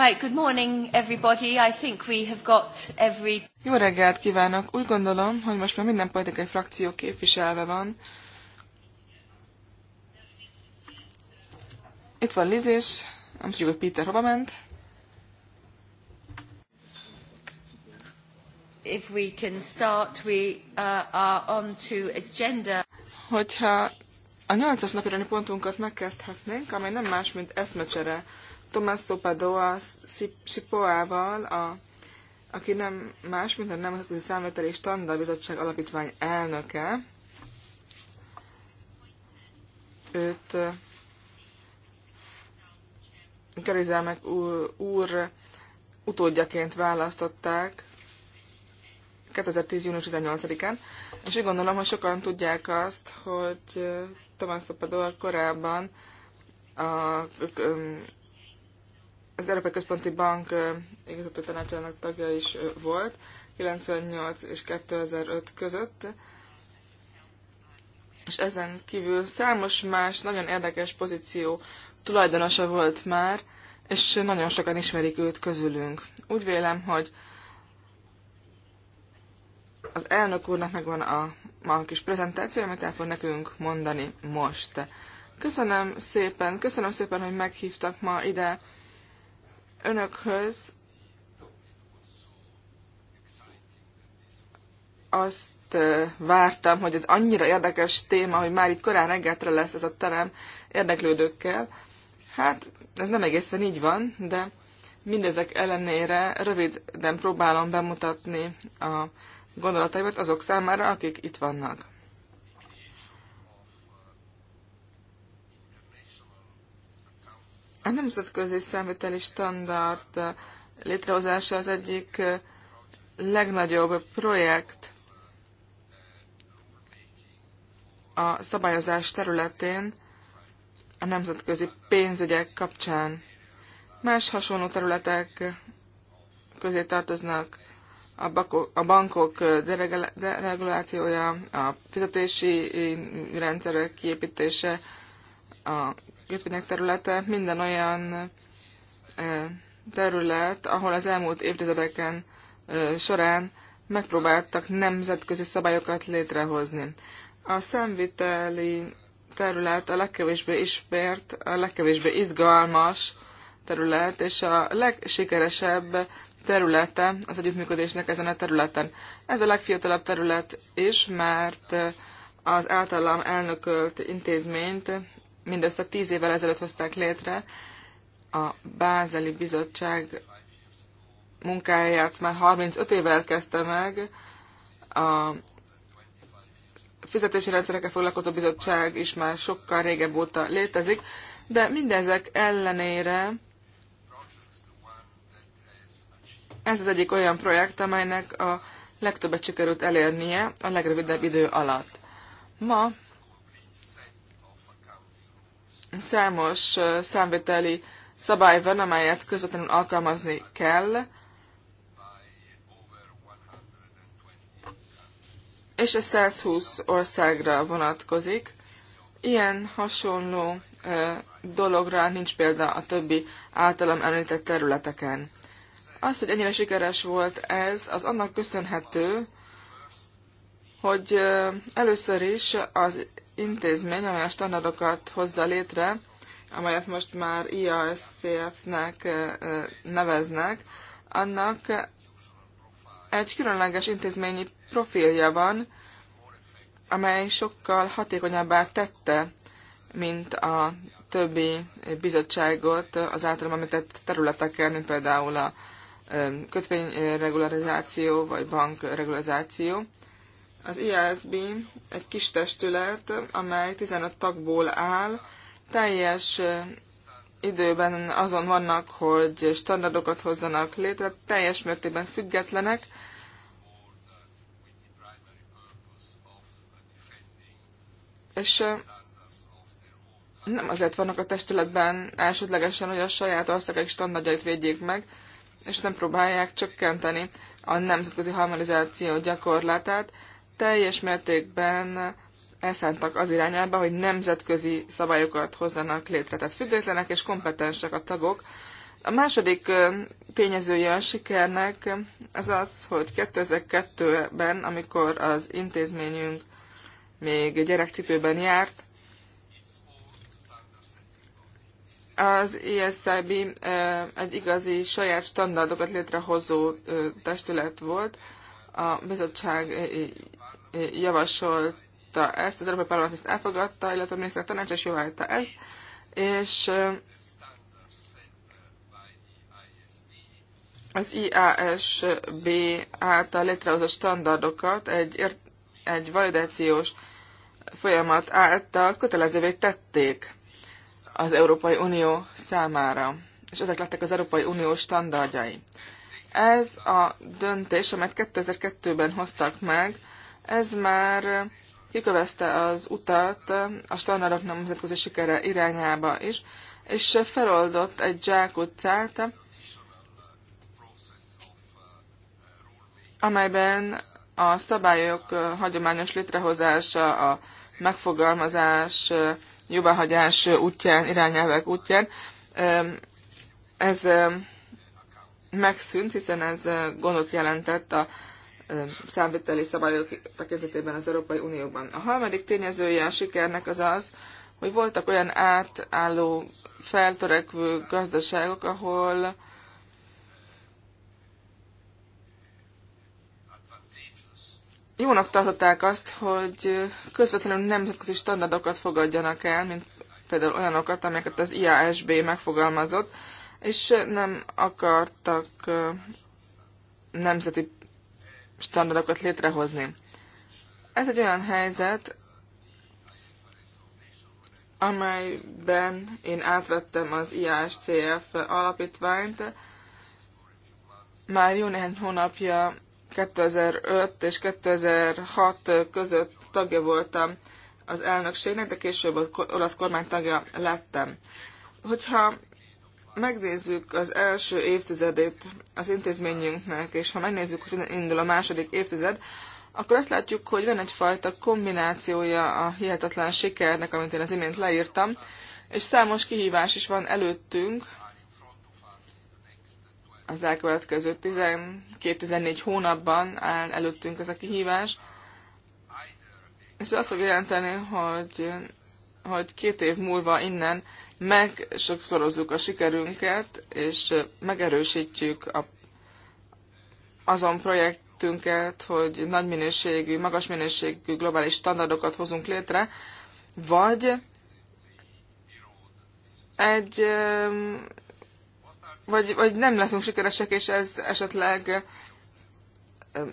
Right, good morning everybody. I think we have got every... Jó reggelt kívánok! Úgy gondolom, hogy most már minden politikai frakció képviselve van. Itt van Liz is, nem tudjuk, hogy Peter hova ment. If we can start, we uh, are on to agenda. Hogyha a nyolcas napirányi pontunkat megkezdhetnénk, amely nem más, mint eszmecsere Tommaso Padoa Sipoával, a, aki nem más, mint a Nemzetközi Számvételi Standardbizottság Alapítvány elnöke. Őt Kerizelmek úr, úr utódjaként választották 2010. június 18-án, és úgy gondolom, hogy sokan tudják azt, hogy Tomás Szopadó korábban a az Európai Központi Bank igazgató tanácsának tagja is volt, 98 és 2005 között, és ezen kívül számos más nagyon érdekes pozíció tulajdonosa volt már, és nagyon sokan ismerik őt közülünk. Úgy vélem, hogy az elnök úrnak megvan a, a kis prezentáció, amit el fog nekünk mondani most. Köszönöm szépen, köszönöm szépen, hogy meghívtak ma ide önökhöz azt vártam, hogy ez annyira érdekes téma, hogy már itt korán reggeltre lesz ez a terem érdeklődőkkel. Hát ez nem egészen így van, de mindezek ellenére röviden próbálom bemutatni a gondolataimat azok számára, akik itt vannak. A nemzetközi számviteli standard eh, létrehozása az egyik eh, legnagyobb projekt a szabályozás területén a nemzetközi pénzügyek kapcsán. Más hasonló területek közé tartoznak a bankok eh, deregulációja, a fizetési rendszerek kiépítése, a kötvények területe minden olyan terület, ahol az elmúlt évtizedeken során megpróbáltak nemzetközi szabályokat létrehozni. A szemviteli terület a legkevésbé ismert, a legkevésbé izgalmas terület, és a legsikeresebb területe az együttműködésnek ezen a területen. Ez a legfiatalabb terület is, mert az általam elnökölt intézményt mindössze tíz évvel ezelőtt hozták létre. A Bázeli Bizottság munkáját már 35 évvel kezdte meg. A fizetési rendszerekkel foglalkozó bizottság is már sokkal régebb óta létezik, de mindezek ellenére ez az egyik olyan projekt, amelynek a legtöbbet sikerült elérnie a legrövidebb idő alatt. Ma számos számviteli szabály van, amelyet közvetlenül alkalmazni kell, és ez 120 országra vonatkozik. Ilyen hasonló dologra nincs példa a többi általam említett területeken. Az, hogy ennyire sikeres volt ez, az annak köszönhető, hogy először is az intézmény, amely a standardokat hozza létre, amelyet most már IASCF-nek neveznek, annak egy különleges intézményi profilja van, amely sokkal hatékonyabbá tette, mint a többi bizottságot az általam említett területeken, mint például a kötvényregularizáció vagy bankregularizáció. Az IASB egy kis testület, amely 15 tagból áll, teljes időben azon vannak, hogy standardokat hozzanak létre, teljes mértékben függetlenek, és nem azért vannak a testületben elsődlegesen, hogy a saját országok standardjait védjék meg, és nem próbálják csökkenteni a nemzetközi harmonizáció gyakorlatát, teljes mértékben elszántak az irányába, hogy nemzetközi szabályokat hozzanak létre, tehát függetlenek és kompetensek a tagok. A második tényezője a sikernek az az, hogy 2002-ben, amikor az intézményünk még gyerekcipőben járt, az e ISIB egy igazi saját standardokat létrehozó testület volt, a bizottság javasolta ezt, az Európai Parlament ezt elfogadta, illetve a miniszter tanács is jóváhagyta ezt, és az IASB által létrehozott standardokat egy, egy validációs folyamat által kötelezővé tették az Európai Unió számára, és ezek lettek az Európai Unió standardjai. Ez a döntés, amelyet 2002-ben hoztak meg, ez már kikövezte az utat a standardok nemzetközi sikere irányába is, és feloldott egy zsákutcát, amelyben a szabályok hagyományos létrehozása, a megfogalmazás, jóváhagyás útján, irányelvek útján, ez megszűnt, hiszen ez eh, gondot jelentett a számviteli szabályok tekintetében az Európai Unióban. A harmadik tényezője a sikernek az az, hogy voltak olyan átálló, feltörekvő gazdaságok, ahol jónak tartották azt, hogy közvetlenül nemzetközi standardokat fogadjanak el, mint például olyanokat, amelyeket az IASB megfogalmazott, és nem akartak nemzeti standardokat létrehozni. Ez egy olyan helyzet, amelyben én átvettem az IASCF alapítványt. Már jó néhány hónapja, 2005 és 2006 között tagja voltam az elnökségnek, de később az olasz kormány tagja lettem. Hogyha megnézzük az első évtizedét az intézményünknek, és ha megnézzük, hogy indul a második évtized, akkor azt látjuk, hogy van egyfajta kombinációja a hihetetlen sikernek, amit én az imént leírtam, és számos kihívás is van előttünk az elkövetkező 12-14 hónapban áll előttünk ez a kihívás. És az azt fog jelenteni, hogy, hogy két év múlva innen meg sokszorozzuk a sikerünket, és megerősítjük a, azon projektünket, hogy nagy minőségű, magas minőségű globális standardokat hozunk létre, vagy egy vagy, vagy nem leszünk sikeresek, és ez esetleg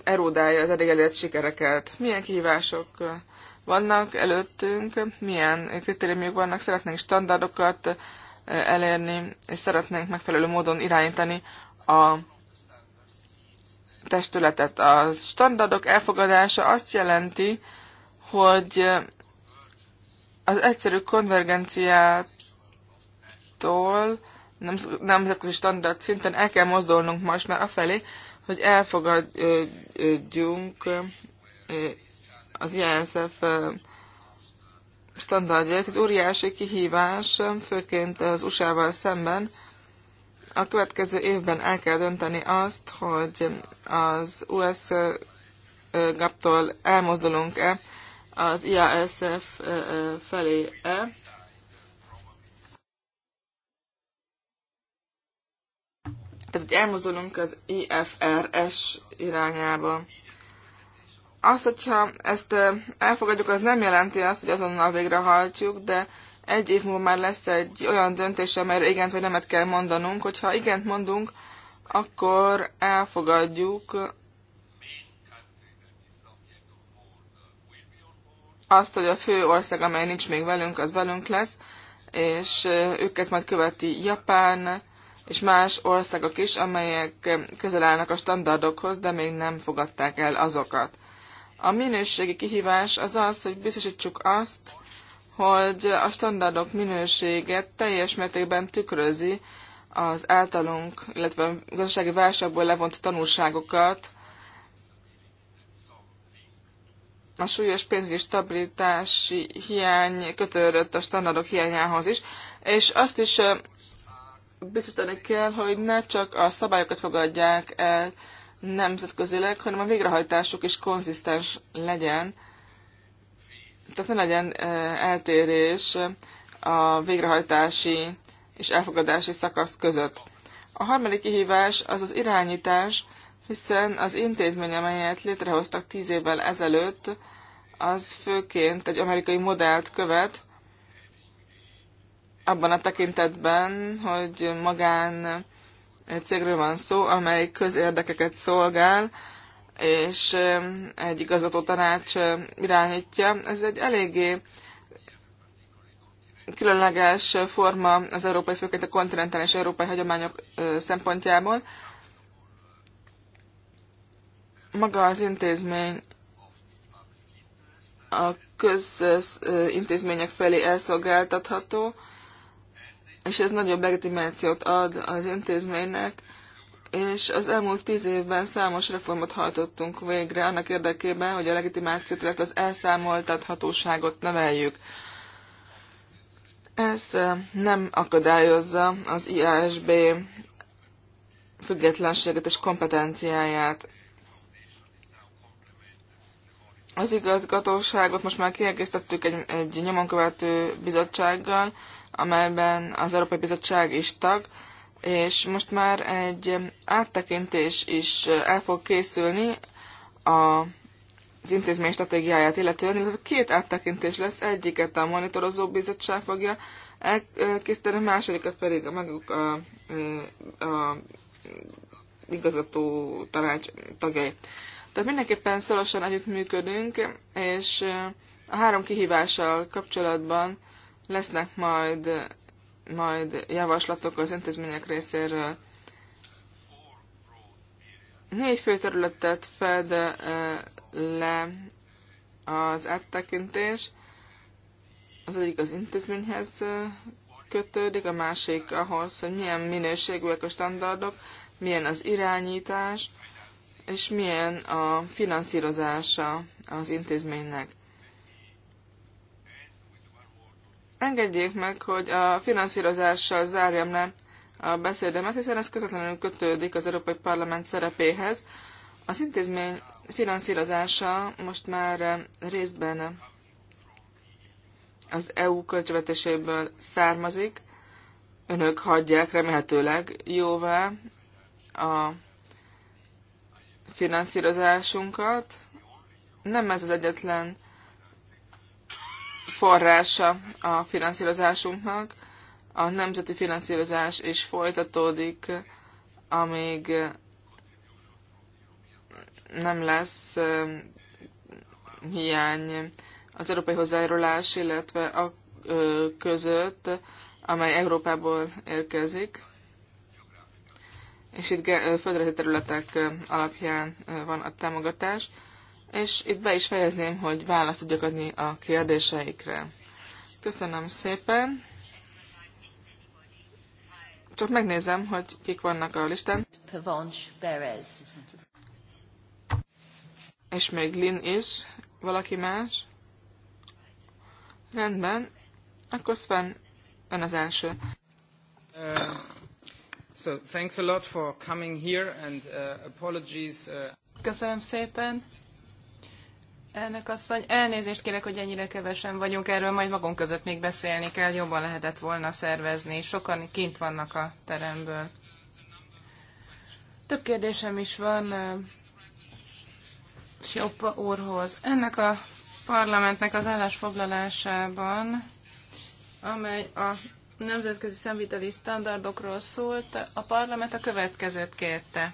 erodálja az eddig elért sikereket. Milyen kihívások vannak előttünk, milyen kritériumok vannak, szeretnénk standardokat eh, elérni, és szeretnénk megfelelő módon irányítani a testületet. A standardok elfogadása azt jelenti, hogy az egyszerű konvergenciától nemzetközi standard szinten el kell mozdulnunk most már afelé, hogy elfogadjunk az ISF standardjait. Ez óriási kihívás, főként az USA-val szemben. A következő évben el kell dönteni azt, hogy az US GAP-tól elmozdulunk-e az IASF felé-e. Tehát, hogy elmozdulunk az IFRS er irányába. Azt, hogyha ezt elfogadjuk, az nem jelenti azt, hogy azonnal végrehajtjuk, de egy év múlva már lesz egy olyan döntés, amelyre igent vagy nemet kell mondanunk. Hogyha igent mondunk, akkor elfogadjuk azt, hogy a fő ország, amely nincs még velünk, az velünk lesz, és őket majd követi Japán és más országok is, amelyek közel állnak a standardokhoz, de még nem fogadták el azokat. A minőségi kihívás az az, hogy biztosítsuk azt, hogy a standardok minőséget teljes mértékben tükrözi az általunk, illetve a gazdasági válságból levont tanulságokat, a súlyos pénzügyi stabilitási hiány kötődött a standardok hiányához is, és azt is biztosítani kell, hogy ne csak a szabályokat fogadják el nemzetközileg, hanem a végrehajtásuk is konzisztens legyen, tehát ne legyen eltérés a végrehajtási és elfogadási szakasz között. A harmadik kihívás az az irányítás, hiszen az intézmény, amelyet létrehoztak tíz évvel ezelőtt, az főként egy amerikai modellt követ, abban a tekintetben, hogy magán egy cégről van szó, amely közérdekeket szolgál, és egy igazgató tanács irányítja. Ez egy eléggé különleges forma az európai, főként a kontinentális európai hagyományok szempontjából. Maga az intézmény a közintézmények felé elszolgáltatható, és ez nagyobb legitimációt ad az intézménynek, és az elmúlt tíz évben számos reformot hajtottunk végre annak érdekében, hogy a legitimációt, illetve az elszámoltathatóságot növeljük. Ez nem akadályozza az IASB függetlenséget és kompetenciáját. Az igazgatóságot most már kiegészítettük egy, egy nyomonkövető bizottsággal, amelyben az Európai Bizottság is tag, és most már egy áttekintés is eh, el fog készülni a, az intézmény stratégiáját illetően, illetve két áttekintés lesz, egyiket a monitorozó bizottság fogja elkészíteni, másodikat pedig maguk a, a, eh, a igazgató tanács tagjai. Tehát mindenképpen szorosan együttműködünk, és eh, a három kihívással kapcsolatban lesznek majd, majd javaslatok az intézmények részéről. Négy fő területet fed eh, le az áttekintés. Az egyik az intézményhez eh, kötődik, a másik ahhoz, hogy milyen minőségűek a standardok, milyen az irányítás, és milyen a finanszírozása az intézménynek. Engedjék meg, hogy a finanszírozással zárjam le a beszédemet, hiszen ez közvetlenül kötődik az Európai Parlament szerepéhez. Az intézmény finanszírozása most már részben az EU költségvetéséből származik. Önök hagyják remélhetőleg jóvá a finanszírozásunkat. Nem ez az egyetlen forrása a finanszírozásunknak. A nemzeti finanszírozás is folytatódik, amíg nem lesz um, hiány az európai hozzájárulás, illetve a között, amely Európából érkezik, és itt földrajzi területek alapján van a támogatás és itt be is fejezném, hogy választ tudjak adni a kérdéseikre. Köszönöm szépen. Csak megnézem, hogy kik vannak a listán. És még Lin is. Valaki más? Rendben. Akkor Sven, ön az első. Uh, so thanks a lot for coming here and uh, apologies. Uh... Köszönöm szépen Elnök asszony, elnézést kérek, hogy ennyire kevesen vagyunk, erről majd magunk között még beszélni kell, jobban lehetett volna szervezni, sokan kint vannak a teremből. Több kérdésem is van eh, Sjoppa úrhoz. Ennek a parlamentnek az állásfoglalásában, amely a nemzetközi szemviteli standardokról szólt, a parlament a következőt kérte.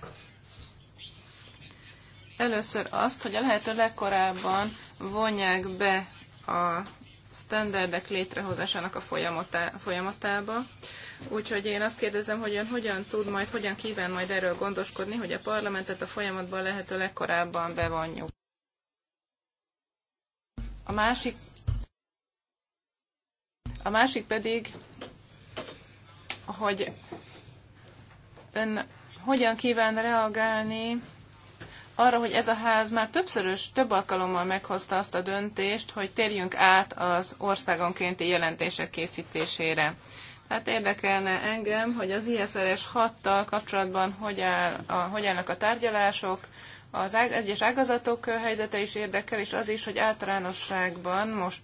Először azt, hogy a lehető legkorábban vonják be a standardek létrehozásának a folyamatába. Úgyhogy én azt kérdezem, hogy ön hogyan tud majd, hogyan kíván majd erről gondoskodni, hogy a parlamentet a folyamatban lehető legkorábban bevonjuk. A másik, a másik pedig, hogy ön hogyan kíván reagálni arra, hogy ez a ház már többszörös, több alkalommal meghozta azt a döntést, hogy térjünk át az országonkénti jelentések készítésére. Tehát érdekelne engem, hogy az IFRS 6-tal kapcsolatban hogy, áll a, hogy állnak a tárgyalások, az ág, egyes ágazatok helyzete is érdekel, és az is, hogy általánosságban most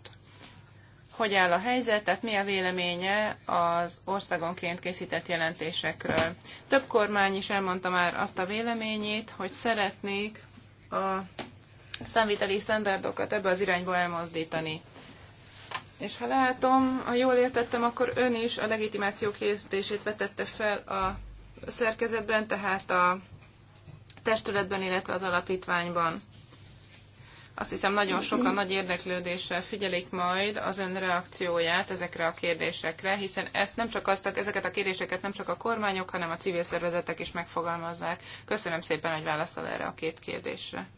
hogy áll a helyzet, tehát mi a véleménye az országonként készített jelentésekről. Több kormány is elmondta már azt a véleményét, hogy szeretnék a számviteli standardokat ebbe az irányba elmozdítani. És ha látom, ha jól értettem, akkor ön is a legitimáció kérdését vetette fel a szerkezetben, tehát a testületben, illetve az alapítványban. Azt hiszem, nagyon sokan nagy érdeklődéssel figyelik majd az ön reakcióját ezekre a kérdésekre, hiszen ezt nem csak azt, ezeket a kérdéseket nem csak a kormányok, hanem a civil szervezetek is megfogalmazzák. Köszönöm szépen, hogy válaszol erre a két kérdésre.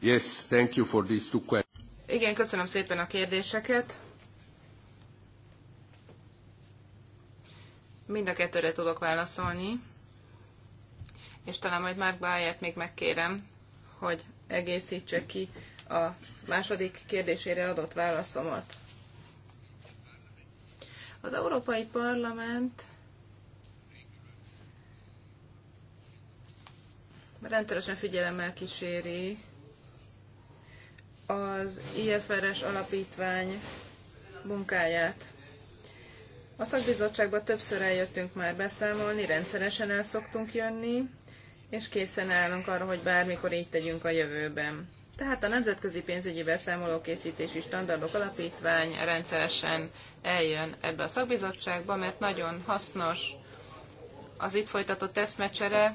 Yes, thank you for these two questions. Igen, köszönöm szépen a kérdéseket. Mind a kettőre tudok válaszolni, és talán majd Mark Bájert még megkérem, hogy egészítse ki a második kérdésére adott válaszomat. Az Európai Parlament rendszeresen figyelemmel kíséri az IFRS alapítvány munkáját. A szakbizottságban többször eljöttünk már beszámolni, rendszeresen el szoktunk jönni, és készen állunk arra, hogy bármikor így tegyünk a jövőben. Tehát a Nemzetközi Pénzügyi Beszámolókészítési Standardok Alapítvány rendszeresen eljön ebbe a szakbizottságba, mert nagyon hasznos az itt folytatott eszmecsere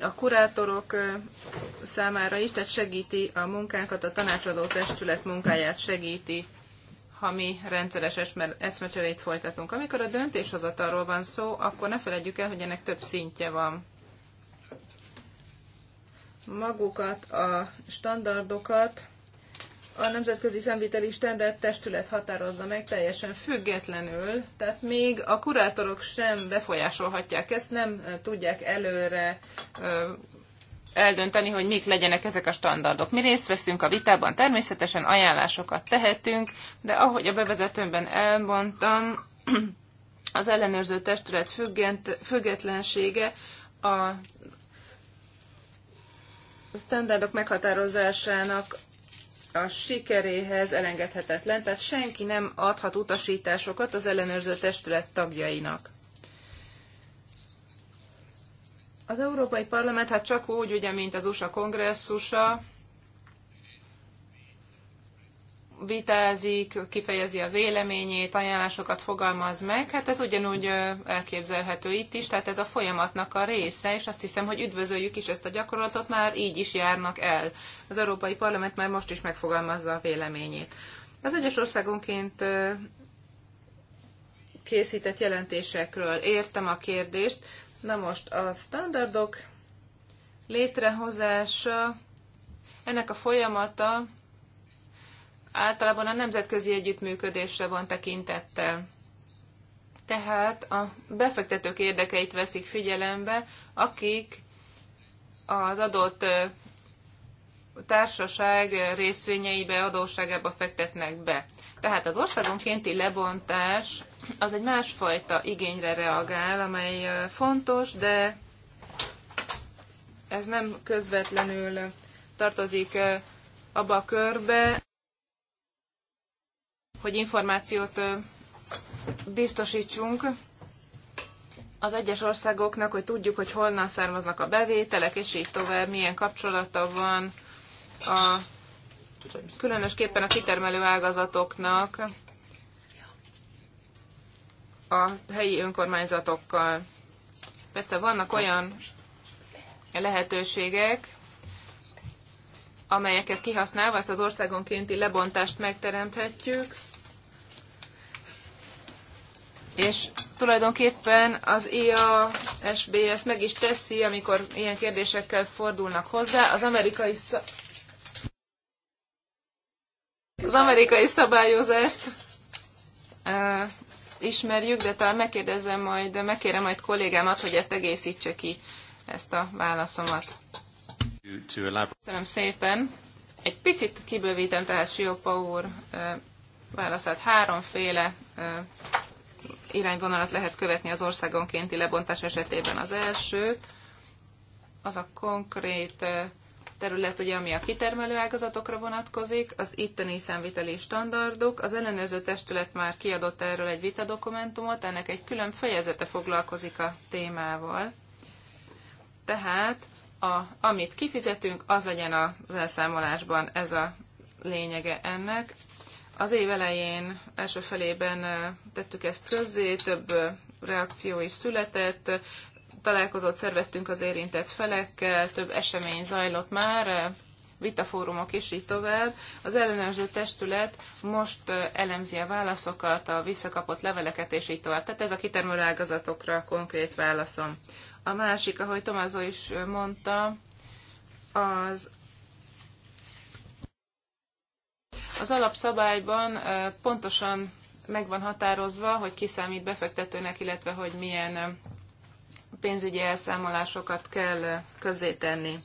a kurátorok számára is, tehát segíti a munkánkat, a tanácsadó testület munkáját segíti ha mi rendszeres eszmecserét folytatunk. Amikor a döntéshozatalról van szó, akkor ne felejtjük el, hogy ennek több szintje van. Magukat, a standardokat a Nemzetközi Szemviteli Standard Testület határozza meg teljesen függetlenül, tehát még a kurátorok sem befolyásolhatják ezt, nem tudják előre eldönteni, hogy mik legyenek ezek a standardok. Mi részt veszünk a vitában, természetesen ajánlásokat tehetünk, de ahogy a bevezetőmben elmondtam, az ellenőrző testület függent, függetlensége a standardok meghatározásának a sikeréhez elengedhetetlen, tehát senki nem adhat utasításokat az ellenőrző testület tagjainak. Az Európai Parlament hát csak úgy, ugye, mint az USA kongresszusa, vitázik, kifejezi a véleményét, ajánlásokat fogalmaz meg, hát ez ugyanúgy elképzelhető itt is, tehát ez a folyamatnak a része, és azt hiszem, hogy üdvözöljük is ezt a gyakorlatot, már így is járnak el. Az Európai Parlament már most is megfogalmazza a véleményét. Az egyes országonként készített jelentésekről. Értem a kérdést. Na most a standardok létrehozása, ennek a folyamata általában a nemzetközi együttműködésre van tekintettel. Tehát a befektetők érdekeit veszik figyelembe, akik az adott társaság részvényeibe, adósságába fektetnek be. Tehát az országonkénti lebontás az egy másfajta igényre reagál, amely fontos, de ez nem közvetlenül tartozik abba a körbe, hogy információt biztosítsunk az egyes országoknak, hogy tudjuk, hogy honnan származnak a bevételek, és így tovább, milyen kapcsolata van a, különösképpen a kitermelő ágazatoknak a helyi önkormányzatokkal. Persze vannak olyan lehetőségek, amelyeket kihasználva ezt az országonkénti lebontást megteremthetjük, és tulajdonképpen az IASB ezt meg is teszi, amikor ilyen kérdésekkel fordulnak hozzá. Az amerikai az amerikai szabályozást uh, ismerjük, de talán megkérdezem majd, de megkérem majd kollégámat, hogy ezt egészítse ki, ezt a válaszomat. Köszönöm szépen. Egy picit kibővítem tehát Siopa úr uh, válaszát. Háromféle uh, irányvonalat lehet követni az országonkénti lebontás esetében. Az első, az a konkrét terület, ugye, ami a kitermelő ágazatokra vonatkozik, az itteni számviteli standardok. Az ellenőrző testület már kiadott erről egy vitadokumentumot, ennek egy külön fejezete foglalkozik a témával. Tehát, a, amit kifizetünk, az legyen az elszámolásban ez a lényege ennek. Az év elején, első felében tettük ezt közzé, több reakció is született, találkozót szerveztünk az érintett felekkel, több esemény zajlott már, eh, vitafórumok is így tovább. Az ellenőrző testület most eh, elemzi a válaszokat, a visszakapott leveleket és így tovább. Tehát ez a kitermelő ágazatokra konkrét válaszom. A másik, ahogy Tomázó is eh, mondta, az az alapszabályban pontosan meg van határozva, hogy ki számít befektetőnek, illetve hogy milyen pénzügyi elszámolásokat kell közzétenni.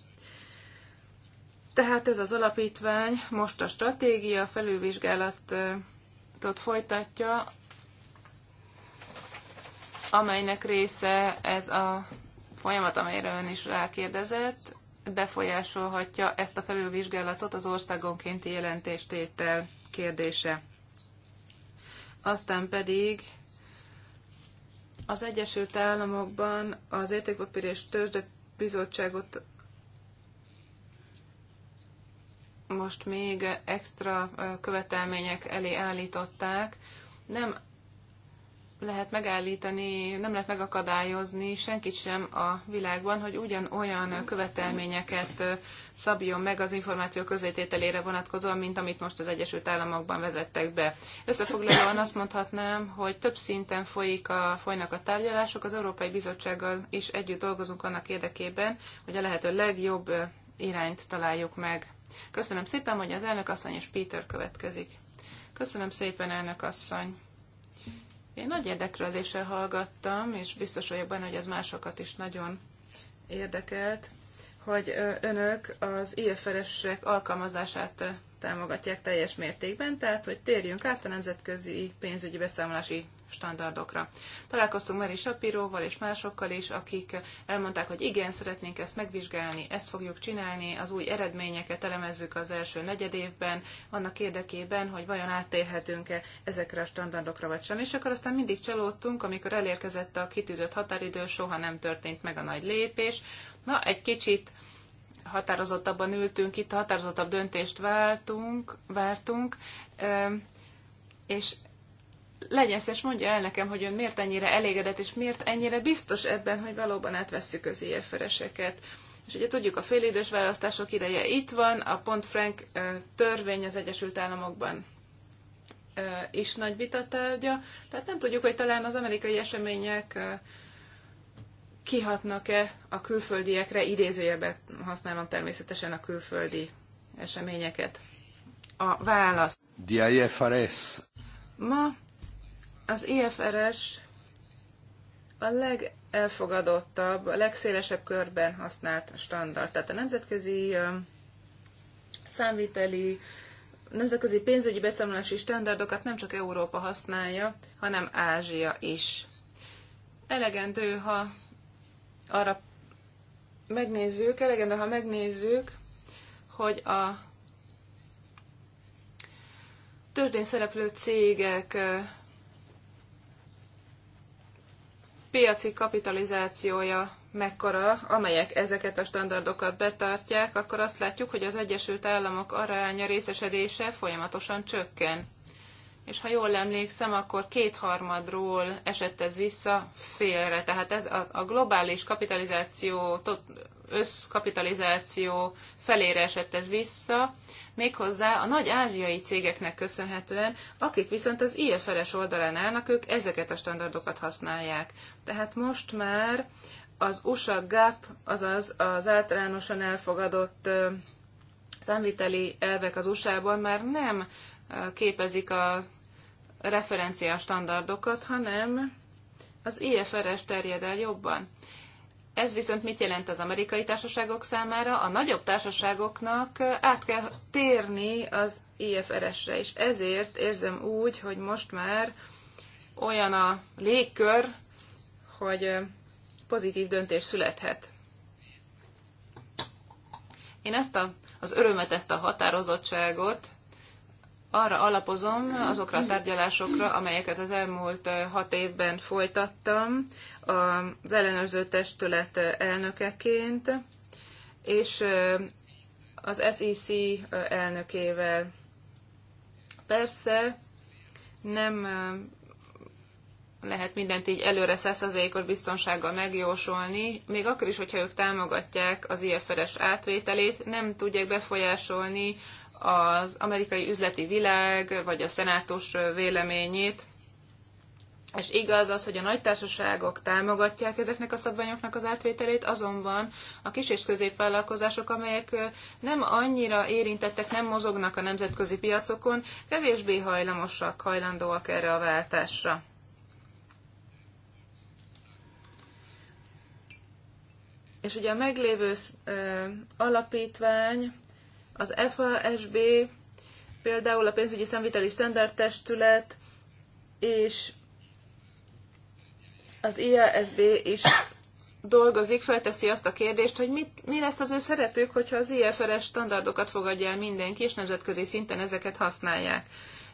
Tehát ez az alapítvány most a stratégia felülvizsgálatot folytatja, amelynek része ez a folyamat, amelyre ön is rákérdezett, befolyásolhatja ezt a felülvizsgálatot az országonkénti jelentéstétel kérdése. Aztán pedig az Egyesült Államokban az értékpapír és tőzsde bizottságot most még extra követelmények elé állították. Nem lehet megállítani, nem lehet megakadályozni senkit sem a világban, hogy ugyanolyan követelményeket szabjon meg az információ közétételére vonatkozóan, mint amit most az Egyesült Államokban vezettek be. Összefoglalóan azt mondhatnám, hogy több szinten folyik a, folynak a tárgyalások, az Európai Bizottsággal is együtt dolgozunk annak érdekében, hogy a lehető legjobb irányt találjuk meg. Köszönöm szépen, hogy az elnök asszony és Peter következik. Köszönöm szépen, elnök asszony. Én nagy érdeklődéssel hallgattam, és biztos vagyok benne, hogy ez másokat is nagyon érdekelt, hogy önök az IFRS-ek alkalmazását támogatják teljes mértékben, tehát hogy térjünk át a nemzetközi pénzügyi beszámolási standardokra. Találkoztunk Mary Sapiróval és másokkal is, akik elmondták, hogy igen, szeretnénk ezt megvizsgálni, ezt fogjuk csinálni, az új eredményeket elemezzük az első negyed évben, annak érdekében, hogy vajon áttérhetünk-e ezekre a standardokra vagy sem. És akkor aztán mindig csalódtunk, amikor elérkezett a kitűzött határidő, soha nem történt meg a nagy lépés. Na, egy kicsit határozottabban ültünk itt, határozottabb döntést váltunk, vártunk, és legyen szes, mondja el nekem, hogy ön miért ennyire elégedett, és miért ennyire biztos ebben, hogy valóban átvesszük az IFRS-eket. És ugye tudjuk, a félidős választások ideje itt van, a pont Frank törvény az Egyesült Államokban is nagy vitatárgya, tehát nem tudjuk, hogy talán az amerikai események kihatnak-e a külföldiekre, idézőjebe használom természetesen a külföldi eseményeket. A válasz. Ma az IFRS a legelfogadottabb, a legszélesebb körben használt standard. Tehát a nemzetközi um, számviteli, nemzetközi pénzügyi beszámolási standardokat nem csak Európa használja, hanem Ázsia is. Elegendő, ha arra megnézzük, elegendő, ha megnézzük, hogy a tőzsdén szereplő cégek piaci kapitalizációja mekkora, amelyek ezeket a standardokat betartják, akkor azt látjuk, hogy az Egyesült Államok aránya részesedése folyamatosan csökken és ha jól emlékszem, akkor kétharmadról esett ez vissza félre. Tehát ez a, a globális kapitalizáció, összkapitalizáció felére esett ez vissza, méghozzá a nagy ázsiai cégeknek köszönhetően, akik viszont az IFRS oldalán állnak, ők ezeket a standardokat használják. Tehát most már az USA GAP, azaz az általánosan elfogadott számviteli elvek az USA-ban már nem képezik a referencia standardokat, hanem az IFRS terjed el jobban. Ez viszont mit jelent az amerikai társaságok számára? A nagyobb társaságoknak át kell térni az IFRS-re, és ezért érzem úgy, hogy most már olyan a légkör, hogy pozitív döntés születhet. Én ezt a, az örömet, ezt a határozottságot arra alapozom, azokra a tárgyalásokra, amelyeket az elmúlt hat évben folytattam az ellenőrző testület elnökeként, és az SEC elnökével. Persze nem lehet mindent így előre százszerzékos biztonsággal megjósolni, még akkor is, hogyha ők támogatják az IFRS átvételét, nem tudják befolyásolni az amerikai üzleti világ, vagy a szenátus véleményét, és igaz az, hogy a nagy társaságok támogatják ezeknek a szabványoknak az átvételét, azonban a kis és középvállalkozások, amelyek nem annyira érintettek, nem mozognak a nemzetközi piacokon, kevésbé hajlamosak, hajlandóak erre a váltásra. És ugye a meglévő alapítvány az FASB, például a pénzügyi standard testület, és az IASB is dolgozik, felteszi azt a kérdést, hogy mit, mi lesz az ő szerepük, hogyha az IFRS standardokat fogadja el mindenki, és nemzetközi szinten ezeket használják.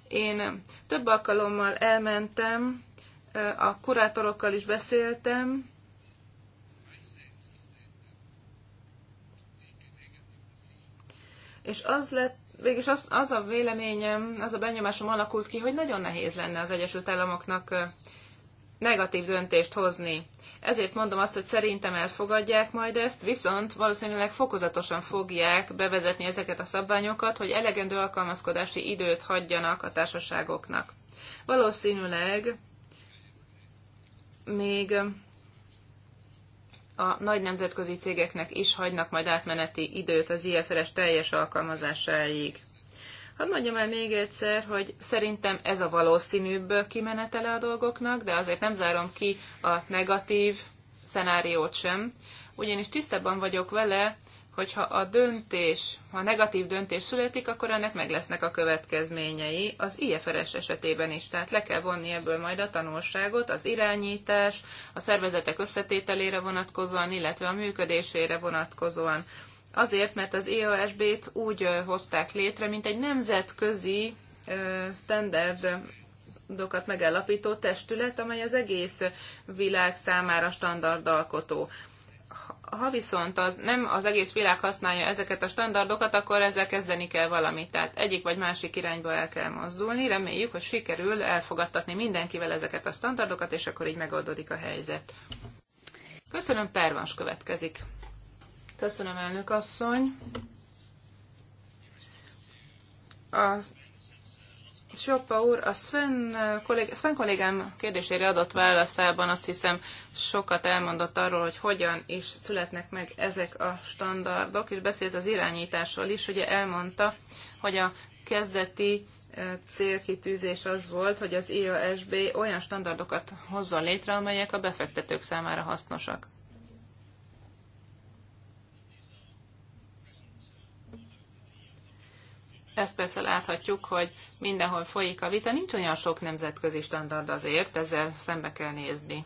Én több alkalommal elmentem, a kurátorokkal is beszéltem, és az lett, végülis az, az a véleményem, az a benyomásom alakult ki, hogy nagyon nehéz lenne az Egyesült Államoknak negatív döntést hozni. Ezért mondom azt, hogy szerintem elfogadják majd ezt, viszont valószínűleg fokozatosan fogják bevezetni ezeket a szabványokat, hogy elegendő alkalmazkodási időt hagyjanak a társaságoknak. Valószínűleg még a nagy nemzetközi cégeknek is hagynak majd átmeneti időt az IFRS teljes alkalmazásáig. Hadd mondjam el még egyszer, hogy szerintem ez a valószínűbb kimenetele a dolgoknak, de azért nem zárom ki a negatív szenáriót sem, ugyanis tisztában vagyok vele, hogyha a döntés, ha negatív döntés születik, akkor ennek meg lesznek a következményei az IFRS esetében is. Tehát le kell vonni ebből majd a tanulságot, az irányítás, a szervezetek összetételére vonatkozóan, illetve a működésére vonatkozóan. Azért, mert az iosb t úgy hozták létre, mint egy nemzetközi standard dokat megállapító testület, amely az egész világ számára standardalkotó ha viszont az nem az egész világ használja ezeket a standardokat, akkor ezzel kezdeni kell valamit. Tehát egyik vagy másik irányba el kell mozdulni. Reméljük, hogy sikerül elfogadtatni mindenkivel ezeket a standardokat, és akkor így megoldódik a helyzet. Köszönöm, Pervans következik. Köszönöm, elnök asszony. Az Soppa úr, a Sven, kollég, Sven kollégám kérdésére adott válaszában azt hiszem sokat elmondott arról, hogy hogyan is születnek meg ezek a standardok, és beszélt az irányításról is, ugye elmondta, hogy a kezdeti célkitűzés az volt, hogy az IASB olyan standardokat hozza létre, amelyek a befektetők számára hasznosak. Ezt persze láthatjuk, hogy mindenhol folyik a vita, nincs olyan sok nemzetközi standard azért, ezzel szembe kell nézni.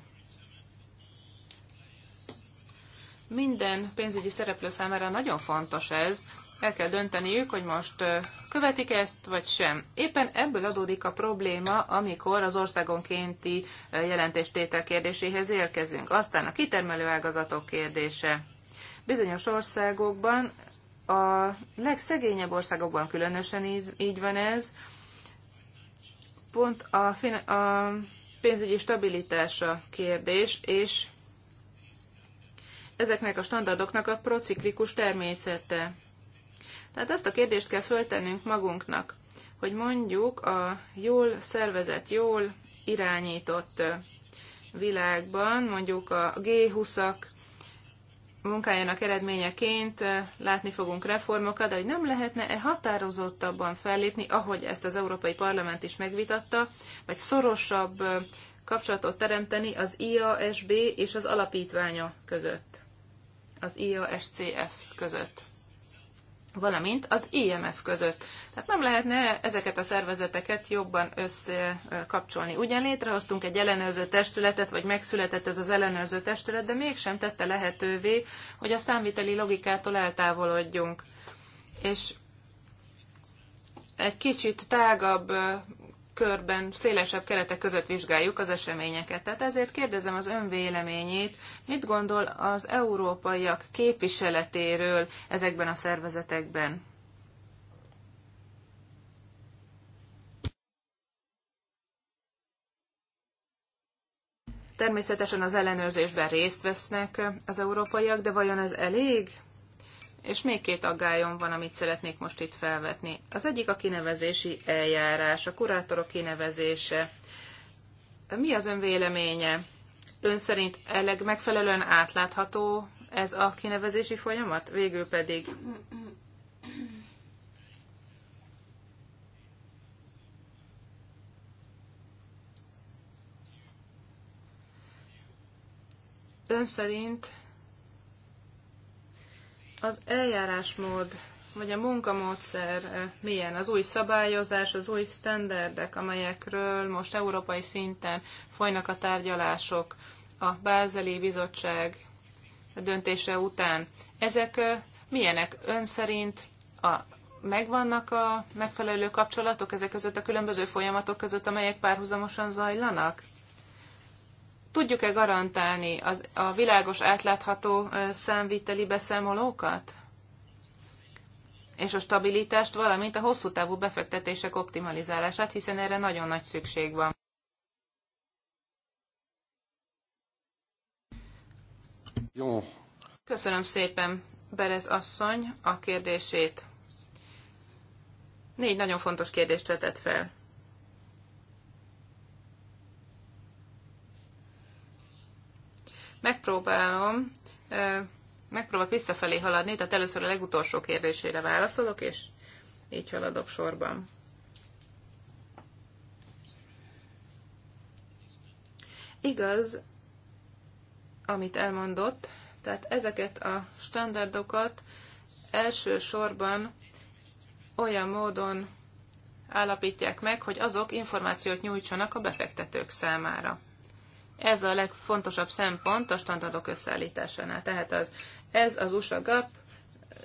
Minden pénzügyi szereplő számára nagyon fontos ez, el kell dönteniük, hogy most követik -e ezt, vagy sem. Éppen ebből adódik a probléma, amikor az országonkénti jelentéstétel kérdéséhez érkezünk. Aztán a kitermelő ágazatok kérdése. Bizonyos országokban, a legszegényebb országokban különösen így van ez, pont a, a pénzügyi stabilitása kérdés, és ezeknek a standardoknak a prociklikus természete. Tehát azt a kérdést kell föltennünk magunknak, hogy mondjuk a jól szervezett, jól irányított világban, mondjuk a G20-ak munkájának eredményeként látni fogunk reformokat, de hogy nem lehetne-e határozottabban fellépni, ahogy ezt az Európai Parlament is megvitatta, vagy szorosabb kapcsolatot teremteni az IASB és az alapítványa között, az IASCF között valamint az IMF között. Tehát nem lehetne ezeket a szervezeteket jobban összekapcsolni. Ugyan létrehoztunk egy ellenőrző testületet, vagy megszületett ez az ellenőrző testület, de mégsem tette lehetővé, hogy a számviteli logikától eltávolodjunk. És egy kicsit tágabb körben, szélesebb keretek között vizsgáljuk az eseményeket. Tehát ezért kérdezem az ön véleményét, mit gondol az európaiak képviseletéről ezekben a szervezetekben? Természetesen az ellenőrzésben részt vesznek az európaiak, de vajon ez elég? És még két aggályom van, amit szeretnék most itt felvetni. Az egyik a kinevezési eljárás, a kurátorok kinevezése. Mi az ön véleménye? Ön szerint elég megfelelően átlátható ez a kinevezési folyamat? Végül pedig ön szerint az eljárásmód vagy a munkamódszer eh, milyen, az új szabályozás, az új standardek, amelyekről most európai szinten folynak a tárgyalások a Bázeli Bizottság döntése után. Ezek eh, milyenek ön szerint a, megvannak a megfelelő kapcsolatok ezek között a különböző folyamatok között, amelyek párhuzamosan zajlanak? tudjuk-e garantálni az, a világos átlátható számviteli beszámolókat? és a stabilitást, valamint a hosszú távú befektetések optimalizálását, hiszen erre nagyon nagy szükség van. Jó. Köszönöm szépen, Berez asszony, a kérdését. Négy nagyon fontos kérdést vetett fel. megpróbálom, megpróbálok visszafelé haladni, tehát először a legutolsó kérdésére válaszolok, és így haladok sorban. Igaz, amit elmondott, tehát ezeket a standardokat elsősorban olyan módon állapítják meg, hogy azok információt nyújtsanak a befektetők számára. Ez a legfontosabb szempont a standardok összeállításánál. Tehát az, ez az USA GAP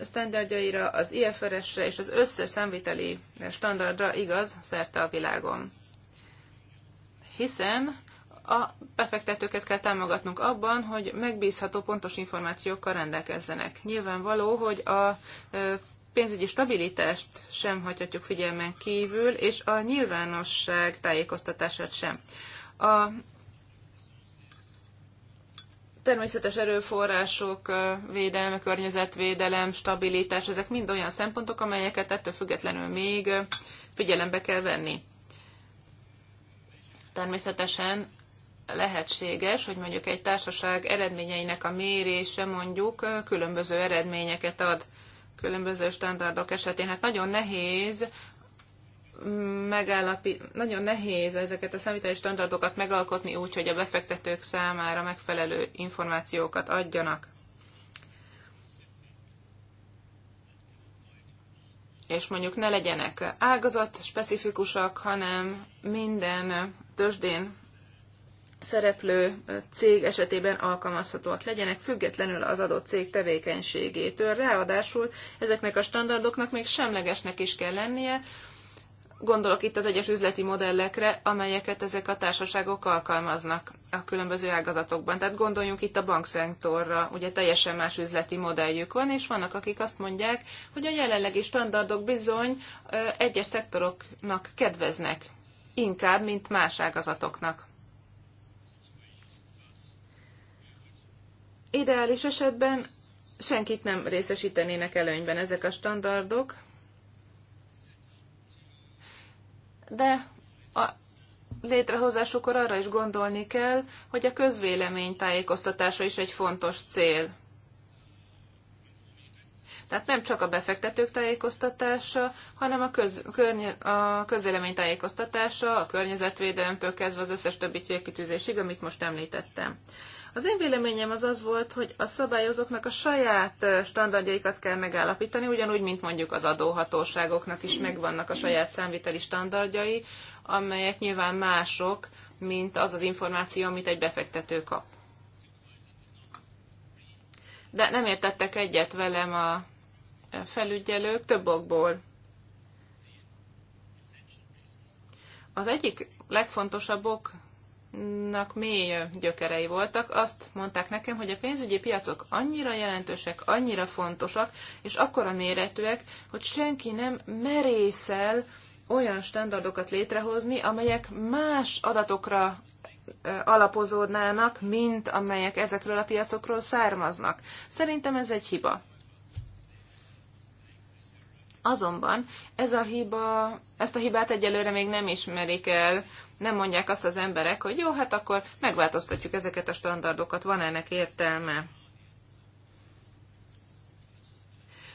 standardjaira, az IFRS-re és az összes számviteli standardra igaz szerte a világon. Hiszen a befektetőket kell támogatnunk abban, hogy megbízható, pontos információkkal rendelkezzenek. Nyilvánvaló, hogy a pénzügyi stabilitást sem hagyhatjuk figyelmen kívül, és a nyilvánosság tájékoztatását sem. A természetes erőforrások, védelme, környezetvédelem, stabilitás, ezek mind olyan szempontok, amelyeket ettől függetlenül még figyelembe kell venni. Természetesen lehetséges, hogy mondjuk egy társaság eredményeinek a mérése mondjuk különböző eredményeket ad különböző standardok esetén. Hát nagyon nehéz megállapít, nagyon nehéz ezeket a számítási standardokat megalkotni úgy, hogy a befektetők számára megfelelő információkat adjanak. És mondjuk ne legyenek ágazat specifikusak, hanem minden tőzsdén szereplő cég esetében alkalmazhatóak legyenek, függetlenül az adott cég tevékenységétől. Ráadásul ezeknek a standardoknak még semlegesnek is kell lennie, Gondolok itt az egyes üzleti modellekre, amelyeket ezek a társaságok alkalmaznak a különböző ágazatokban. Tehát gondoljunk itt a bankszektorra, ugye teljesen más üzleti modelljük van, és vannak, akik azt mondják, hogy a jelenlegi standardok bizony egyes szektoroknak kedveznek, inkább, mint más ágazatoknak. Ideális esetben senkit nem részesítenének előnyben ezek a standardok, de a létrehozásukor arra is gondolni kell, hogy a közvélemény tájékoztatása is egy fontos cél. Tehát nem csak a befektetők tájékoztatása, hanem a, köz, környe, a közvélemény tájékoztatása, a környezetvédelemtől kezdve az összes többi célkitűzésig, amit most említettem. Az én véleményem az az volt, hogy a szabályozóknak a saját standardjaikat kell megállapítani, ugyanúgy, mint mondjuk az adóhatóságoknak is megvannak a saját számviteli standardjai, amelyek nyilván mások, mint az az információ, amit egy befektető kap. De nem értettek egyet velem a felügyelők több okból. Az egyik legfontosabb ok nak mély gyökerei voltak, azt mondták nekem, hogy a pénzügyi piacok annyira jelentősek, annyira fontosak, és akkora méretűek, hogy senki nem merészel olyan standardokat létrehozni, amelyek más adatokra alapozódnának, mint amelyek ezekről a piacokról származnak. Szerintem ez egy hiba. Azonban ez a hiba, ezt a hibát egyelőre még nem ismerik el, nem mondják azt az emberek, hogy jó, hát akkor megváltoztatjuk ezeket a standardokat, van ennek értelme.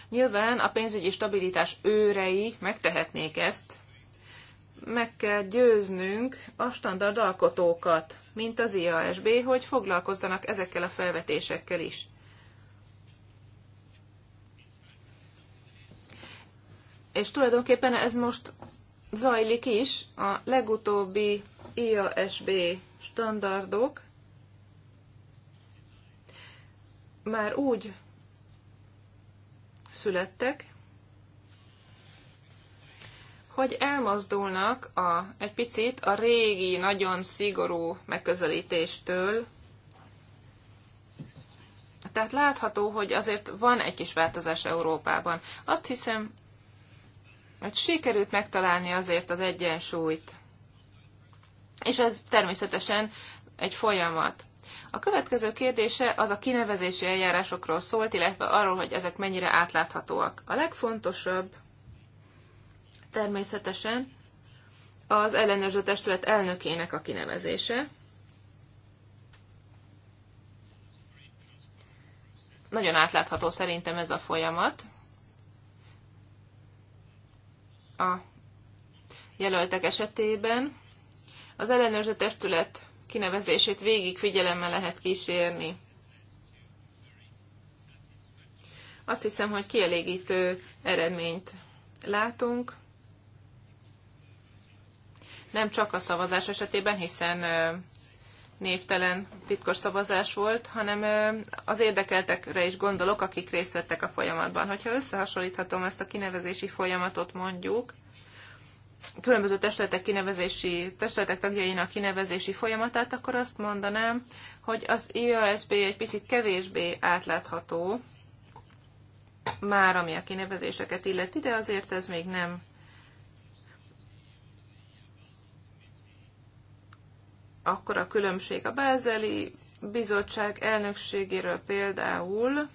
Nyilván a pénzügyi stabilitás őrei megtehetnék ezt, meg kell győznünk a standardalkotókat, mint az IASB, hogy foglalkozzanak ezekkel a felvetésekkel is. És tulajdonképpen ez most zajlik is a legutóbbi IASB standardok már úgy születtek, hogy elmozdulnak a, egy picit a régi, nagyon szigorú megközelítéstől. Tehát látható, hogy azért van egy kis változás Európában. Azt hiszem, mert hát sikerült megtalálni azért az egyensúlyt. És ez természetesen egy folyamat. A következő kérdése az a kinevezési eljárásokról szólt, illetve arról, hogy ezek mennyire átláthatóak. A legfontosabb természetesen az ellenőrző testület elnökének a kinevezése. Nagyon átlátható szerintem ez a folyamat a jelöltek esetében. Az ellenőrző testület kinevezését végig figyelemmel lehet kísérni. Azt hiszem, hogy kielégítő eredményt látunk. Nem csak a szavazás esetében, hiszen névtelen titkos szavazás volt, hanem az érdekeltekre is gondolok, akik részt vettek a folyamatban. Hogyha összehasonlíthatom ezt a kinevezési folyamatot mondjuk, különböző testületek kinevezési, testületek tagjainak kinevezési folyamatát, akkor azt mondanám, hogy az IASB egy picit kevésbé átlátható, már ami a kinevezéseket illeti, de azért ez még nem akkor a különbség. A Bázeli bizottság elnökségéről például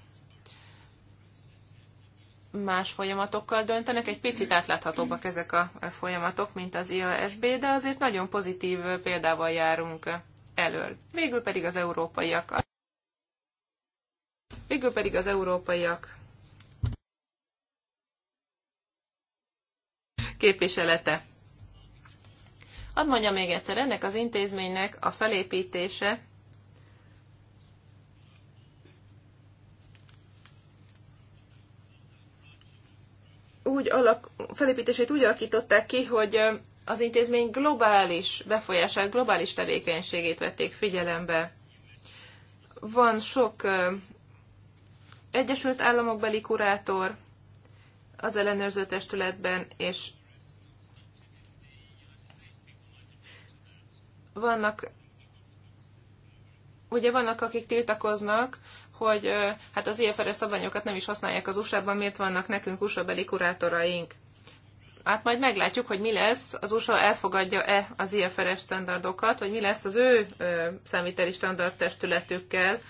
más folyamatokkal döntenek, egy picit átláthatóbbak ezek a folyamatok, mint az IASB, de azért nagyon pozitív példával járunk elől. Végül pedig az európaiak. Végül pedig az európaiak képviselete. Hadd mondjam még egyszer, ennek az intézménynek a felépítése úgy alak, felépítését úgy alakították ki, hogy az intézmény globális befolyását, globális tevékenységét vették figyelembe. Van sok Egyesült Államokbeli kurátor az ellenőrző testületben, és vannak ugye vannak, akik tiltakoznak, hogy hát az IFRS szabványokat nem is használják az USA-ban, miért vannak nekünk USA beli kurátoraink. Hát majd meglátjuk, hogy mi lesz, az USA elfogadja-e az IFRS standardokat, hogy mi lesz az ő ö, standard testületükkel.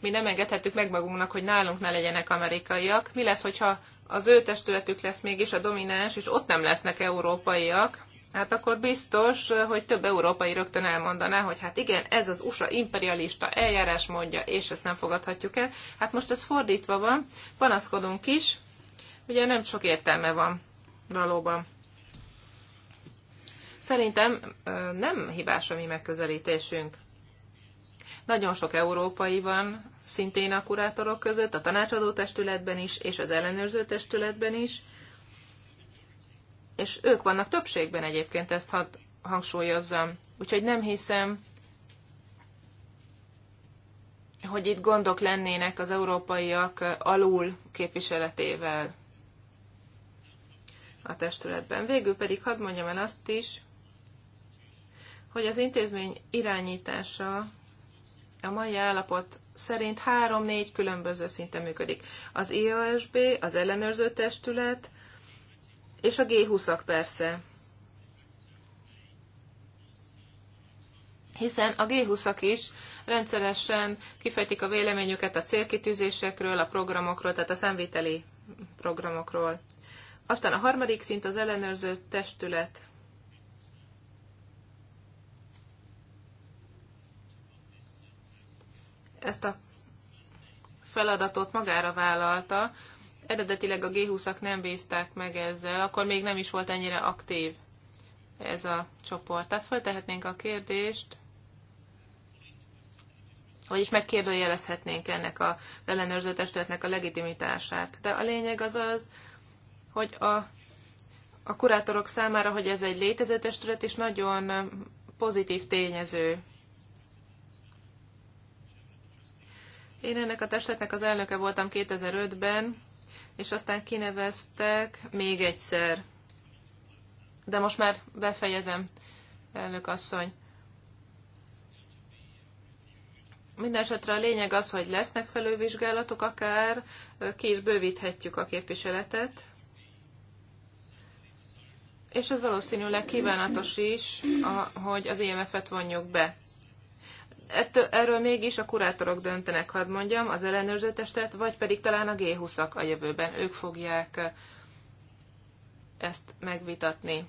Mi nem engedhetjük meg magunknak, hogy nálunk ne legyenek amerikaiak. Mi lesz, hogyha az ő testületük lesz mégis a domináns, és ott nem lesznek európaiak, hát akkor biztos, hogy több európai rögtön elmondaná, hogy hát igen, ez az USA imperialista eljárás mondja, és ezt nem fogadhatjuk el. Hát most ez fordítva van, panaszkodunk is, ugye nem sok értelme van valóban. Szerintem nem hibás a mi megközelítésünk. Nagyon sok európai van, szintén a kurátorok között, a tanácsadó testületben is, és az ellenőrző testületben is, és ők vannak többségben egyébként, ezt hadd hangsúlyozzam. Úgyhogy nem hiszem, hogy itt gondok lennének az európaiak alul képviseletével a testületben. Végül pedig hadd mondjam el azt is, hogy az intézmény irányítása a mai állapot szerint három-négy különböző szinten működik. Az IASB, az ellenőrző testület, és a G20-ak persze. Hiszen a G20-ak is rendszeresen kifejtik a véleményüket a célkitűzésekről, a programokról, tehát a számviteli programokról. Aztán a harmadik szint az ellenőrző testület. Ezt a feladatot magára vállalta, eredetileg a G20-ak nem bízták meg ezzel, akkor még nem is volt ennyire aktív ez a csoport. Tehát feltehetnénk a kérdést, vagyis megkérdőjelezhetnénk ennek a ellenőrző testületnek a legitimitását. De a lényeg az az, hogy a, a kurátorok számára, hogy ez egy létező testület, és nagyon pozitív tényező. Én ennek a testületnek az elnöke voltam 2005-ben, és aztán kineveztek még egyszer. De most már befejezem, elnök asszony. Mindenesetre a lényeg az, hogy lesznek felővizsgálatok, akár ki is bővíthetjük a képviseletet. És ez valószínűleg kívánatos is, hogy az IMF-et vonjuk be. Ettől, erről mégis a kurátorok döntenek, hadd mondjam, az ellenőrző testet, vagy pedig talán a G20-ak a jövőben. Ők fogják ezt megvitatni.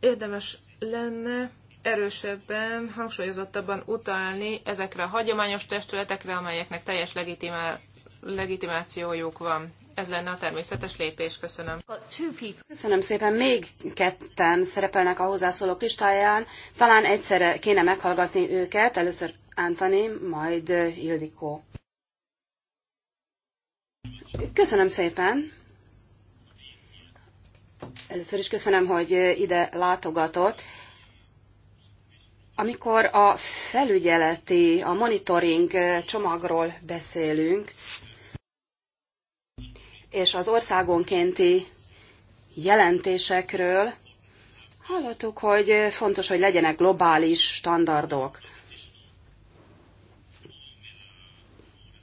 Érdemes lenne erősebben, hangsúlyozottabban utalni ezekre a hagyományos testületekre, amelyeknek teljes legitimá- legitimációjuk van ez lenne a természetes lépés. Köszönöm. Köszönöm szépen. Még ketten szerepelnek a hozzászólók listáján. Talán egyszerre kéne meghallgatni őket. Először Antani, majd Ildikó. Köszönöm szépen. Először is köszönöm, hogy ide látogatott. Amikor a felügyeleti, a monitoring csomagról beszélünk, és az országonkénti jelentésekről hallottuk, hogy fontos, hogy legyenek globális standardok.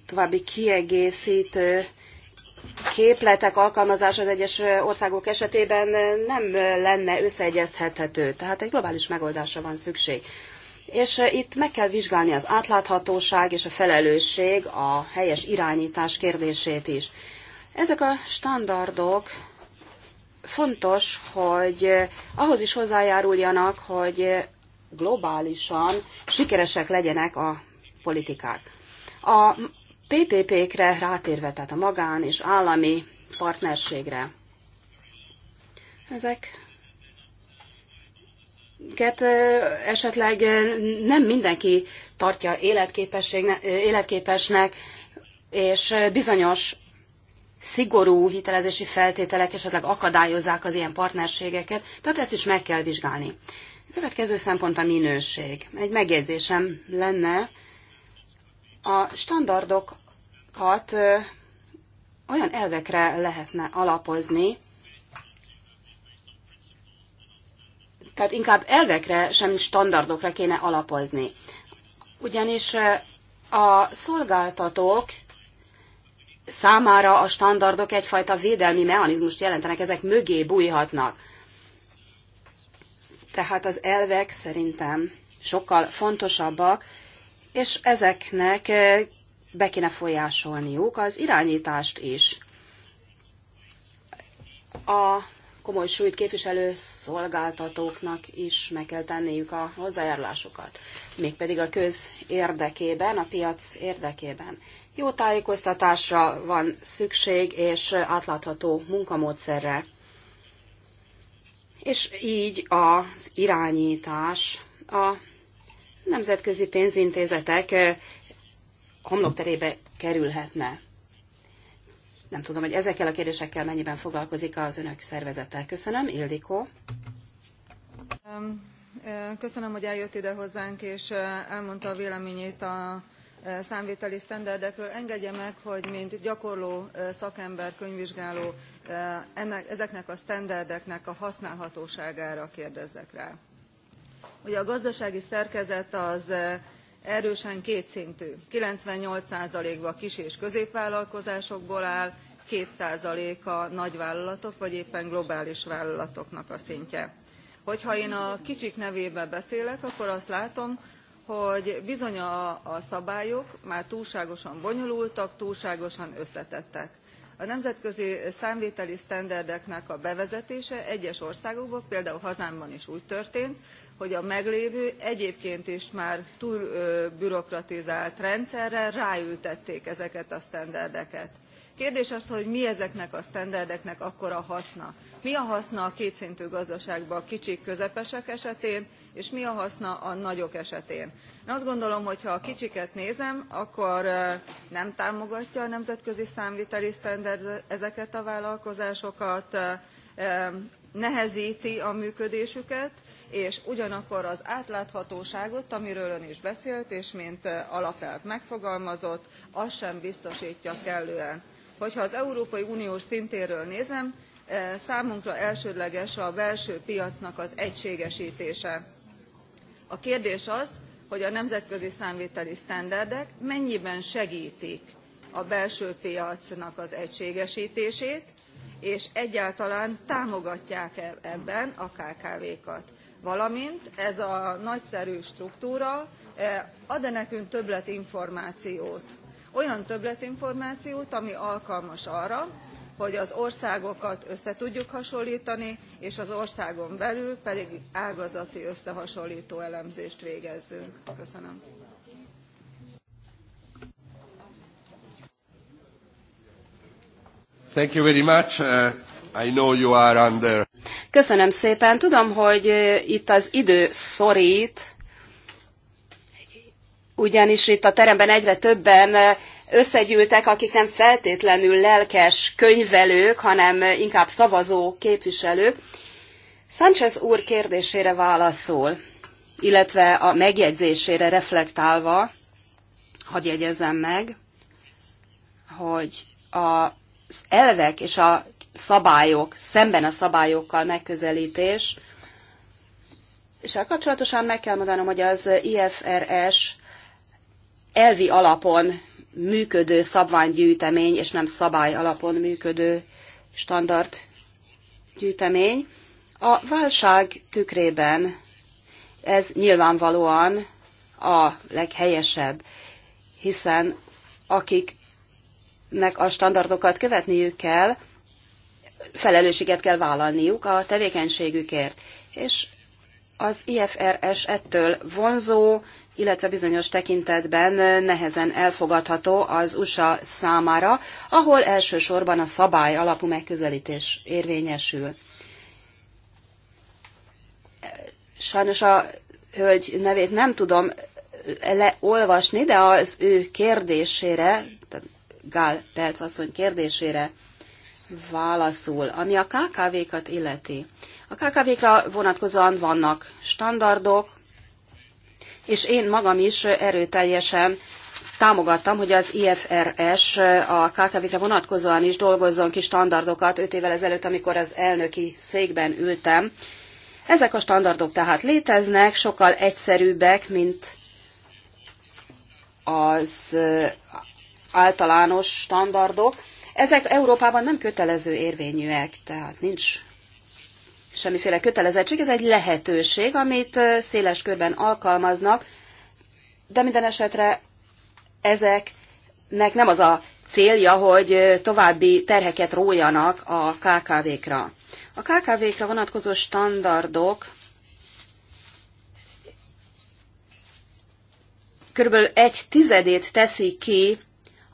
További kiegészítő képletek alkalmazása az egyes országok esetében nem lenne összeegyeztethető. Tehát egy globális megoldásra van szükség. És itt meg kell vizsgálni az átláthatóság és a felelősség, a helyes irányítás kérdését is. Ezek a standardok fontos, hogy ahhoz is hozzájáruljanak, hogy globálisan sikeresek legyenek a politikák. A PPP-kre rátérve, tehát a magán és állami partnerségre. Ezek Ket, esetleg nem mindenki tartja életképesnek, és bizonyos szigorú hitelezési feltételek esetleg akadályozzák az ilyen partnerségeket, tehát ezt is meg kell vizsgálni. A következő szempont a minőség. Egy megjegyzésem lenne, a standardokat olyan elvekre lehetne alapozni, tehát inkább elvekre, sem standardokra kéne alapozni. Ugyanis a szolgáltatók számára a standardok egyfajta védelmi mechanizmust jelentenek, ezek mögé bújhatnak. Tehát az elvek szerintem sokkal fontosabbak, és ezeknek eh, be kéne folyásolniuk az irányítást is. A komoly súlyt képviselő szolgáltatóknak is meg kell tenniük a hozzájárulásukat, mégpedig a köz érdekében, a piac érdekében. Jó tájékoztatásra van szükség, és átlátható munkamódszerre. És így az irányítás a nemzetközi pénzintézetek eh, homlokterébe kerülhetne. Nem tudom, hogy ezekkel a kérdésekkel mennyiben foglalkozik az önök szervezete. Köszönöm, Ildikó. Eh, köszönöm, hogy eljött ide hozzánk, és eh, elmondta a véleményét a számviteli sztenderdekről engedje meg hogy mint gyakorló szakember könyvvizsgáló ennek, ezeknek a sztenderdeknek a használhatóságára kérdezzek rá. ugye a gazdasági szerkezet az erősen kétszintű ninety eight ba kis és középvállalkozásokból áll two a nagyvállalatok vagy éppen globális vállalatoknak a szintje. hogyha én a kicsik nevében beszélek akkor azt látom hogy bizony a, szabályok már túlságosan bonyolultak túlságosan összetettek. a nemzetközi számviteli sztenderdeknek a bevezetése egyes országokban például hazámban is úgy történt hogy a meglévő egyébként is már túl bürokratizált rendszerre ráültették ezeket a sztenderdeket. kérdés az hogy mi ezeknek a sztenderdeknek akkor a haszna? mi a haszna a kétszintű gazdaságban a kicsik közepesek esetén és mi a haszna a nagyok esetén. én azt gondolom hogy ha a kicsiket nézem akkor nem támogatja a nemzetközi számviteli standard ezeket a vállalkozásokat nehezíti a működésüket és ugyanakkor az átláthatóságot amiről ön is beszélt és mint alapelv megfogalmazott azt sem biztosítja kellően. hogyha az európai uniós szintéről nézem számunkra elsődleges a belső piacnak az egységesítése a kérdés az hogy a nemzetközi számviteli sztenderdek mennyiben segtik a belső piacnak az egységestését és egyáltalán támogatják e ebben a kkv kat valamint ez a nagyszerű struktúra ad e nekünk többletinformációt olyan többletinformációt ami alkalmas arra hogy az országokat össze tudjuk hasonltani és az országon belül pedig ágazati összehasonltó elemzést végezzünk. köszönöm. Thank you very much. Uh, I know you are under... Köszönöm szépen. Tudom, hogy uh, itt az idő szorít, ugyanis itt a teremben egyre többen uh, összegyűltek, akik nem feltétlenül lelkes könyvelők, hanem inkább szavazó képviselők. Sánchez úr kérdésére válaszol, illetve a megjegyzésére reflektálva, hadd jegyezzem meg, hogy az elvek és a szabályok, szemben a szabályokkal megközelítés, és a kapcsolatosan meg kell mondanom, hogy az IFRS elvi alapon működő szabványgyűjtemény, és nem szabály alapon működő standard gyűjtemény. A válság tükrében ez nyilvánvalóan a leghelyesebb, hiszen akiknek a standardokat követniük kell, felelősséget kell vállalniuk a tevékenységükért. És az IFRS ettől vonzó, illetve bizonyos tekintetben nehezen elfogadható az USA számára, ahol elsősorban a szabály alapú megközelítés érvényesül. Sajnos a hölgy nevét nem tudom leolvasni, de az ő kérdésére, Gál Pelc asszony kérdésére válaszul, ami a KKV-kat illeti. A KKV-kra vonatkozóan vannak standardok, és én magam is erőteljesen támogattam, hogy az IFRS a KKV-kre vonatkozóan is dolgozzon ki standardokat 5 évvel ezelőtt, amikor az elnöki székben ültem. Ezek a standardok tehát léteznek, sokkal egyszerűbbek, mint az általános standardok. Ezek Európában nem kötelező érvényűek, tehát nincs semmiféle kötelezettség, ez egy lehetőség, amit széles körben alkalmaznak, de minden esetre ezeknek nem az a célja, hogy további terheket rójanak a KKV-kra. A KKV-kra vonatkozó standardok körülbelül egy tizedét teszik ki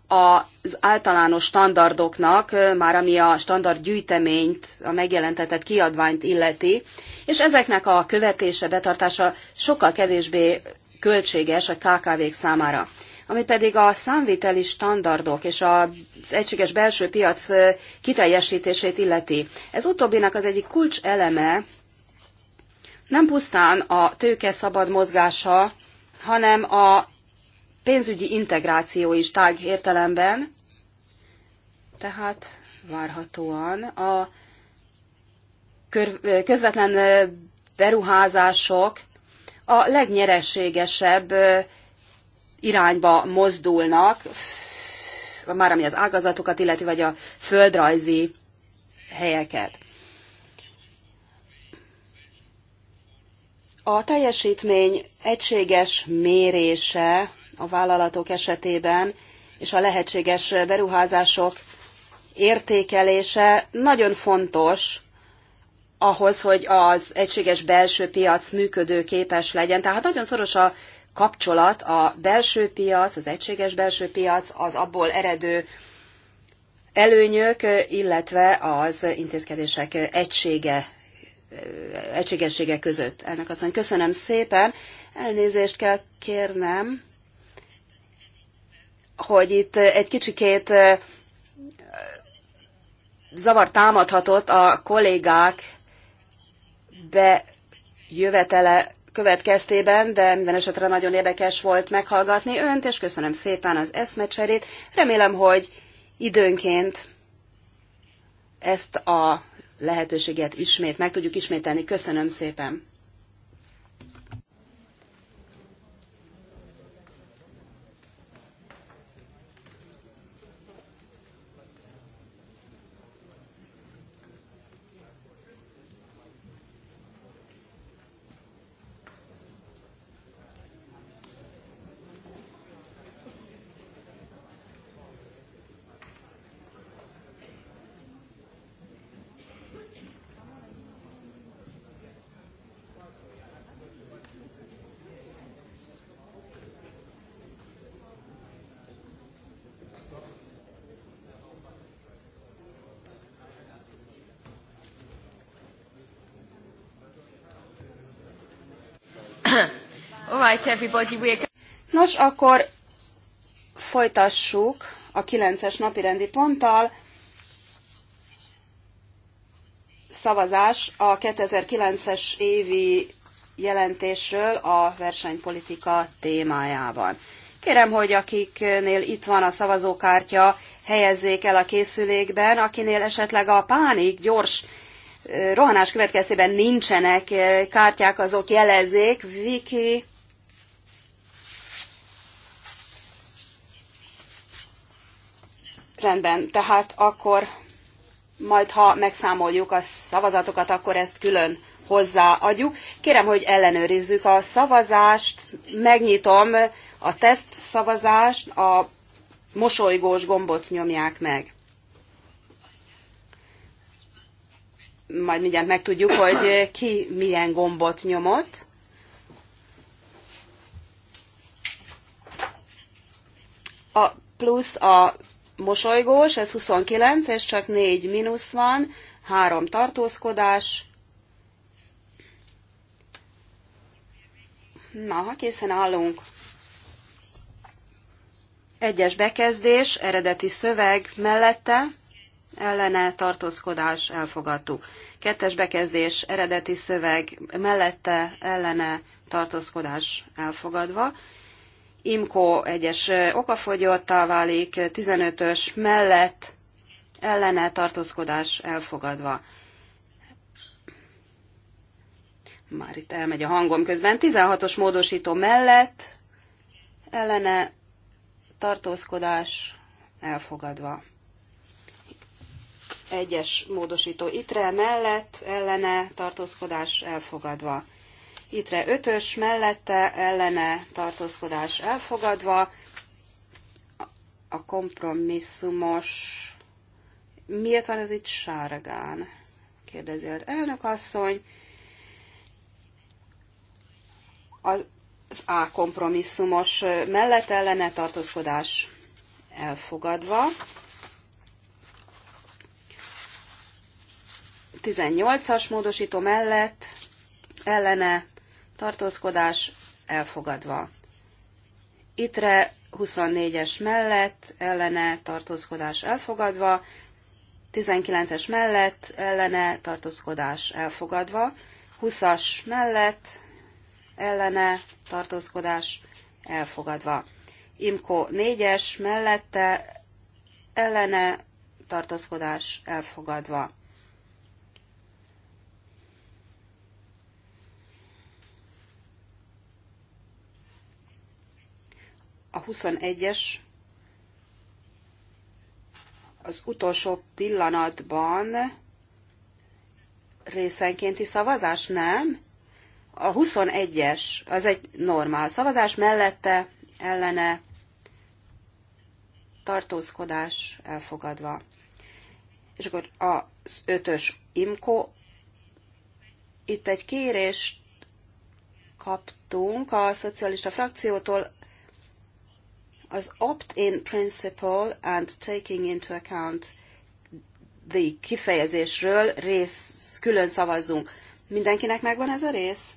az általános standardoknak, már ami a standard gyűjteményt, a megjelentetett kiadványt illeti, és ezeknek a követése, betartása sokkal kevésbé költséges a KKV-k számára. Ami pedig a számviteli standardok és az egységes belső piac kiteljesítését illeti. Ez utóbbinak az egyik kulcs eleme nem pusztán a tőke szabad mozgása, hanem a pénzügyi integráció is tág értelemben, tehát várhatóan a közvetlen beruházások a legnyereségesebb irányba mozdulnak, már ami az ágazatokat illeti, vagy a földrajzi helyeket. A teljesítmény egységes mérése a vállalatok esetében, és a lehetséges beruházások értékelése nagyon fontos ahhoz, hogy az egységes belső piac működőképes legyen. Tehát nagyon szoros a kapcsolat a belső piac, az egységes belső piac, az abból eredő előnyök, illetve az intézkedések egysége, egységessége között. Ennek azt köszönöm szépen, elnézést kell kérnem hogy itt eh, egy kicsikét eh, zavar támadhatott a kollégák bejövetele következtében, de minden esetre nagyon érdekes volt meghallgatni önt, és köszönöm szépen az eszmecserét. Remélem, hogy időnként ezt a lehetőséget ismét meg tudjuk ismételni. Köszönöm szépen! Right, everybody, we're... Nos, akkor folytassuk a kilences napi napirendi ponttal. Szavazás a 2009-es évi jelentésről a versenypolitika témájában. Kérem, hogy akiknél itt van a szavazókártya, helyezzék el a készülékben, akinél esetleg a pánik gyors rohanás következtében nincsenek kártyák, azok jelezzék. Viki Rendben, tehát akkor majd ha megszámoljuk a szavazatokat, akkor ezt külön hozzáadjuk. Kérem, hogy ellenőrizzük a szavazást, megnyitom a teszt szavazást, a mosolygós gombot nyomják meg. Majd mindjárt megtudjuk, hogy ki milyen gombot nyomott. A plusz a mosolygós, ez 29, és csak 4 mínusz van, 3 tartózkodás. Na, ha készen állunk. Egyes bekezdés, eredeti szöveg mellette, ellene tartózkodás elfogadtuk. Kettes bekezdés, eredeti szöveg mellette, ellene tartózkodás elfogadva. IMCO egyes es okafogyottá válik, 15-ös mellett ellene tartózkodás elfogadva. Már itt elmegy a hangom közben. 16-os módosító mellett ellene tartózkodás elfogadva. Egyes módosító itre mellett ellene tartózkodás elfogadva. Itre 5-ös mellette ellene tartózkodás elfogadva, a kompromisszumos... Miért van ez itt sárgán? kérdezi az elnök asszony. Az A kompromisszumos mellett ellene tartózkodás elfogadva. 18-as módosító mellett ellene tartózkodás elfogadva. Itre 24-es mellett ellene tartózkodás elfogadva, 19-es mellett ellene tartózkodás elfogadva, 20-as mellett ellene tartózkodás elfogadva. Imko 4-es mellette ellene tartózkodás elfogadva. a 21-es az utolsó pillanatban részenkénti szavazás, nem? A 21-es az egy normál szavazás, mellette ellene tartózkodás elfogadva. És akkor az ötös IMKO, itt egy kérést kaptunk a szocialista frakciótól az opt-in principle and taking into account the kifejezésről rész külön szavazzunk. Mindenkinek megvan ez a rész?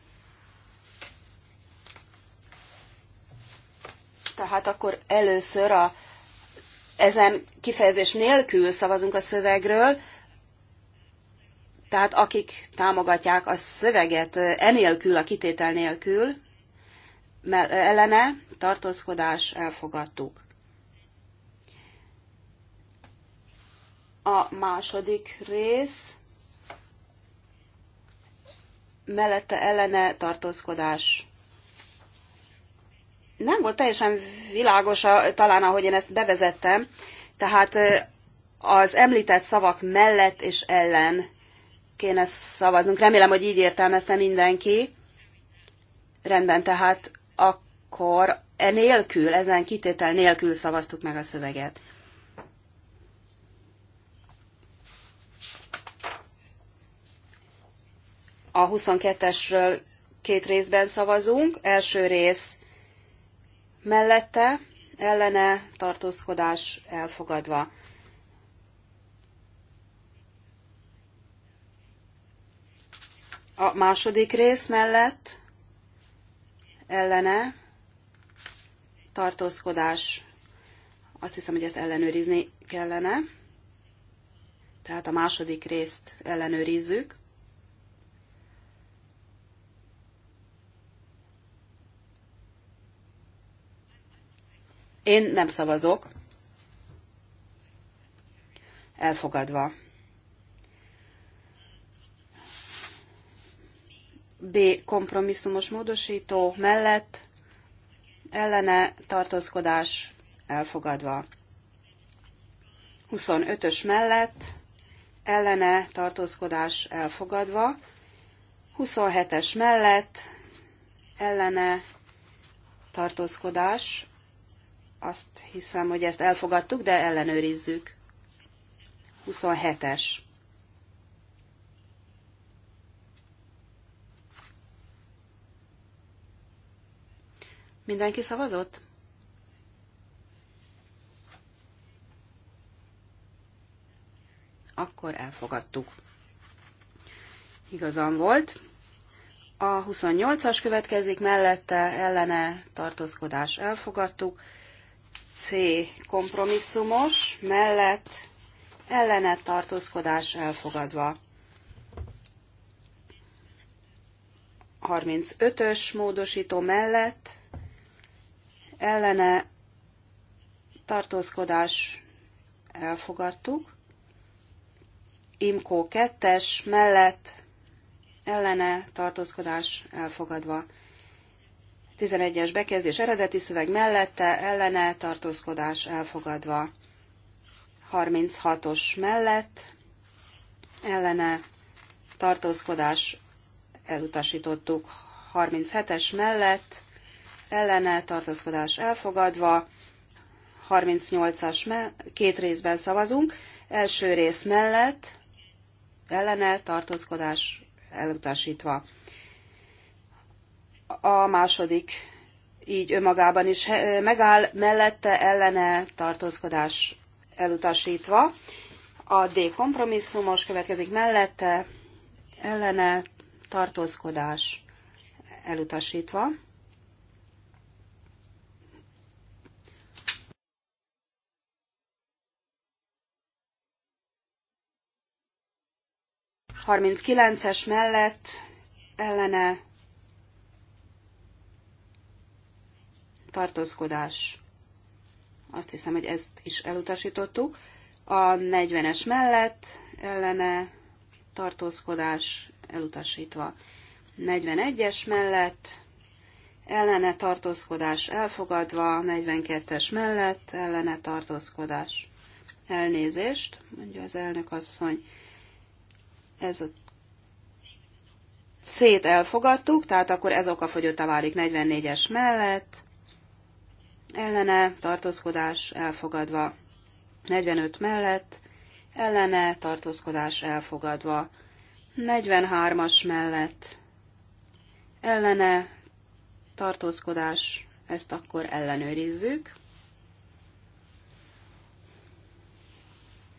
Tehát akkor először a ezen kifejezés nélkül szavazunk a szövegről, tehát akik támogatják a szöveget enélkül, a kitétel nélkül, ellene, tartózkodás, elfogadtuk. A második rész mellette ellene tartózkodás. Nem volt teljesen világos a, talán, ahogy én ezt bevezettem, tehát az említett szavak mellett és ellen kéne szavaznunk. Remélem, hogy így értelmezte mindenki. Rendben, tehát akkor enélkül, ezen kitétel nélkül szavaztuk meg a szöveget. A 22-esről két részben szavazunk. Első rész mellette, ellene tartózkodás elfogadva. A második rész mellett ellene tartózkodás, azt hiszem, hogy ezt ellenőrizni kellene. Tehát a második részt ellenőrizzük. Én nem szavazok. Elfogadva. B. Kompromisszumos módosító mellett ellene tartózkodás elfogadva. 25-ös mellett ellene tartózkodás elfogadva. 27-es mellett ellene tartózkodás. Azt hiszem, hogy ezt elfogadtuk, de ellenőrizzük. 27-es. Mindenki szavazott? Akkor elfogadtuk. Igazam volt. A 28-as következik, mellette ellene tartózkodás elfogadtuk. C. Kompromisszumos, mellett ellene tartózkodás elfogadva. 35-ös módosító mellett ellene tartózkodás elfogadtuk. Imkó 2-es mellett ellene tartózkodás elfogadva. 11-es bekezdés eredeti szöveg mellette ellene tartózkodás elfogadva. 36-os mellett ellene tartózkodás elutasítottuk. 37-es mellett ellene tartózkodás elfogadva, 38-as két részben szavazunk, első rész mellett ellene tartózkodás elutasítva. A második így önmagában is megáll, mellette ellene tartózkodás elutasítva. A D kompromisszumos következik mellette, ellene tartózkodás elutasítva. 39-es mellett ellene tartózkodás. Azt hiszem, hogy ezt is elutasítottuk. A 40-es mellett ellene tartózkodás elutasítva. 41-es mellett ellene tartózkodás elfogadva, 42-es mellett ellene tartózkodás. Elnézést, mondja az elnök asszony. Ez a C-t elfogadtuk, tehát akkor ez a válik 44-es mellett. Ellene tartózkodás elfogadva 45 mellett. Ellene tartózkodás elfogadva 43-as mellett. Ellene tartózkodás, ezt akkor ellenőrizzük.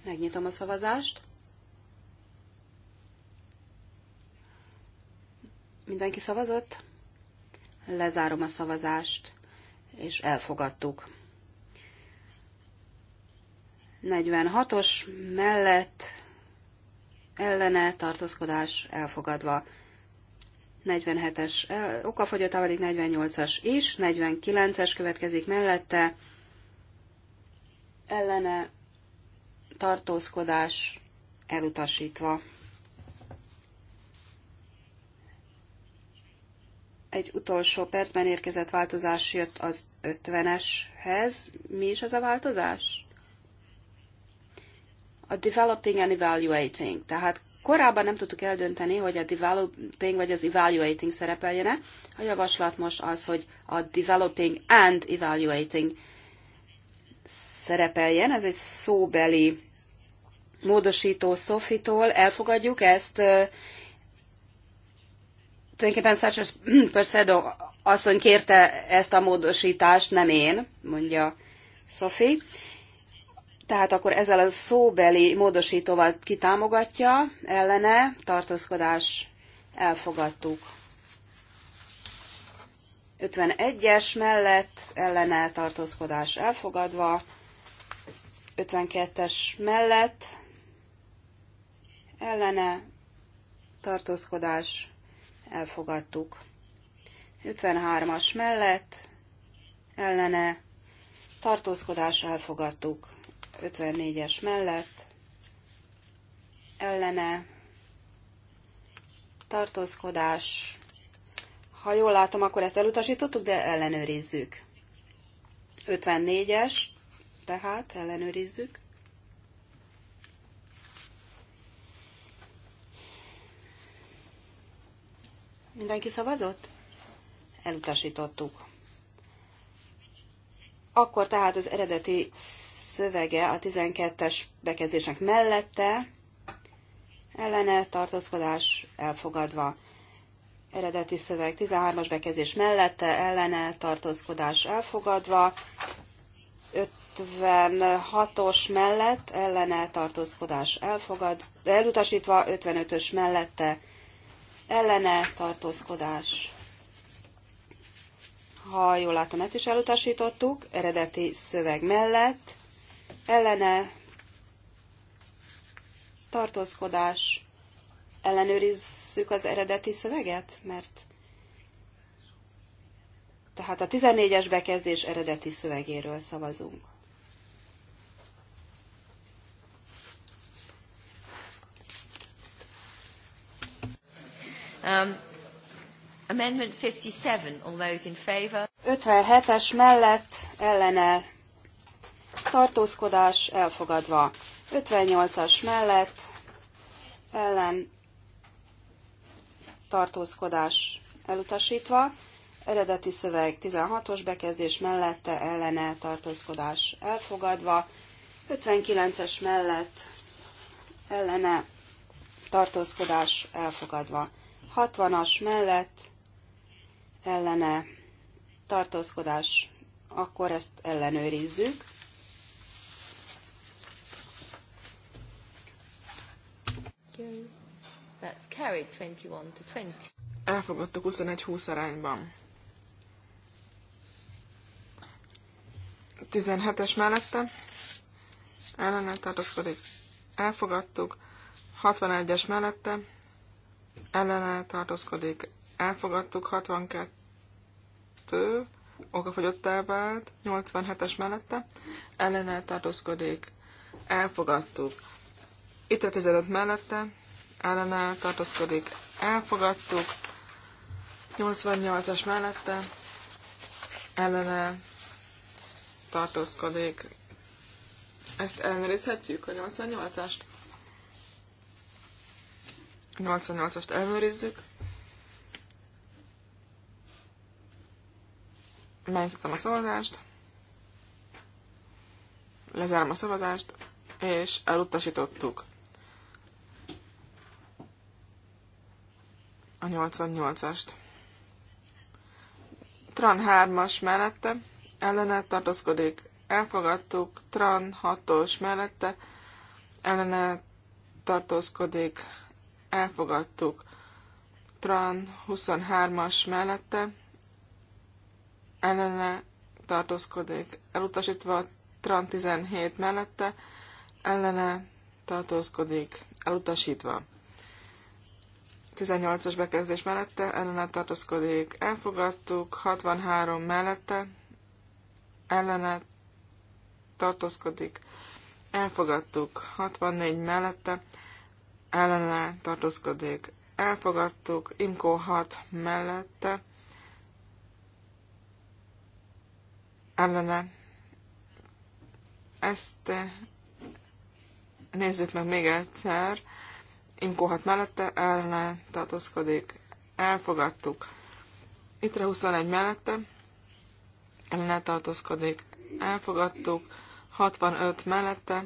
Megnyitom a szavazást. Mindenki szavazott? Lezárom a szavazást, és elfogadtuk. 46-os mellett ellene tartózkodás elfogadva. 47-es okafogyott, avadik 48-as is, 49-es következik mellette, ellene tartózkodás elutasítva. egy utolsó percben érkezett változás jött az 50-eshez. Mi is ez a változás? A developing and evaluating. Tehát korábban nem tudtuk eldönteni, hogy a developing vagy az evaluating szerepeljene. A javaslat most az, hogy a developing and evaluating szerepeljen. Ez egy szóbeli módosító Szofitól. Elfogadjuk ezt tulajdonképpen Sánchez Percedo asszony kérte ezt a módosítást, nem én, mondja Sophie. Tehát akkor ezzel a szóbeli módosítóval kitámogatja, ellene, tartózkodás, elfogadtuk. 51-es mellett ellene tartózkodás elfogadva, 52-es mellett ellene tartózkodás elfogadtuk. 53-as mellett ellene tartózkodás elfogadtuk. 54-es mellett ellene tartózkodás. Ha jól látom, akkor ezt elutasítottuk, de ellenőrizzük. 54-es, tehát ellenőrizzük. Mindenki szavazott? Elutasítottuk. Akkor tehát az eredeti szövege a 12-es bekezdésnek mellette, ellene tartózkodás elfogadva. Eredeti szöveg 13-as bekezdés mellette, ellene tartózkodás elfogadva. 56-os mellett ellene tartózkodás elfogad, elutasítva, 55-ös mellette ellene tartózkodás. Ha jól látom, ezt is elutasítottuk, eredeti szöveg mellett, ellene tartózkodás. Ellenőrizzük az eredeti szöveget, mert tehát a 14-es bekezdés eredeti szövegéről szavazunk. Um, amendment 57, all those in favor. 57-es mellett ellene tartózkodás elfogadva. 58-as mellett ellen tartózkodás elutasítva, eredeti szöveg 16-os bekezdés mellette ellene tartózkodás elfogadva, 59-es mellett ellene tartózkodás elfogadva. 60-as mellett ellene tartózkodás, akkor ezt ellenőrizzük. That's carried 21 to 20. Elfogadtuk 21-20 arányban. 17-es mellette ellene tartózkodik. Elfogadtuk. 61-es mellette ellene tartózkodik, elfogadtuk 62, okafogyottá vált, 87-es mellette, ellene tartózkodik, elfogadtuk. Itt a 15 mellette, ellene tartózkodik, elfogadtuk, 88-as mellette, ellene tartózkodik. Ezt ellenőrizhetjük, a 88-ast? 88-ast elvőrizzük. Megnyitottam a szavazást. Lezárom a szavazást, és elutasítottuk. A 88-ast. Tran 3-as mellette ellene tartózkodik. Elfogadtuk Tran 6-os mellette ellene tartózkodik elfogadtuk. Tran 23-as mellette ellene tartózkodik. Elutasítva Tran 17 mellette ellene tartózkodik. Elutasítva. 18-as bekezdés mellette ellene tartózkodik. Elfogadtuk. 63 mellette ellene tartózkodik. Elfogadtuk. 64 mellette ellene tartózkodik. Elfogadtuk Imkó 6 mellette, ellene. Ezt eh, nézzük meg még egyszer. Imkó 6 mellette, ellene tartózkodik. Elfogadtuk. Itre 21 mellette, ellene tartózkodik. Elfogadtuk. 65 mellette,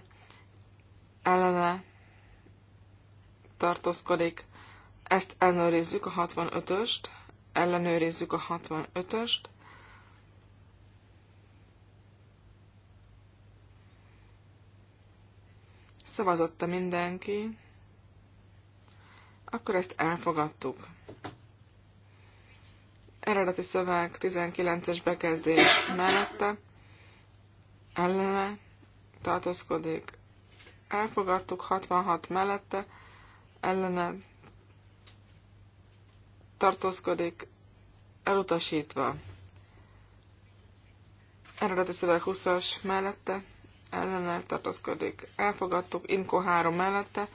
ellene tartózkodik. Ezt ellenőrizzük a 65-öst, ellenőrizzük a 65-öst. Szavazotta mindenki. Akkor ezt elfogadtuk. Eredeti szöveg 19-es bekezdés mellette ellene tartózkodik. Elfogadtuk 66 mellette, ellene tartózkodik, elutasítva. Eredeti szöveg 20-as mellette, ellene tartózkodik, elfogadtuk, Imko 3 mellette,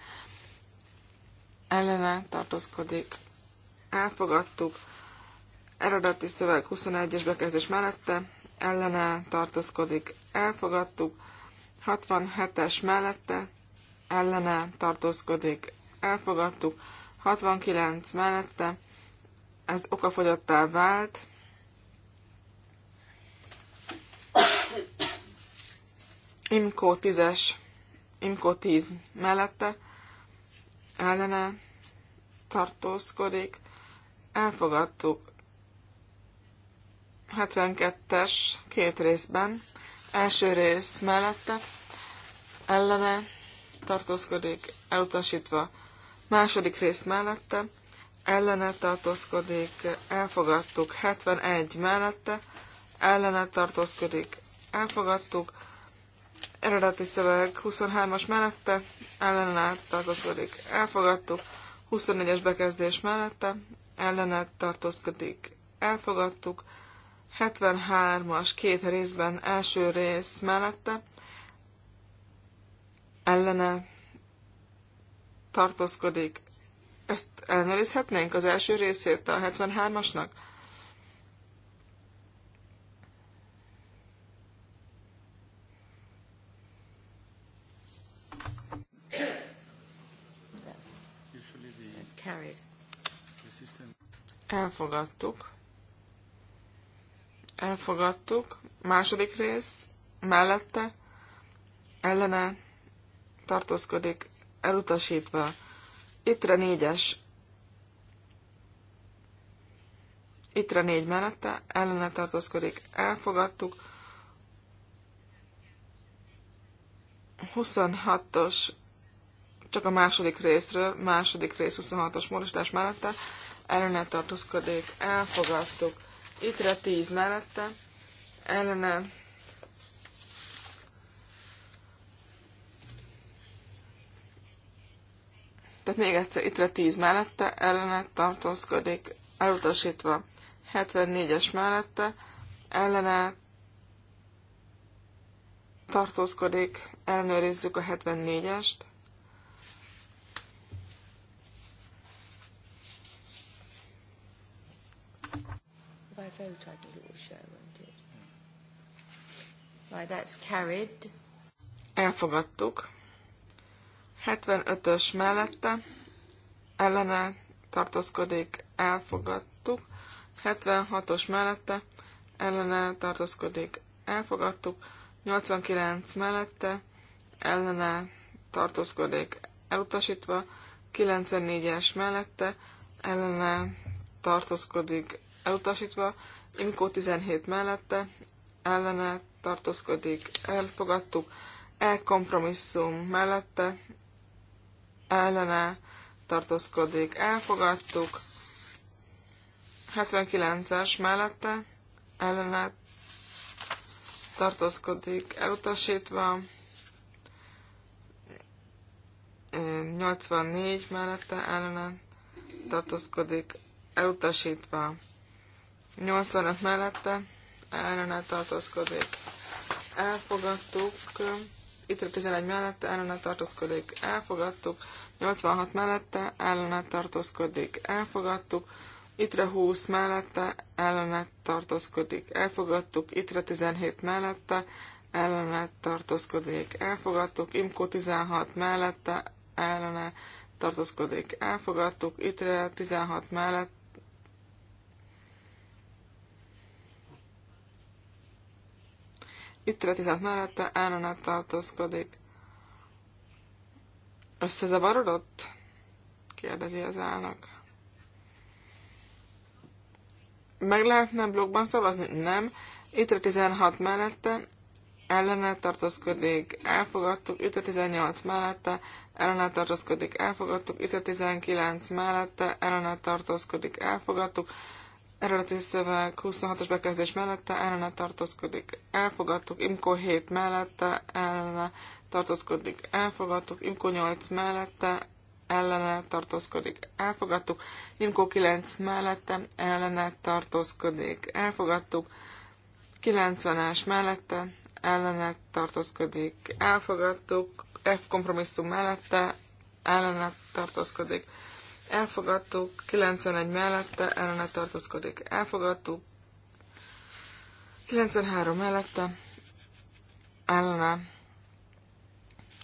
ellene tartózkodik, elfogadtuk, eredeti szöveg 21-es bekezdés mellette, ellene tartózkodik, elfogadtuk, 67-es mellette, ellene tartózkodik, elfogadtuk. 69 mellette ez okafogyottá vált. Imkó 10-es, Imkó 10 mellette ellene tartózkodik. Elfogadtuk 72-es két részben. Első rész mellette ellene tartózkodik, elutasítva Második rész mellette ellene tartózkodik, elfogadtuk. 71 mellette ellene tartózkodik, elfogadtuk. Eredeti szöveg 23-as mellette ellene tartózkodik, elfogadtuk. 24-es bekezdés mellette ellene tartózkodik, elfogadtuk. 73-as két részben első rész mellette ellene tartózkodik. Ezt ellenőrizhetnénk az első részét a 73-asnak? Elfogadtuk. Elfogadtuk. Második rész mellette ellene tartózkodik, elutasítva. Ittre négyes. Ittre négy mellette, ellene tartózkodik, elfogadtuk. 26-os, csak a második részről, második rész 26-os módosítás mellette, ellene tartózkodik, elfogadtuk. a 10 mellette, ellene Tehát még egyszer, itt a 10 mellette, ellene tartózkodik, elutasítva. 74-es mellette, ellene tartózkodik, ellenőrizzük a 74-est. By vote, I think show, won't it? Right, that's carried. Elfogadtuk. 75-ös mellette ellene tartózkodik, elfogadtuk. 76-os mellette ellene tartózkodik, elfogadtuk. 89 mellette ellene tartózkodik, elutasítva. 94-es mellette ellene tartózkodik, elutasítva. Imkó 17 mellette ellene tartózkodik, elfogadtuk. E kompromisszum mellette ellene tartózkodik, elfogadtuk. 79-es mellette ellene tartózkodik, elutasítva. 84 mellette ellene tartózkodik, elutasítva. 85 mellette ellene tartózkodik. Elfogadtuk itt 11 mellette ellene tartózkodik, elfogadtuk. 86 mellette ellene tartózkodik, elfogadtuk. Itre 20 mellette ellene tartózkodik, elfogadtuk. Itre 17 mellette ellene tartózkodik, elfogadtuk. Imko 16 mellette ellene tartózkodik, elfogadtuk. Itre 16 mellette itt a 16 mellette ellenet tartózkodik. Összezavarodott? kérdezi az állnak. Meg lehetne blogban szavazni? Nem. Itt a 16 mellette ellene tartózkodik, elfogadtuk, itt a 18 mellette, ellene tartózkodik, elfogadtuk, itt a 19 mellette, ellene tartózkodik, elfogadtuk, Eredeti szöveg 26-os bekezdés mellette ellene tartózkodik. Elfogadtuk Imko 7 mellette ellene tartózkodik. Elfogadtuk Imko 8 mellette ellene tartózkodik. Elfogadtuk Imko 9 mellette ellene tartózkodik. Elfogadtuk 90-es mellette ellene tartózkodik. Elfogadtuk F kompromisszum mellette ellene tartózkodik elfogadtuk, 91 mellette ellene tartózkodik, elfogadtuk, 93 mellette ellene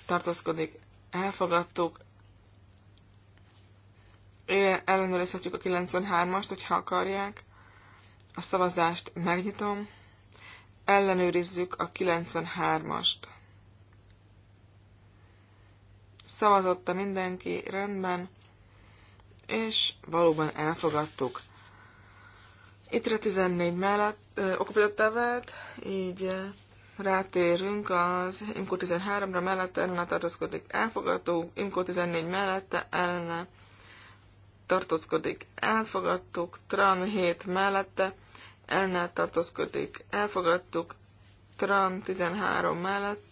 tartózkodik, elfogadtuk, ellenőrizhetjük a 93-ast, hogyha akarják. A szavazást megnyitom, ellenőrizzük a 93-ast. Szavazotta mindenki, rendben és valóban elfogadtuk. Itre 14 mellett ö, okofogyottá vált, így rátérünk az Imco 13-ra mellette ellene tartózkodik elfogadó, Imco 14 mellette ellene tartózkodik elfogadtuk, Tran 7 mellette ellene tartózkodik elfogadtuk, Tran 13 mellett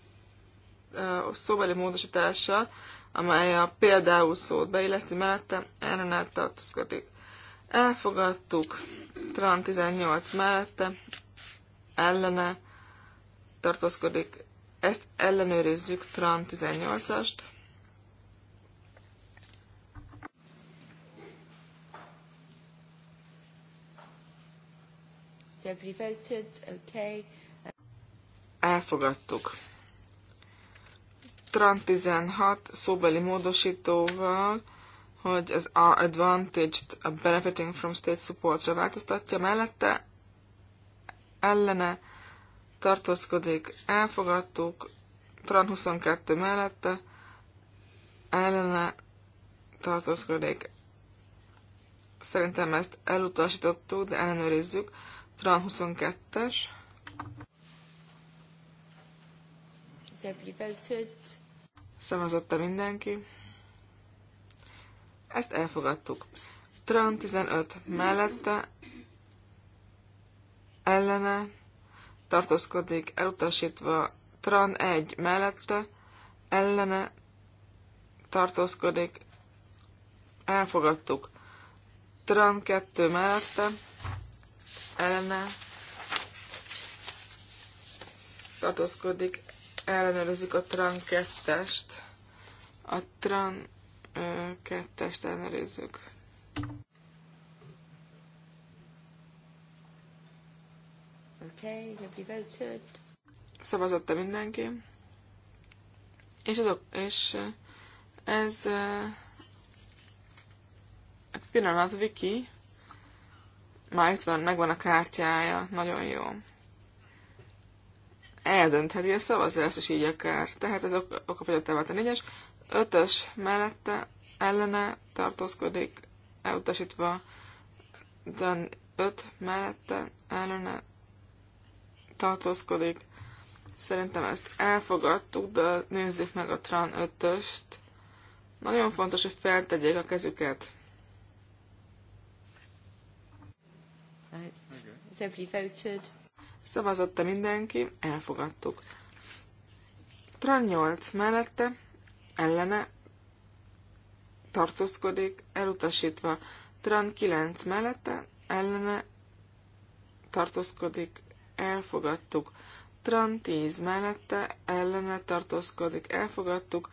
szóbeli módosítása, amely a például szót beilleszti mellette, ellenállt tartozkodik. Elfogadtuk Tran 18 mellette, ellene tartozkodik. Ezt ellenőrizzük Tran 18-ast. Elfogadtuk. TRAN 16 szóbeli módosítóval, hogy az a advantaged a benefiting from state support-ra változtatja, mellette ellene tartózkodik, elfogadtuk, TRAN 22 mellette ellene tartózkodik. Szerintem ezt elutasítottuk, de ellenőrizzük. TRAN 22-es. Szavazotta mindenki. Ezt elfogadtuk. Trump 15 mellette ellene tartózkodik, elutasítva Tran 1 mellette ellene tartózkodik, elfogadtuk. Tran 2 mellette ellene tartózkodik, ellenőrizzük a TRAN 2-est. A TRAN 2-est ellenőrizzük. Okay, nobody voted. Szavazott -e mindenki? És, azok, és ez egy pillanat, Viki, már itt van, megvan a kártyája, nagyon jó eldöntheti a szavazást is így akár. Tehát ez okafogyottá vált a négyes. Ötös mellette ellene tartózkodik, elutasítva de öt mellette ellene tartózkodik. Szerintem ezt elfogadtuk, de nézzük meg a Tran 5-öst. Nagyon fontos, hogy feltegyék a kezüket. Right. Okay. Szavazotta mindenki, elfogadtuk. Tran 8 mellette, ellene, tartózkodik, elutasítva. Tran 9 mellette, ellene, tartózkodik, elfogadtuk. Tran 10 mellette, ellene, tartózkodik, elfogadtuk.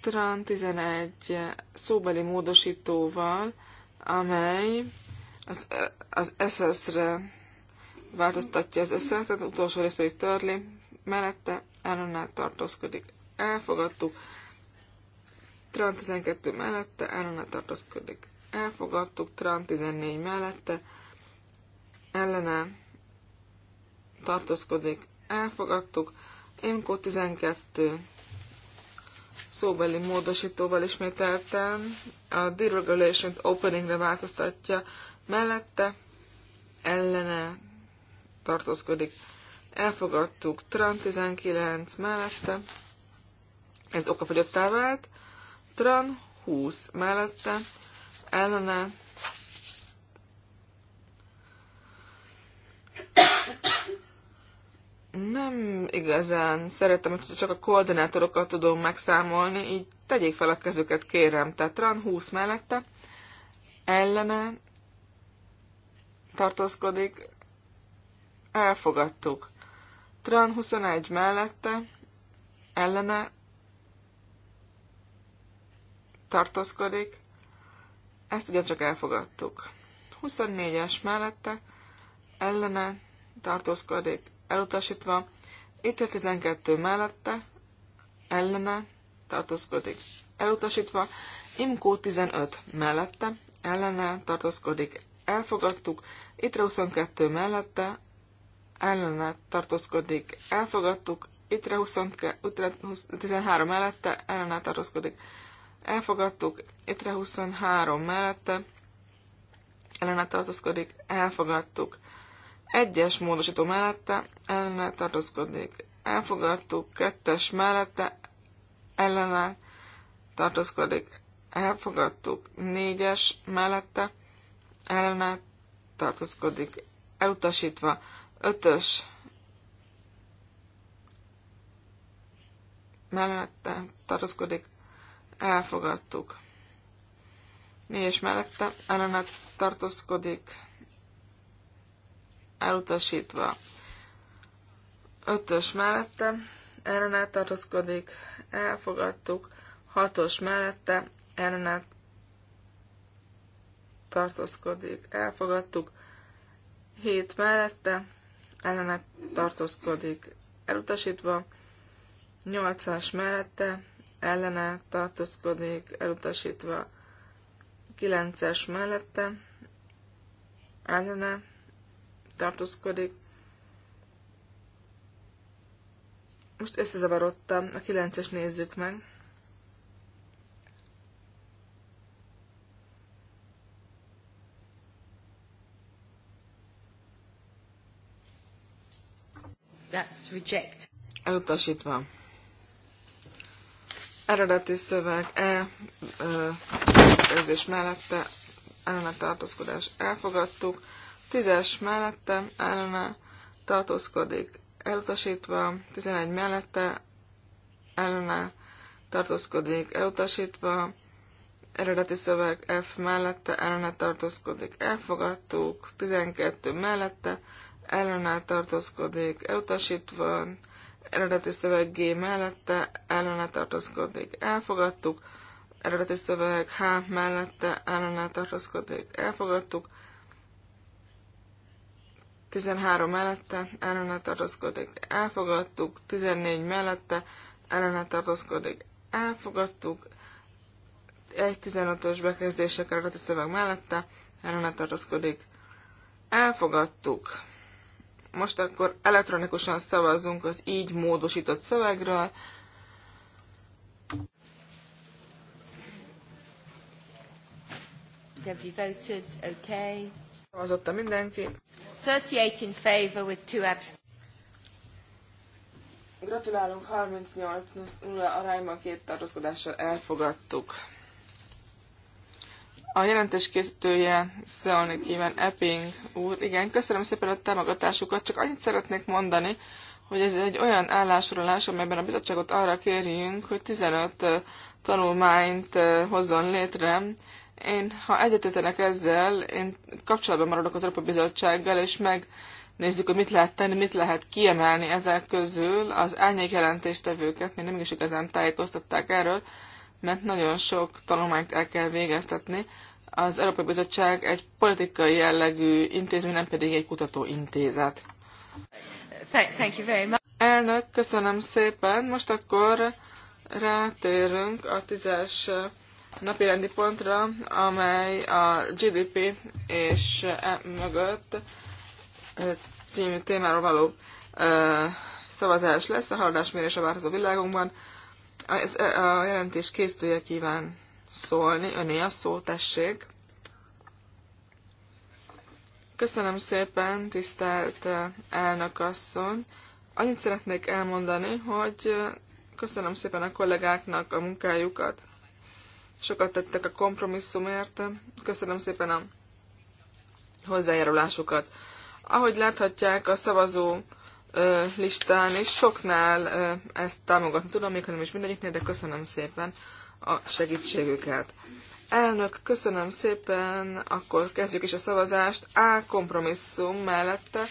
Tran 11 szóbeli módosítóval, amely az, az SS-re változtatja az összetet, utolsó rész pedig törli, mellette ellene tartózkodik. Elfogadtuk. Tran 12 mellette ellene tartózkodik. Elfogadtuk. Tran 14 mellette ellene tartózkodik. Elfogadtuk. Imko 12 szóbeli módosítóval ismételten a deregulation openingre változtatja mellette ellene tartózkodik. Elfogadtuk Tran 19 mellette, ez okafogyottá vált. Tran 20 mellette, ellene nem igazán szeretem, hogy csak a koordinátorokat tudom megszámolni, így tegyék fel a kezüket, kérem. Tehát Tran 20 mellette ellene tartózkodik, elfogadtuk. Tran 21 mellette, ellene tartózkodik, ezt ugyancsak elfogadtuk. 24-es mellette, ellene tartózkodik, elutasítva, itt a 12 mellette, ellene tartózkodik, elutasítva, Imkó 15 mellette, ellene tartózkodik, elfogadtuk, Itt 22 mellette, ellene tartózkodik, elfogadtuk, ittre 22, 13 mellette ellene tartózkodik, elfogadtuk, re 23 mellette ellene tartózkodik, elfogadtuk, egyes módosító mellette ellene tartózkodik, elfogadtuk, kettes mellette ellene tartózkodik, elfogadtuk, négyes mellette ellene tartózkodik, elutasítva, Ötös mellette tartózkodik, elfogadtuk. Négyes mellette ellenet tartózkodik, elutasítva. Ötös mellette ellenet tartózkodik, elfogadtuk. Hatos mellette ellenet tartózkodik, elfogadtuk. Hét mellette ellene tartózkodik elutasítva, 8-as mellette ellene tartózkodik elutasítva, 9-es mellette ellene tartózkodik. Most összezavarodtam, a 9-es nézzük meg. That's reject. Elutasítva. Eredeti szöveg E, érzés mellette, ellene tartózkodás elfogadtuk. Tízes mellette, ellene tartózkodik elutasítva. Tizenegy mellette, ellene tartózkodik elutasítva. Eredeti szöveg F mellette, ellene tartózkodik elfogadtuk. Tizenkettő mellette, ellene tartózkodik, elutasítva, eredeti szöveg G mellette, ellene tartózkodik, elfogadtuk, eredeti szöveg H mellette, ellene tartózkodik, elfogadtuk, 13 mellette, ellene tartózkodik, elfogadtuk, 14 mellette, ellene tartózkodik, elfogadtuk, egy 15-ös bekezdések eredeti szöveg mellette, ellene tartózkodik, elfogadtuk. Most akkor elektronikusan szavazzunk az így módosított szövegről. voted, Szavazotta mindenki. 38 in favor with two abs- Gratulálunk, 38 0 arányban két tartózkodással elfogadtuk. A jelentés készítője szólni kíván Epping úr. Igen, köszönöm szépen a támogatásukat, csak annyit szeretnék mondani, hogy ez egy olyan állásolás, amelyben a bizottságot arra kérjünk, hogy 15 tanulmányt hozzon létre. Én, ha egyetetenek ezzel, én kapcsolatban maradok az Európa Bizottsággal, és megnézzük, hogy mit lehet tenni, mit lehet kiemelni ezek közül. Az árnyék jelentéstevőket még nem is igazán tájékoztatták erről, mert nagyon sok tanulmányt el kell végeztetni az Európai Bizottság egy politikai jellegű intézmény, nem pedig egy kutatóintézet. Thank you very much. Elnök, köszönöm szépen. Most akkor rátérünk a tízes napi rendi pontra, amely a GDP és e mögött című témáról való szavazás lesz a haladásmérés a változó világunkban. a jelentés készítője kíván szólni. Öné a szó, tessék. Köszönöm szépen, tisztelt eh, elnök asszony. Annyit szeretnék elmondani, hogy eh, köszönöm szépen a kollégáknak a munkájukat. Sokat tettek a kompromisszumért. Köszönöm szépen a hozzájárulásukat. Ahogy láthatják a szavazó eh, listán, és soknál ezt támogatni tudom, még ha nem is mindegyiknél, de köszönöm szépen a segítségüket. Elnök, köszönöm szépen, akkor kezdjük is a szavazást. A kompromisszum mellette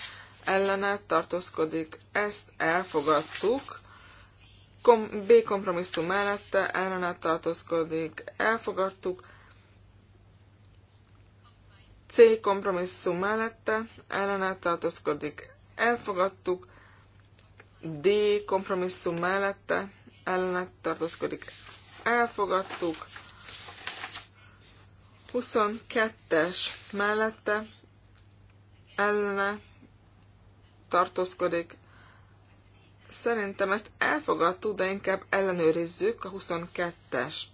ellene tartózkodik, ezt elfogadtuk. Kom B kompromisszum mellette ellene tartózkodik, elfogadtuk. C kompromisszum mellette ellene tartózkodik, elfogadtuk. D kompromisszum mellette ellene tartózkodik, elfogadtuk. 22-es mellette ellene tartózkodik. Szerintem ezt elfogadtuk, de inkább ellenőrizzük a 22-est.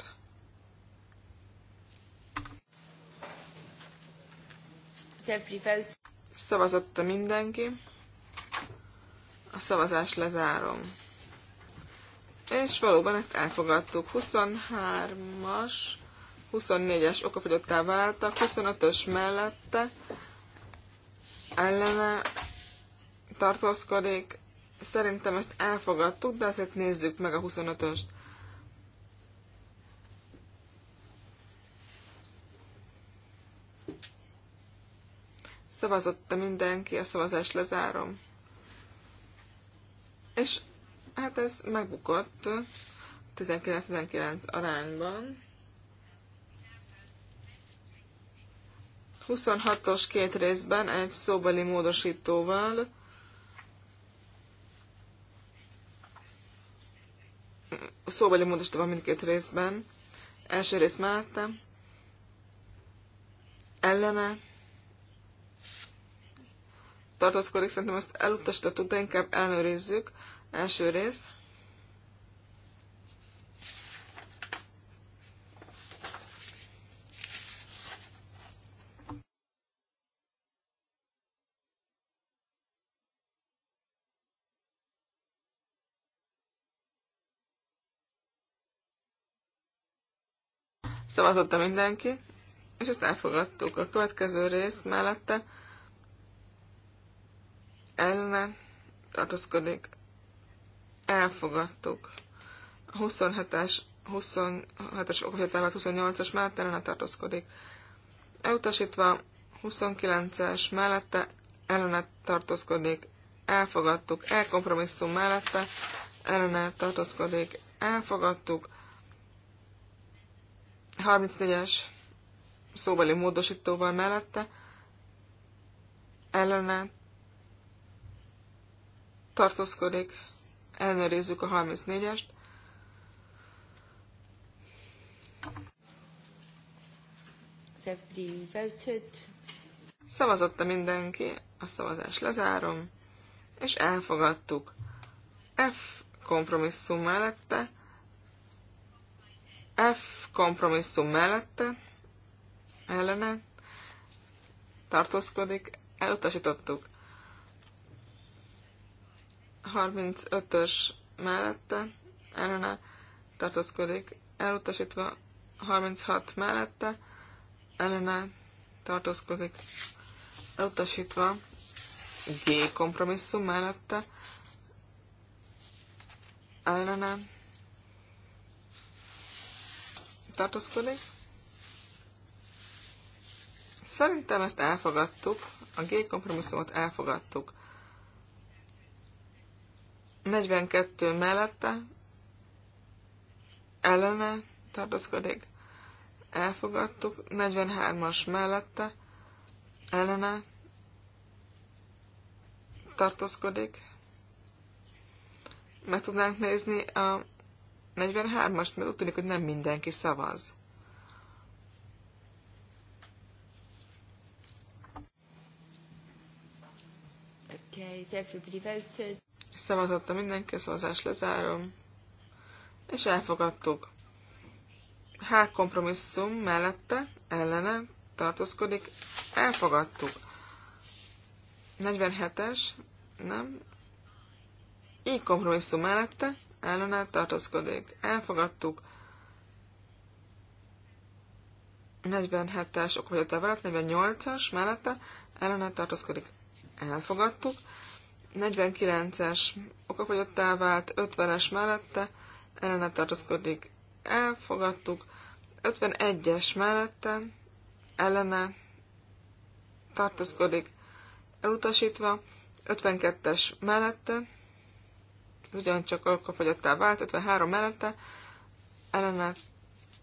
Szavazott mindenki. A szavazást lezárom. És valóban ezt elfogadtuk. 23-as, 24-es okafogyottá váltak, 25-ös mellette ellene tartózkodik. Szerintem ezt elfogadtuk, de azért nézzük meg a 25-öst. Szavazott -e mindenki, a szavazást lezárom. És Hát ez megbukott 19-19 arányban. 26-os két részben egy szóbeli módosítóval. Szóbeli módosítóval mindkét részben. Első rész mellette. Ellene. Tartózkodik, szerintem ezt elutasítottuk, de inkább ellenőrizzük. Első rész. Szavazotta mindenki, és ezt elfogadtuk. A következő rész mellette ellene tartózkodik elfogadtuk. A 27-es 27-es okofjátával 28-as mellett ellene tartózkodik. Elutasítva 29-es mellette ellene tartózkodik. Elfogadtuk. Elkompromisszum mellette ellene tartózkodik. Elfogadtuk. 34-es szóbeli módosítóval mellette ellene tartózkodik ellenőrizzük a 34-est. Szavazotta mindenki, a szavazás lezárom, és elfogadtuk. F kompromisszum mellette, F kompromisszum mellette, ellene tartózkodik, elutasítottuk. 35-ös mellette ellene tartózkodik, elutasítva 36 mellette ellene tartózkodik, elutasítva G kompromisszum mellette ellene tartózkodik. Szerintem ezt elfogadtuk, a G kompromisszumot elfogadtuk. 42 mellette ellene tartózkodik. Elfogadtuk. 43-as mellette ellene tartózkodik. Meg tudnánk nézni a 43-ast, mert úgy tűnik, hogy nem mindenki szavaz. Okay, everybody voted a mindenki, szavazás lezárom. És elfogadtuk. H kompromisszum mellette, ellene, tartózkodik, elfogadtuk. 47-es, nem. I kompromisszum mellette, ellene, tartózkodik, elfogadtuk. 47-es okfogyatával, 48-as mellette ellene tartózkodik. Elfogadtuk. 49-es okafogyottá vált, 50-es mellette ellene tartozkodik. elfogadtuk, 51-es mellette ellene tartozkodik. elutasítva, 52-es mellette, ez ugyancsak okafogyottá vált, 53 mellette, ellene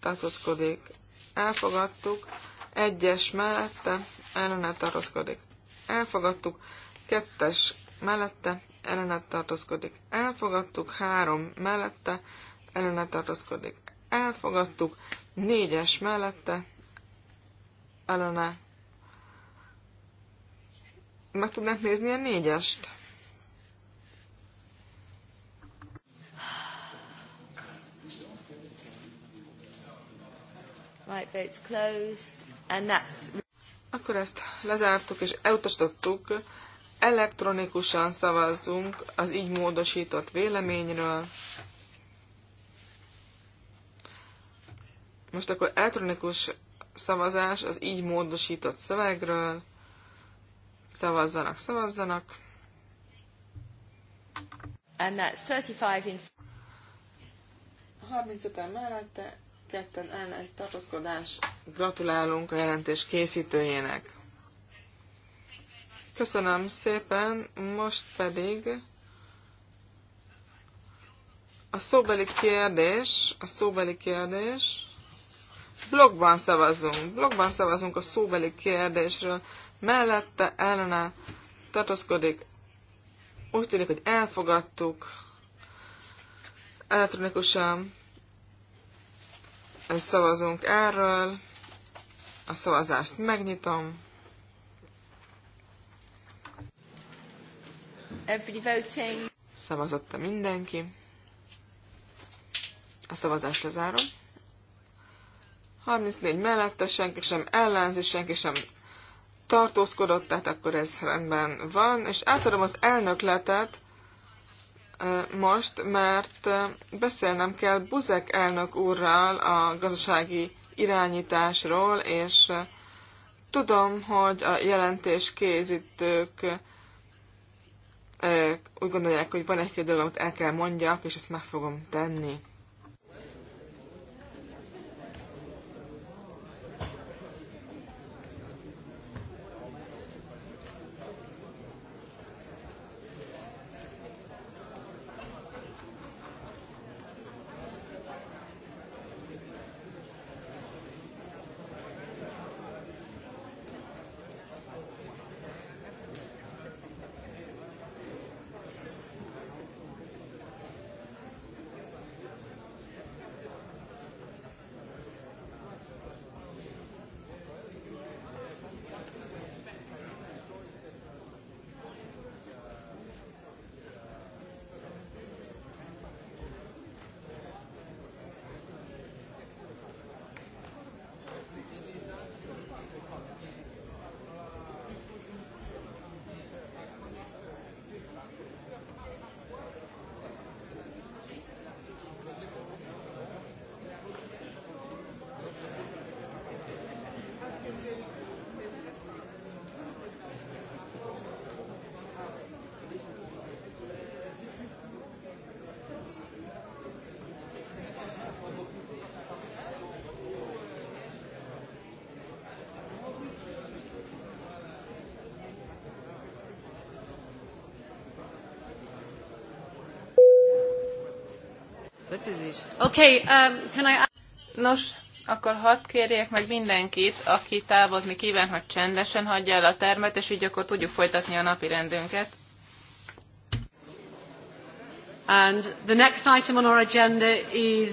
tartozkodik. elfogadtuk, 1-es mellette, ellene tartozkodik. elfogadtuk, 2-es mellette ellenet tartozkodik. Elfogadtuk. Három mellette ellenet tartozkodik. Elfogadtuk. Négyes mellette ellene. Meg tudnánk nézni a négyest? Right, votes closed. And that's... Akkor ezt lezártuk és elutasítottuk elektronikusan szavazzunk az így módosított véleményről. Most akkor elektronikus szavazás az így módosított szövegről. Szavazzanak, szavazzanak. And that's 35 in... 35-en mellette, ketten ellen egy tartozkodás. Gratulálunk a jelentés készítőjének. Köszönöm szépen, most pedig a szóbeli kérdés, a szóbeli kérdés, blogban szavazunk, blogban szavazunk a szóbeli kérdésről, mellette ellene tartozkodik, úgy tűnik, hogy elfogadtuk elektronikusan, szavazunk erről, a szavazást megnyitom, Everybody voting. Szavazotta mindenki. A szavazást lezárom. 34 mellette senki sem ellenzi, senki sem tartózkodott, tehát akkor ez rendben van. És átadom az elnökletet most, mert beszélnem kell Buzek elnök úrral a gazdasági irányításról, és tudom, hogy a jelentés készítők úgy gondolják, hogy van egy-két dolog, amit el kell mondjak, és ezt meg fogom tenni. Okay, um, can I... Nos, akkor hadd kérjek meg mindenkit, aki távozni kíván, hogy csendesen hagyja el a termet, és így akkor tudjuk folytatni a napi rendünket. And the next item on our agenda is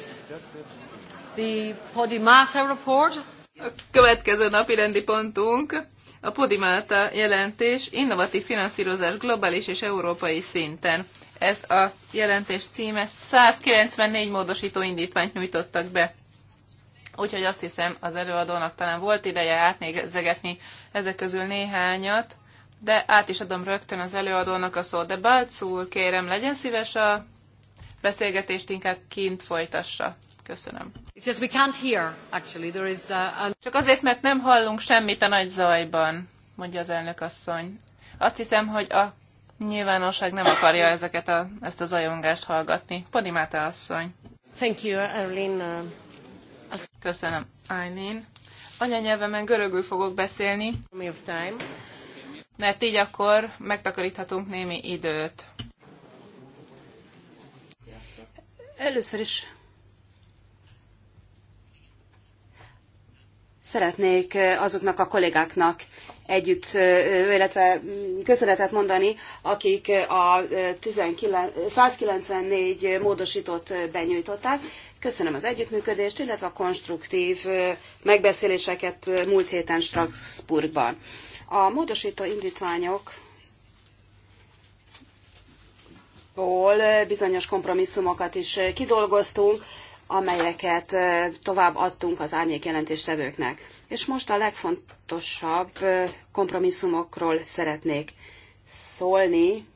the Podimata report. A következő napi rendi pontunk a Podimata jelentés innovatív finanszírozás globális és európai szinten. Ez a jelentés címe 194 módosító indítványt nyújtottak be. Úgyhogy azt hiszem, az előadónak talán volt ideje átnézegetni ezek közül néhányat, de át is adom rögtön az előadónak a szót. De Balcúr, kérem, legyen szíves a beszélgetést inkább kint folytassa. Köszönöm. It's just we can't hear, actually. There is uh, a... Csak azért, mert nem hallunk semmit a nagy zajban, mondja az elnök asszony. Azt hiszem, hogy a nyilvánosság nem akarja ezeket a, ezt a zajongást hallgatni. Podimáta asszony. Thank you, Arlene. Köszönöm, Aileen. Anyanyelvemen görögül fogok beszélni. Mert így akkor megtakaríthatunk némi időt. Először is Szeretnék eh, azoknak a kollégáknak együtt, eh, eh, illetve mm, köszönetet mondani, akik a 19, 194 módosítót benyújtották. Köszönöm az együttműködést, illetve a konstruktív megbeszéléseket múlt héten Strasbourgban. A módosító indítványok bizonyos kompromisszumokat is kidolgoztunk, amelyeket tovább adtunk az árnyék jelentéstevőknek. És most a legfontosabb kompromisszumokról szeretnék szólni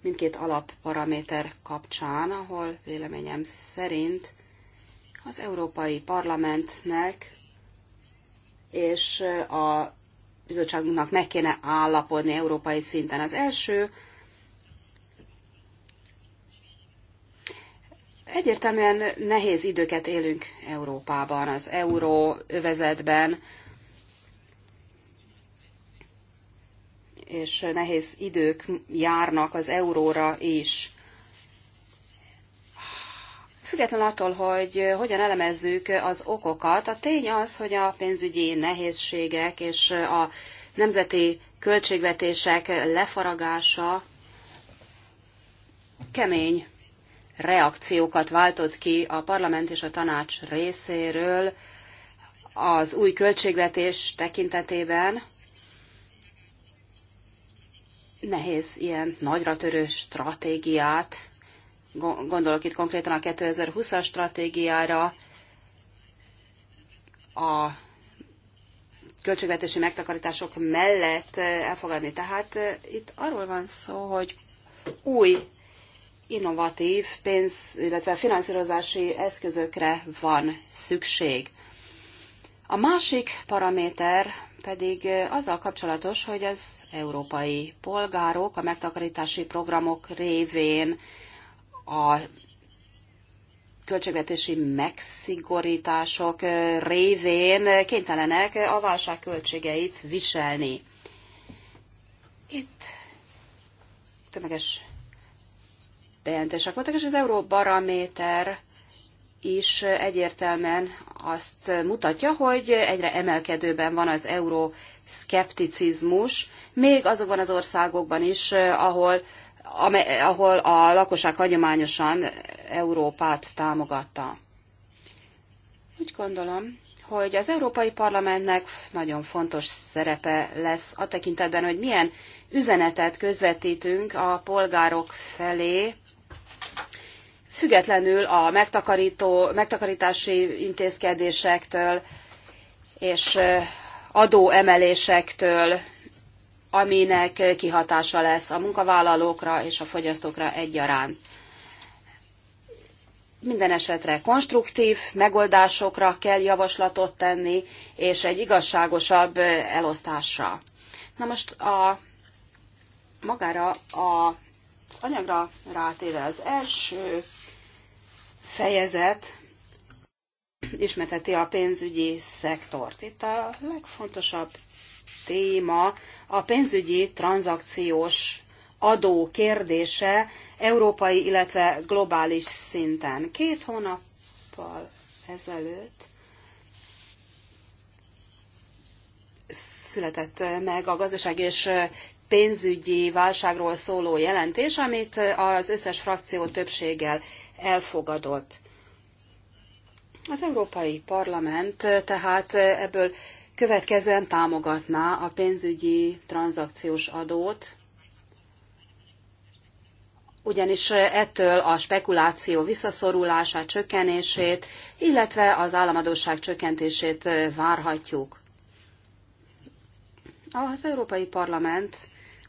mindkét alapparaméter kapcsán, ahol véleményem szerint az Európai Parlamentnek és a bizottságunknak meg kéne állapodni európai szinten. Az első Egyértelműen nehéz időket élünk Európában, az euró övezetben, és nehéz idők járnak az euróra is. függetlenül attól, hogy hogyan elemezzük az okokat, a tény az, hogy a pénzügyi nehézségek és a nemzeti költségvetések lefaragása kemény reakciókat váltott ki a parlament és a tanács részéről az új költségvetés tekintetében. Nehéz ilyen nagyra törő stratégiát, gondolok itt konkrétan a 2020-as stratégiára, a költségvetési megtakarítások mellett elfogadni. Tehát eh, itt arról van szó, hogy új innovatív pénz, illetve finanszírozási eszközökre van szükség. A másik paraméter pedig azzal kapcsolatos, hogy az európai polgárok a megtakarítási programok révén a költségvetési megszigorítások révén kénytelenek a válság költségeit viselni. Itt tömeges bejelentések voltak, és az Euróbarométer is egyértelműen azt mutatja, hogy egyre emelkedőben van az euroszkepticizmus, még azokban az országokban is, ahol, ahol a lakosság hagyományosan Európát támogatta. Úgy gondolom, hogy az Európai Parlamentnek nagyon fontos szerepe lesz a tekintetben, hogy milyen üzenetet közvetítünk a polgárok felé, függetlenül a megtakarító, megtakarítási intézkedésektől és adóemelésektől, aminek kihatása lesz a munkavállalókra és a fogyasztókra egyaránt. Minden esetre konstruktív megoldásokra kell javaslatot tenni, és egy igazságosabb elosztásra. Na most a, magára a anyagra rátéve az első fejezet ismerteti a pénzügyi szektort. Itt a legfontosabb téma a pénzügyi tranzakciós adó kérdése európai, illetve globális szinten. Két hónappal ezelőtt született meg a gazdaság és pénzügyi válságról szóló jelentés, amit az összes frakció többséggel elfogadott. Az Európai Parlament tehát ebből következően támogatná a pénzügyi tranzakciós adót, ugyanis ettől a spekuláció visszaszorulását, csökkenését, illetve az államadóság csökkentését várhatjuk. Az Európai Parlament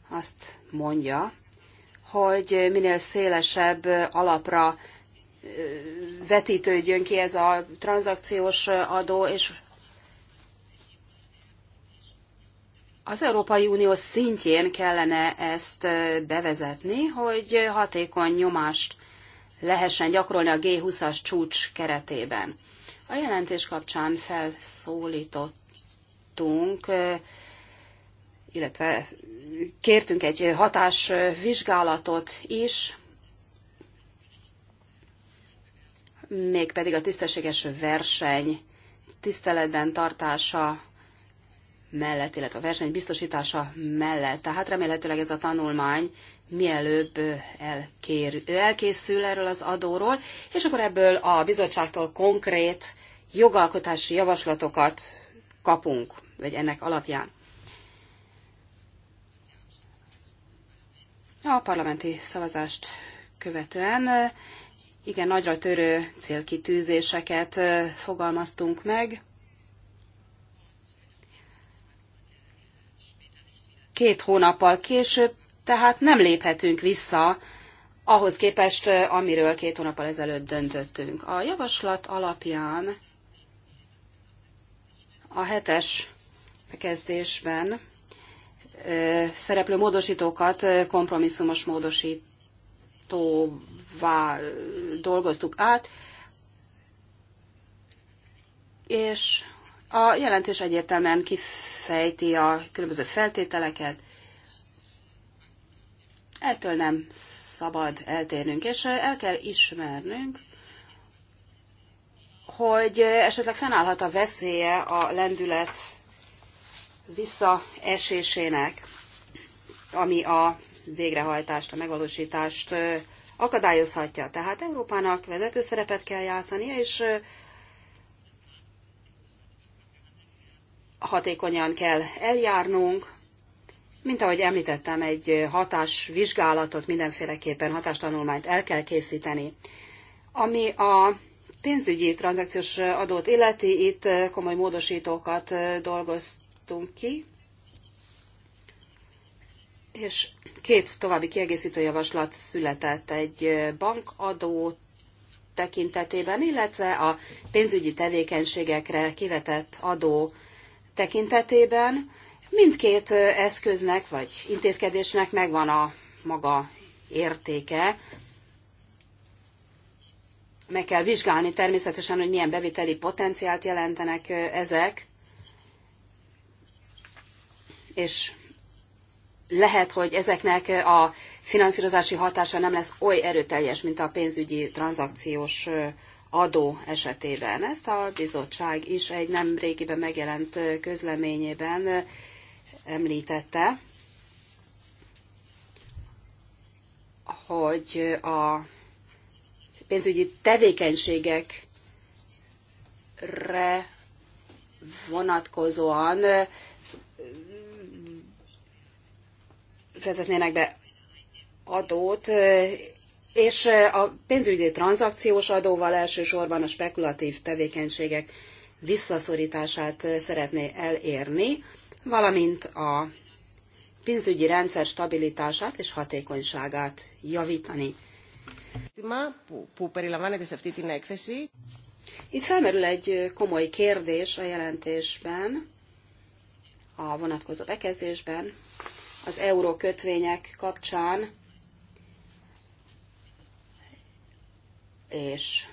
azt mondja, hogy minél szélesebb alapra vetítődjön ki ez a tranzakciós adó, és az Európai Unió szintjén kellene ezt bevezetni, hogy hatékony nyomást lehessen gyakorolni a G20-as csúcs keretében. A jelentés kapcsán felszólítottunk, illetve kértünk egy hatásvizsgálatot is, mégpedig a tisztességes verseny tiszteletben tartása mellett, illetve a verseny biztosítása mellett. Tehát remélhetőleg ez a tanulmány mielőbb elkér, elkészül erről az adóról, és akkor ebből a bizottságtól konkrét jogalkotási javaslatokat kapunk, vagy ennek alapján. A parlamenti szavazást követően igen nagyra törő célkitűzéseket fogalmaztunk meg. Két hónappal később, tehát nem léphetünk vissza ahhoz képest, amiről két hónappal ezelőtt döntöttünk. A javaslat alapján a hetes bekezdésben szereplő módosítókat kompromisszumos módosít módosítóvá dolgoztuk át, és a jelentés egyértelműen kifejti a különböző feltételeket, ettől nem szabad eltérnünk, és el kell ismernünk, hogy esetleg fennállhat a veszélye a lendület visszaesésének, ami a végrehajtást, a megvalósítást akadályozhatja. Tehát Európának vezető szerepet kell játszania, és hatékonyan kell eljárnunk. Mint ahogy említettem, egy hatásvizsgálatot, mindenféleképpen hatástanulmányt el kell készíteni. Ami a pénzügyi tranzakciós adót illeti, itt komoly módosítókat dolgoztunk ki és két további kiegészítő javaslat született egy bankadó tekintetében, illetve a pénzügyi tevékenységekre kivetett adó tekintetében. Mindkét eszköznek vagy intézkedésnek megvan a maga értéke. Meg kell vizsgálni természetesen, hogy milyen bevételi potenciált jelentenek ezek, és lehet, hogy ezeknek a finanszírozási hatása nem lesz oly erőteljes, mint a pénzügyi tranzakciós adó esetében. Ezt a bizottság is egy nem régiben megjelent közleményében említette, hogy a pénzügyi tevékenységekre vonatkozóan fezetnének be adót, és a pénzügyi tranzakciós adóval elsősorban a spekulatív tevékenységek visszaszorítását szeretné elérni, valamint a pénzügyi rendszer stabilitását és hatékonyságát javítani. Itt felmerül egy komoly kérdés a jelentésben, a vonatkozó bekezdésben, az euró kötvények kapcsán, és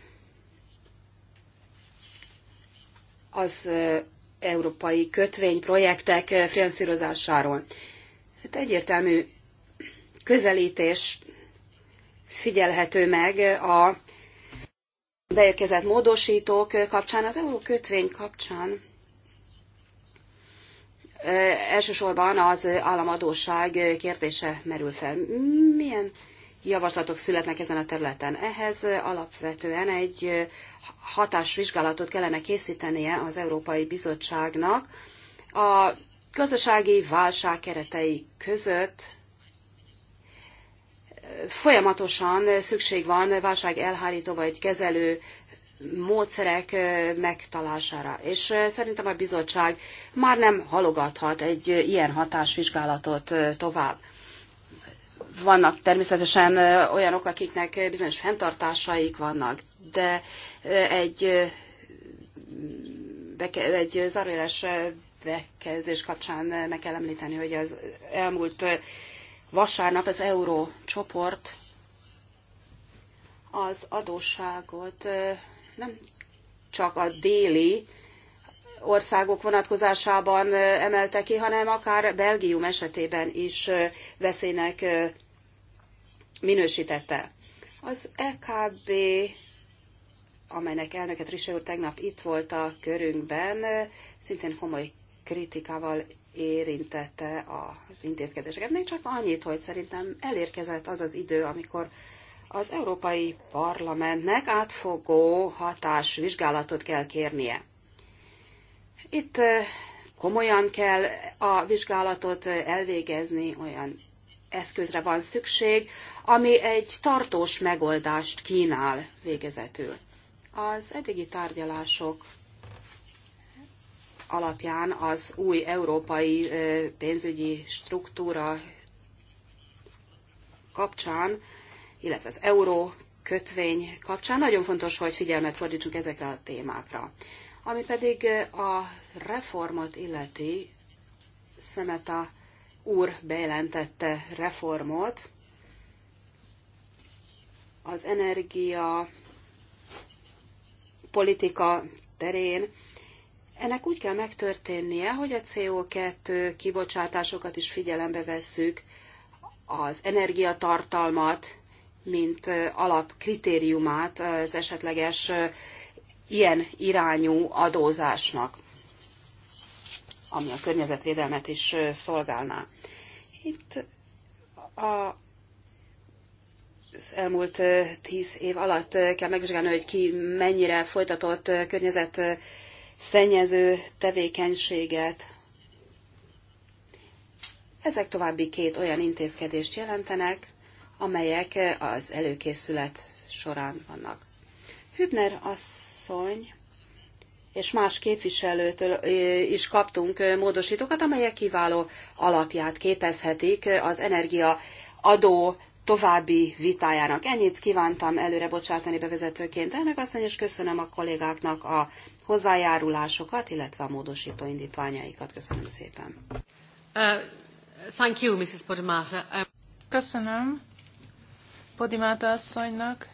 az európai kötvényprojektek finanszírozásáról. Hát egyértelmű közelítés figyelhető meg a beérkezett módosítók kapcsán, az euró kötvény kapcsán elsősorban az államadóság kérdése merül fel. Milyen javaslatok születnek ezen a területen? Ehhez alapvetően egy hatásvizsgálatot kellene készítenie az Európai Bizottságnak. A gazdasági válság keretei között folyamatosan szükség van válság elhárító vagy kezelő módszerek megtalálására. És szerintem a bizottság már nem halogathat egy ilyen hatásvizsgálatot tovább. Vannak természetesen olyanok, akiknek bizonyos fenntartásaik vannak, de egy, egy zárójeles bekezdés kapcsán meg kell említeni, hogy az elmúlt vasárnap az Euró csoport az adósságot nem csak a déli országok vonatkozásában emelte ki, hanem akár Belgium esetében is veszélynek minősítette. Az EKB, amelynek elnöket Rise úr tegnap itt volt a körünkben, szintén komoly kritikával érintette az intézkedéseket. Még csak annyit, hogy szerintem elérkezett az az idő, amikor az Európai Parlamentnek átfogó hatásvizsgálatot kell kérnie. Itt eh, komolyan kell a vizsgálatot eh, elvégezni, olyan eszközre van szükség, ami egy tartós megoldást kínál végezetül. Az eddigi tárgyalások alapján az új európai eh, pénzügyi struktúra kapcsán illetve az euró kötvény kapcsán nagyon fontos, hogy figyelmet fordítsunk ezekre a témákra. Ami pedig eh, a reformot illeti, Szemeta úr bejelentette reformot, az energia politika terén. Ennek úgy kell megtörténnie, hogy a CO2 kibocsátásokat is figyelembe vesszük, az energiatartalmat, mint alapkritériumát az esetleges ilyen irányú adózásnak, ami a környezetvédelmet is szolgálná. Itt a az elmúlt tíz év alatt kell megvizsgálni, hogy ki mennyire folytatott környezet szennyező tevékenységet. Ezek további két olyan intézkedést jelentenek, amelyek eh, az előkészület során vannak. Hübner asszony és más képviselőtől eh, is kaptunk eh, módosítókat, amelyek kiváló alapját képezhetik az energia adó további vitájának. Ennyit kívántam előre bocsátani bevezetőként. Ennek asszony, és köszönöm a kollégáknak a hozzájárulásokat, illetve a módosító indítványaikat. Köszönöm szépen. Uh, thank you, Mrs. Podemata. Um, köszönöm. Podimáta asszonynak.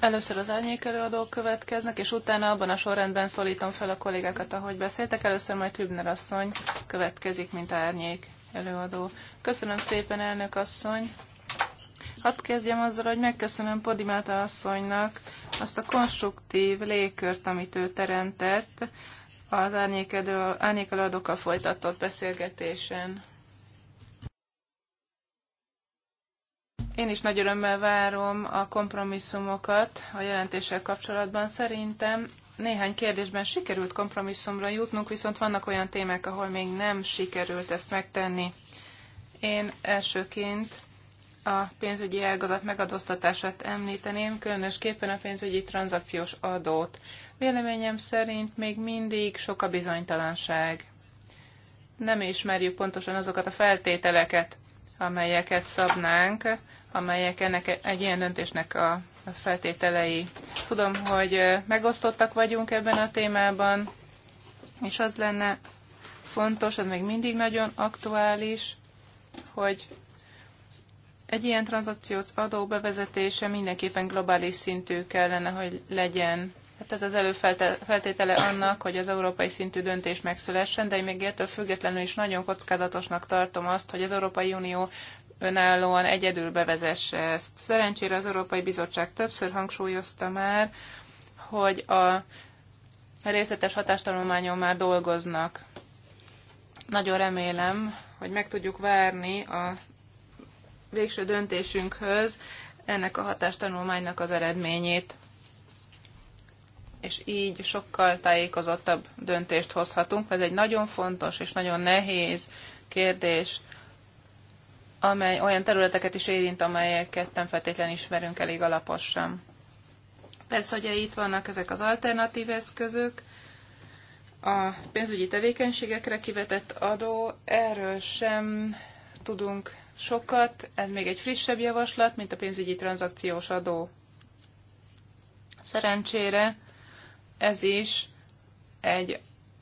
Először az árnyék előadók következnek, és utána abban a sorrendben szólítom fel a kollégákat, ahogy beszéltek. Először majd Hübner asszony következik, mint árnyék előadó. Köszönöm szépen, elnök asszony! Hadd kezdjem azzal, hogy megköszönöm Podimáta asszonynak azt a konstruktív légkört, amit ő teremtett az előadókkal folytatott beszélgetésen. Én is nagy örömmel várom a kompromisszumokat a jelentéssel kapcsolatban. Szerintem néhány kérdésben sikerült kompromisszumra jutnunk, viszont vannak olyan témák, ahol még nem sikerült ezt megtenni. Én elsőként a pénzügyi ágazat megadóztatását említeném, különösképpen a pénzügyi tranzakciós adót. Véleményem szerint még mindig sok a bizonytalanság. Nem ismerjük pontosan azokat a feltételeket, amelyeket szabnánk amelyek ennek egy ilyen döntésnek a feltételei. Tudom, hogy megosztottak vagyunk ebben a témában, és az lenne fontos, az még mindig nagyon aktuális, hogy egy ilyen tranzakciós adó bevezetése mindenképpen globális szintű kellene, hogy legyen. Hát ez az előfeltétele annak, hogy az európai szintű döntés megszülessen, de én még ettől függetlenül is nagyon kockázatosnak tartom azt, hogy az Európai Unió önállóan egyedül bevezesse ezt. Szerencsére az Európai Bizottság többször hangsúlyozta már, hogy a részletes hatástanulmányon már dolgoznak. Nagyon remélem, hogy meg tudjuk várni a végső döntésünkhöz ennek a hatástanulmánynak az eredményét és így sokkal tájékozottabb döntést hozhatunk. Ez egy nagyon fontos és nagyon nehéz kérdés amely olyan területeket is érint, amelyeket nem feltétlenül ismerünk elég alaposan. Persze, hogy itt vannak ezek az alternatív eszközök, a pénzügyi tevékenységekre kivetett adó, erről sem tudunk sokat, ez még egy frissebb javaslat, mint a pénzügyi tranzakciós adó. Szerencsére ez is egy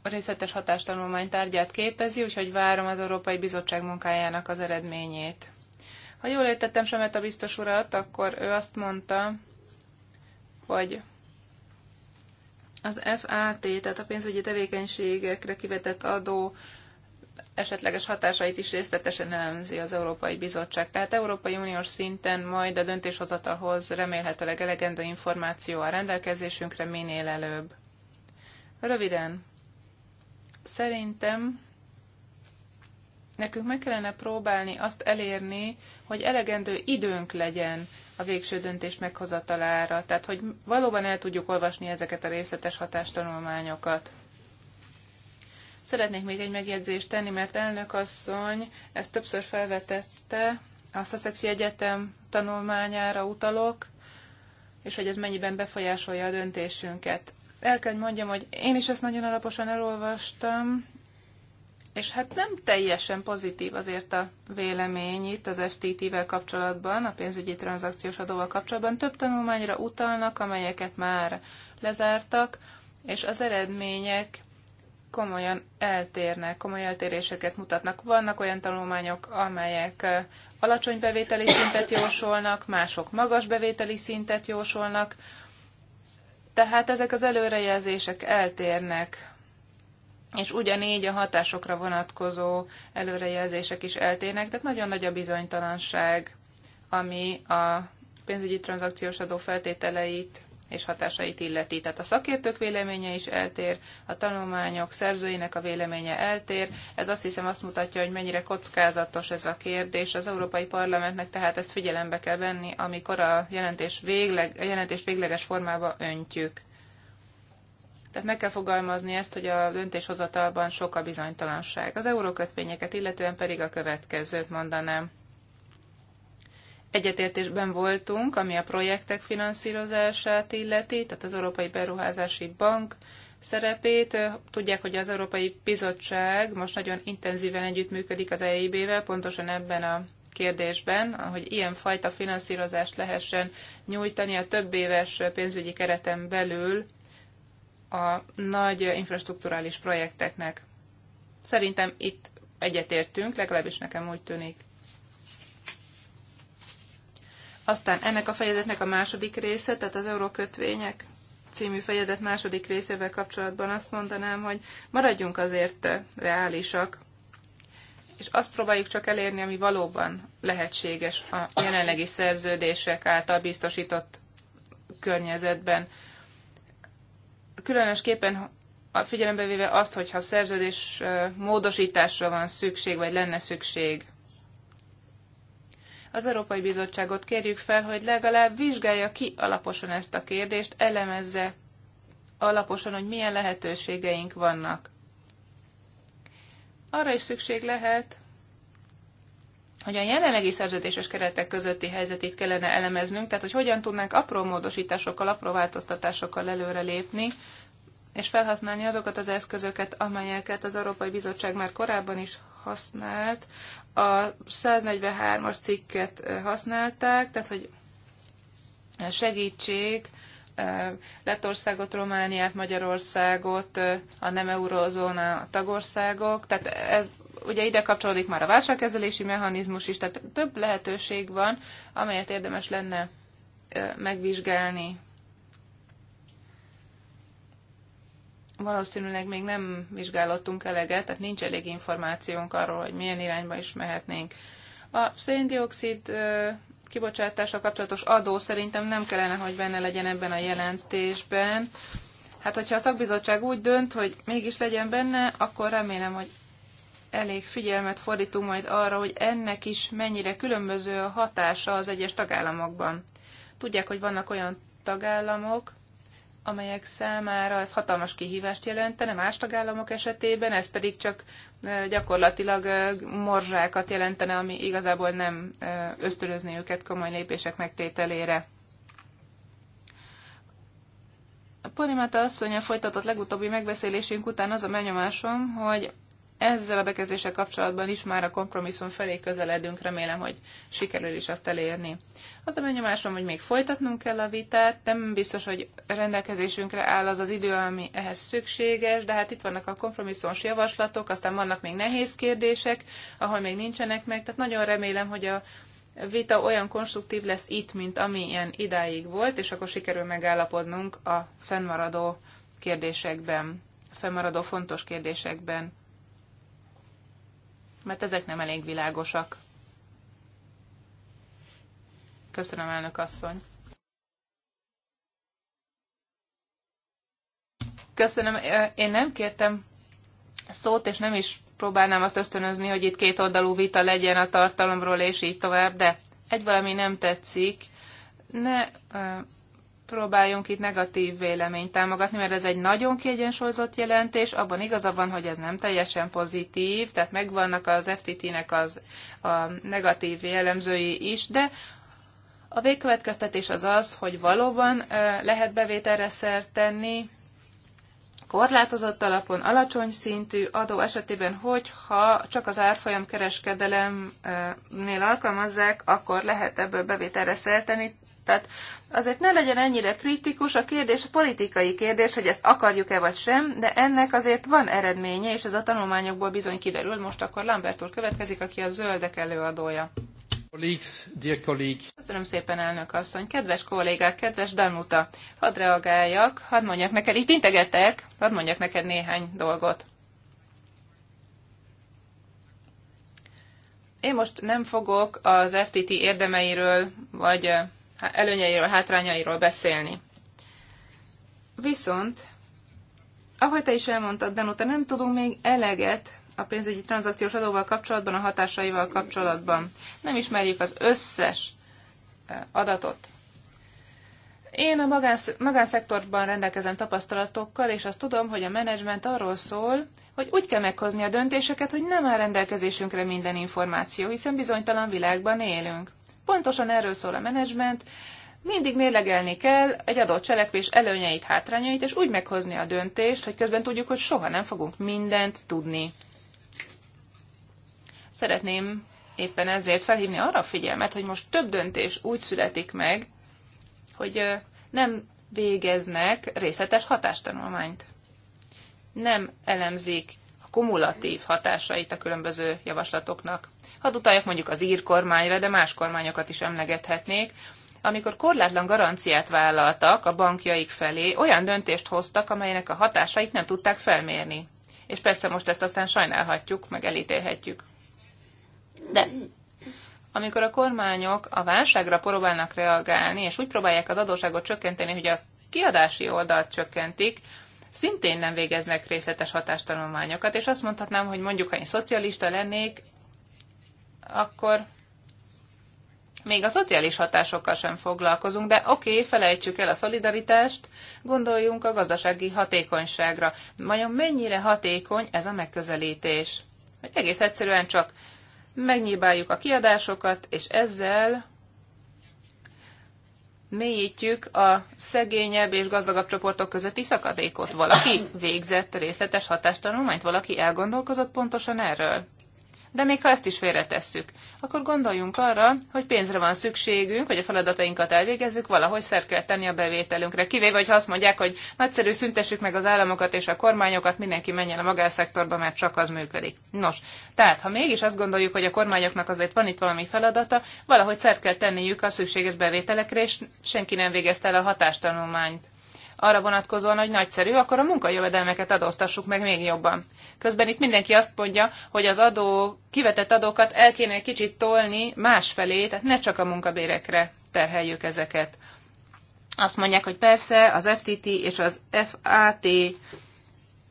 részletes hatástanulmány tárgyát képezi, úgyhogy várom az Európai Bizottság munkájának az eredményét. Ha jól értettem Semet a biztos urat, akkor ő azt mondta, hogy az FAT, tehát a pénzügyi tevékenységekre kivetett adó esetleges hatásait is részletesen elemzi az Európai Bizottság. Tehát Európai Uniós szinten majd a döntéshozatalhoz remélhetőleg elegendő információ a rendelkezésünkre minél előbb. Röviden, szerintem nekünk meg kellene próbálni azt elérni, hogy elegendő időnk legyen a végső döntés meghozatalára, tehát hogy valóban el tudjuk olvasni ezeket a részletes hatástanulmányokat. Szeretnék még egy megjegyzést tenni, mert elnök asszony ezt többször felvetette, a Sussexi Egyetem tanulmányára utalok, és hogy ez mennyiben befolyásolja a döntésünket el kell mondjam, hogy én is ezt nagyon alaposan elolvastam, és hát nem teljesen pozitív azért a vélemény itt az FTT-vel kapcsolatban, a pénzügyi tranzakciós adóval kapcsolatban. Több tanulmányra utalnak, amelyeket már lezártak, és az eredmények komolyan eltérnek, komoly eltéréseket mutatnak. Vannak olyan tanulmányok, amelyek alacsony bevételi szintet jósolnak, mások magas bevételi szintet jósolnak, tehát ezek az előrejelzések eltérnek, és ugyanígy a hatásokra vonatkozó előrejelzések is eltérnek, tehát nagyon nagy a bizonytalanság, ami a pénzügyi tranzakciós adó feltételeit és hatásait illeti. Tehát a szakértők véleménye is eltér, a tanulmányok szerzőinek a véleménye eltér. Ez azt hiszem azt mutatja, hogy mennyire kockázatos ez a kérdés. Az Európai Parlamentnek tehát ezt figyelembe kell venni, amikor a jelentés, végleg, a jelentés végleges formába öntjük. Tehát meg kell fogalmazni ezt, hogy a döntéshozatalban sok a bizonytalanság. Az eurókötvényeket illetően pedig a következőt mondanám egyetértésben voltunk, ami a projektek finanszírozását illeti, tehát az Európai Beruházási Bank szerepét. Tudják, hogy az Európai Bizottság most nagyon intenzíven együttműködik az EIB-vel, pontosan ebben a kérdésben, hogy ilyen fajta finanszírozást lehessen nyújtani a több éves pénzügyi kereten belül a nagy infrastruktúrális projekteknek. Szerintem itt egyetértünk, legalábbis nekem úgy tűnik. Aztán ennek a fejezetnek a második része, tehát az eurókötvények című fejezet második részével kapcsolatban azt mondanám, hogy maradjunk azért reálisak, és azt próbáljuk csak elérni, ami valóban lehetséges a jelenlegi szerződések által biztosított környezetben. Különösképpen figyelembe véve azt, hogyha szerződés módosításra van szükség, vagy lenne szükség az Európai Bizottságot kérjük fel, hogy legalább vizsgálja ki alaposan ezt a kérdést, elemezze alaposan, hogy milyen lehetőségeink vannak. Arra is szükség lehet, hogy a jelenlegi szerződéses keretek közötti helyzetét kellene elemeznünk, tehát hogy hogyan tudnánk apró módosításokkal, apró változtatásokkal előrelépni, és felhasználni azokat az eszközöket, amelyeket az Európai Bizottság már korábban is használt, a 143-as cikket használták, tehát hogy segítség Lettországot, Romániát, Magyarországot, a nem eurozóna tagországok, tehát ez ugye ide kapcsolódik már a válságkezelési mechanizmus is, tehát több lehetőség van, amelyet érdemes lenne megvizsgálni. valószínűleg még nem vizsgálottunk eleget, tehát nincs elég információnk arról, hogy milyen irányba is mehetnénk. A széndiokszid kibocsátással kapcsolatos adó szerintem nem kellene, hogy benne legyen ebben a jelentésben. Hát, hogyha a szakbizottság úgy dönt, hogy mégis legyen benne, akkor remélem, hogy elég figyelmet fordítunk majd arra, hogy ennek is mennyire különböző a hatása az egyes tagállamokban. Tudják, hogy vannak olyan tagállamok, amelyek számára ez hatalmas kihívást jelentene, más tagállamok esetében ez pedig csak gyakorlatilag morzsákat jelentene, ami igazából nem ösztönözni őket komoly lépések megtételére. Ponimata Ponimata a folytatott legutóbbi megbeszélésünk után az a benyomásom, hogy ezzel a bekezdéssel kapcsolatban is már a kompromisszum felé közeledünk, remélem, hogy sikerül is azt elérni. Az a benyomásom, hogy még folytatnunk kell a vitát, nem biztos, hogy rendelkezésünkre áll az az idő, ami ehhez szükséges, de hát itt vannak a kompromisszons javaslatok, aztán vannak még nehéz kérdések, ahol még nincsenek meg, tehát nagyon remélem, hogy a vita olyan konstruktív lesz itt, mint amilyen idáig volt, és akkor sikerül megállapodnunk a fennmaradó kérdésekben, a fennmaradó fontos kérdésekben mert ezek nem elég világosak. Köszönöm, elnök asszony. Köszönöm, én nem kértem szót, és nem is próbálnám azt ösztönözni, hogy itt két oldalú vita legyen a tartalomról, és így tovább, de egy valami nem tetszik. Ne próbáljunk itt negatív véleményt támogatni, mert ez egy nagyon kiegyensúlyozott jelentés, abban igaza van, hogy ez nem teljesen pozitív, tehát megvannak az FTT-nek az, a negatív jellemzői is, de a végkövetkeztetés az az, hogy valóban lehet bevételre szert tenni, korlátozott alapon, alacsony szintű adó esetében, hogyha csak az árfolyam kereskedelemnél alkalmazzák, akkor lehet ebből bevételre tenni, tehát azért ne legyen ennyire kritikus, a kérdés a politikai kérdés, hogy ezt akarjuk-e vagy sem, de ennek azért van eredménye, és ez a tanulmányokból bizony kiderül. Most akkor Lambert úr következik, aki a zöldek előadója. Colleagues, dear Köszönöm szépen, elnök asszony. Kedves kollégák, kedves Danuta, hadd reagáljak, hadd mondjak neked, itt integetek, hadd mondjak neked néhány dolgot. Én most nem fogok az FTT érdemeiről, vagy előnyeiről, hátrányairól beszélni. Viszont, ahogy te is elmondtad, Danuta, nem tudunk még eleget a pénzügyi tranzakciós adóval kapcsolatban, a hatásaival kapcsolatban. Nem ismerjük az összes adatot. Én a magánszektorban rendelkezem tapasztalatokkal, és azt tudom, hogy a menedzsment arról szól, hogy úgy kell meghozni a döntéseket, hogy nem áll rendelkezésünkre minden információ, hiszen bizonytalan világban élünk. Pontosan erről szól a menedzsment, mindig mérlegelni kell egy adott cselekvés előnyeit, hátrányait, és úgy meghozni a döntést, hogy közben tudjuk, hogy soha nem fogunk mindent tudni. Szeretném éppen ezért felhívni arra a figyelmet, hogy most több döntés úgy születik meg, hogy nem végeznek részletes hatástanulmányt. Nem elemzik a kumulatív hatásait a különböző javaslatoknak. Hadd utaljak mondjuk az ír kormányra, de más kormányokat is emlegethetnék, amikor korlátlan garanciát vállaltak a bankjaik felé, olyan döntést hoztak, amelynek a hatásait nem tudták felmérni. És persze most ezt aztán sajnálhatjuk, meg elítélhetjük. De amikor a kormányok a válságra próbálnak reagálni, és úgy próbálják az adóságot csökkenteni, hogy a kiadási oldalt csökkentik, szintén nem végeznek részletes hatástanulmányokat, és azt mondhatnám, hogy mondjuk, ha én szocialista lennék, akkor még a szociális hatásokkal sem foglalkozunk, de oké, okay, felejtsük el a szolidaritást, gondoljunk a gazdasági hatékonyságra. Vajon mennyire hatékony ez a megközelítés? Hogy egész egyszerűen csak megnyíbáljuk a kiadásokat, és ezzel mélyítjük a szegényebb és gazdagabb csoportok közötti szakadékot. Valaki végzett részletes hatástanulmányt, valaki elgondolkozott pontosan erről. De még ha ezt is félretesszük, akkor gondoljunk arra, hogy pénzre van szükségünk, hogy a feladatainkat elvégezzük, valahogy szer kell tenni a bevételünkre. Kivéve, hogyha azt mondják, hogy nagyszerű szüntessük meg az államokat és a kormányokat, mindenki menjen a magánszektorba, mert csak az működik. Nos, tehát ha mégis azt gondoljuk, hogy a kormányoknak azért van itt valami feladata, valahogy szert kell tenniük a szükséges bevételekre, és senki nem végezte el a hatástanulmányt arra vonatkozóan, hogy nagyszerű, akkor a munkajövedelmeket adóztassuk meg még jobban. Közben itt mindenki azt mondja, hogy az adó, kivetett adókat el kéne egy kicsit tolni másfelé, tehát ne csak a munkabérekre terheljük ezeket. Azt mondják, hogy persze az FTT és az FAT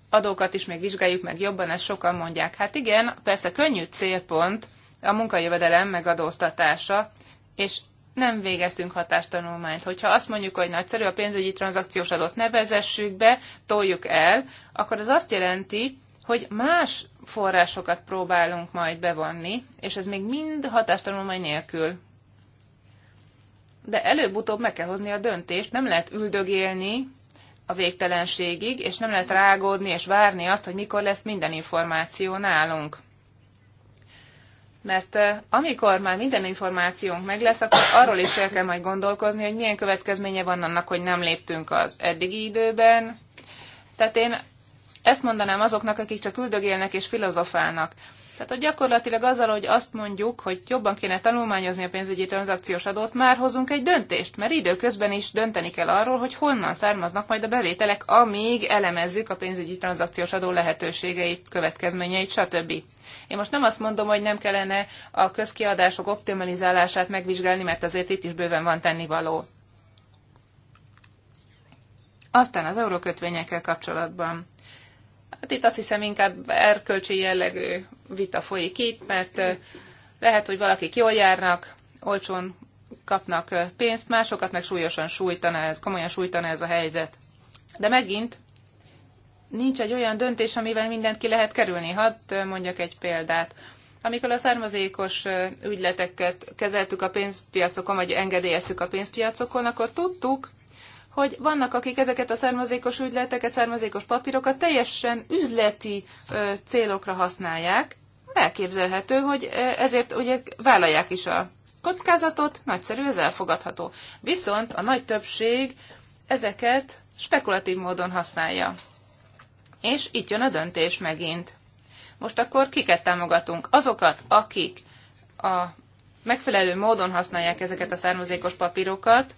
adókat is még vizsgáljuk meg jobban, ezt sokan mondják. Hát igen, persze könnyű célpont a munkajövedelem megadóztatása, és nem végeztünk hatástanulmányt. Hogyha azt mondjuk, hogy nagyszerű, a pénzügyi tranzakciós adót ne vezessük be, toljuk el, akkor az azt jelenti, hogy más forrásokat próbálunk majd bevonni, és ez még mind hatástanulmány nélkül. De előbb-utóbb meg kell hozni a döntést, nem lehet üldögélni a végtelenségig, és nem lehet rágódni és várni azt, hogy mikor lesz minden információ nálunk. Mert amikor már minden információnk meg lesz, akkor arról is el kell majd gondolkozni, hogy milyen következménye van annak, hogy nem léptünk az eddigi időben. Tehát én ezt mondanám azoknak, akik csak üldögélnek és filozofálnak. Tehát a gyakorlatilag azzal, hogy azt mondjuk, hogy jobban kéne tanulmányozni a pénzügyi tranzakciós adót, már hozunk egy döntést, mert időközben is dönteni kell arról, hogy honnan származnak majd a bevételek, amíg elemezzük a pénzügyi tranzakciós adó lehetőségeit, következményeit, stb. Én most nem azt mondom, hogy nem kellene a közkiadások optimalizálását megvizsgálni, mert azért itt is bőven van tennivaló. Aztán az eurókötvényekkel kapcsolatban. Hát itt azt hiszem inkább erkölcsi jellegű vita folyik itt, mert lehet, hogy valakik jól járnak, olcsón kapnak pénzt, másokat meg súlyosan sújtana ez, komolyan sújtana ez a helyzet. De megint nincs egy olyan döntés, amivel mindent ki lehet kerülni. Hadd mondjak egy példát. Amikor a származékos ügyleteket kezeltük a pénzpiacokon, vagy engedélyeztük a pénzpiacokon, akkor tudtuk, hogy vannak, akik ezeket a származékos ügyleteket, származékos papírokat teljesen üzleti ö, célokra használják. Elképzelhető, hogy ezért ugye vállalják is a kockázatot, nagyszerű, ez elfogadható. Viszont a nagy többség ezeket spekulatív módon használja. És itt jön a döntés megint. Most akkor kiket támogatunk? Azokat, akik a megfelelő módon használják ezeket a származékos papírokat,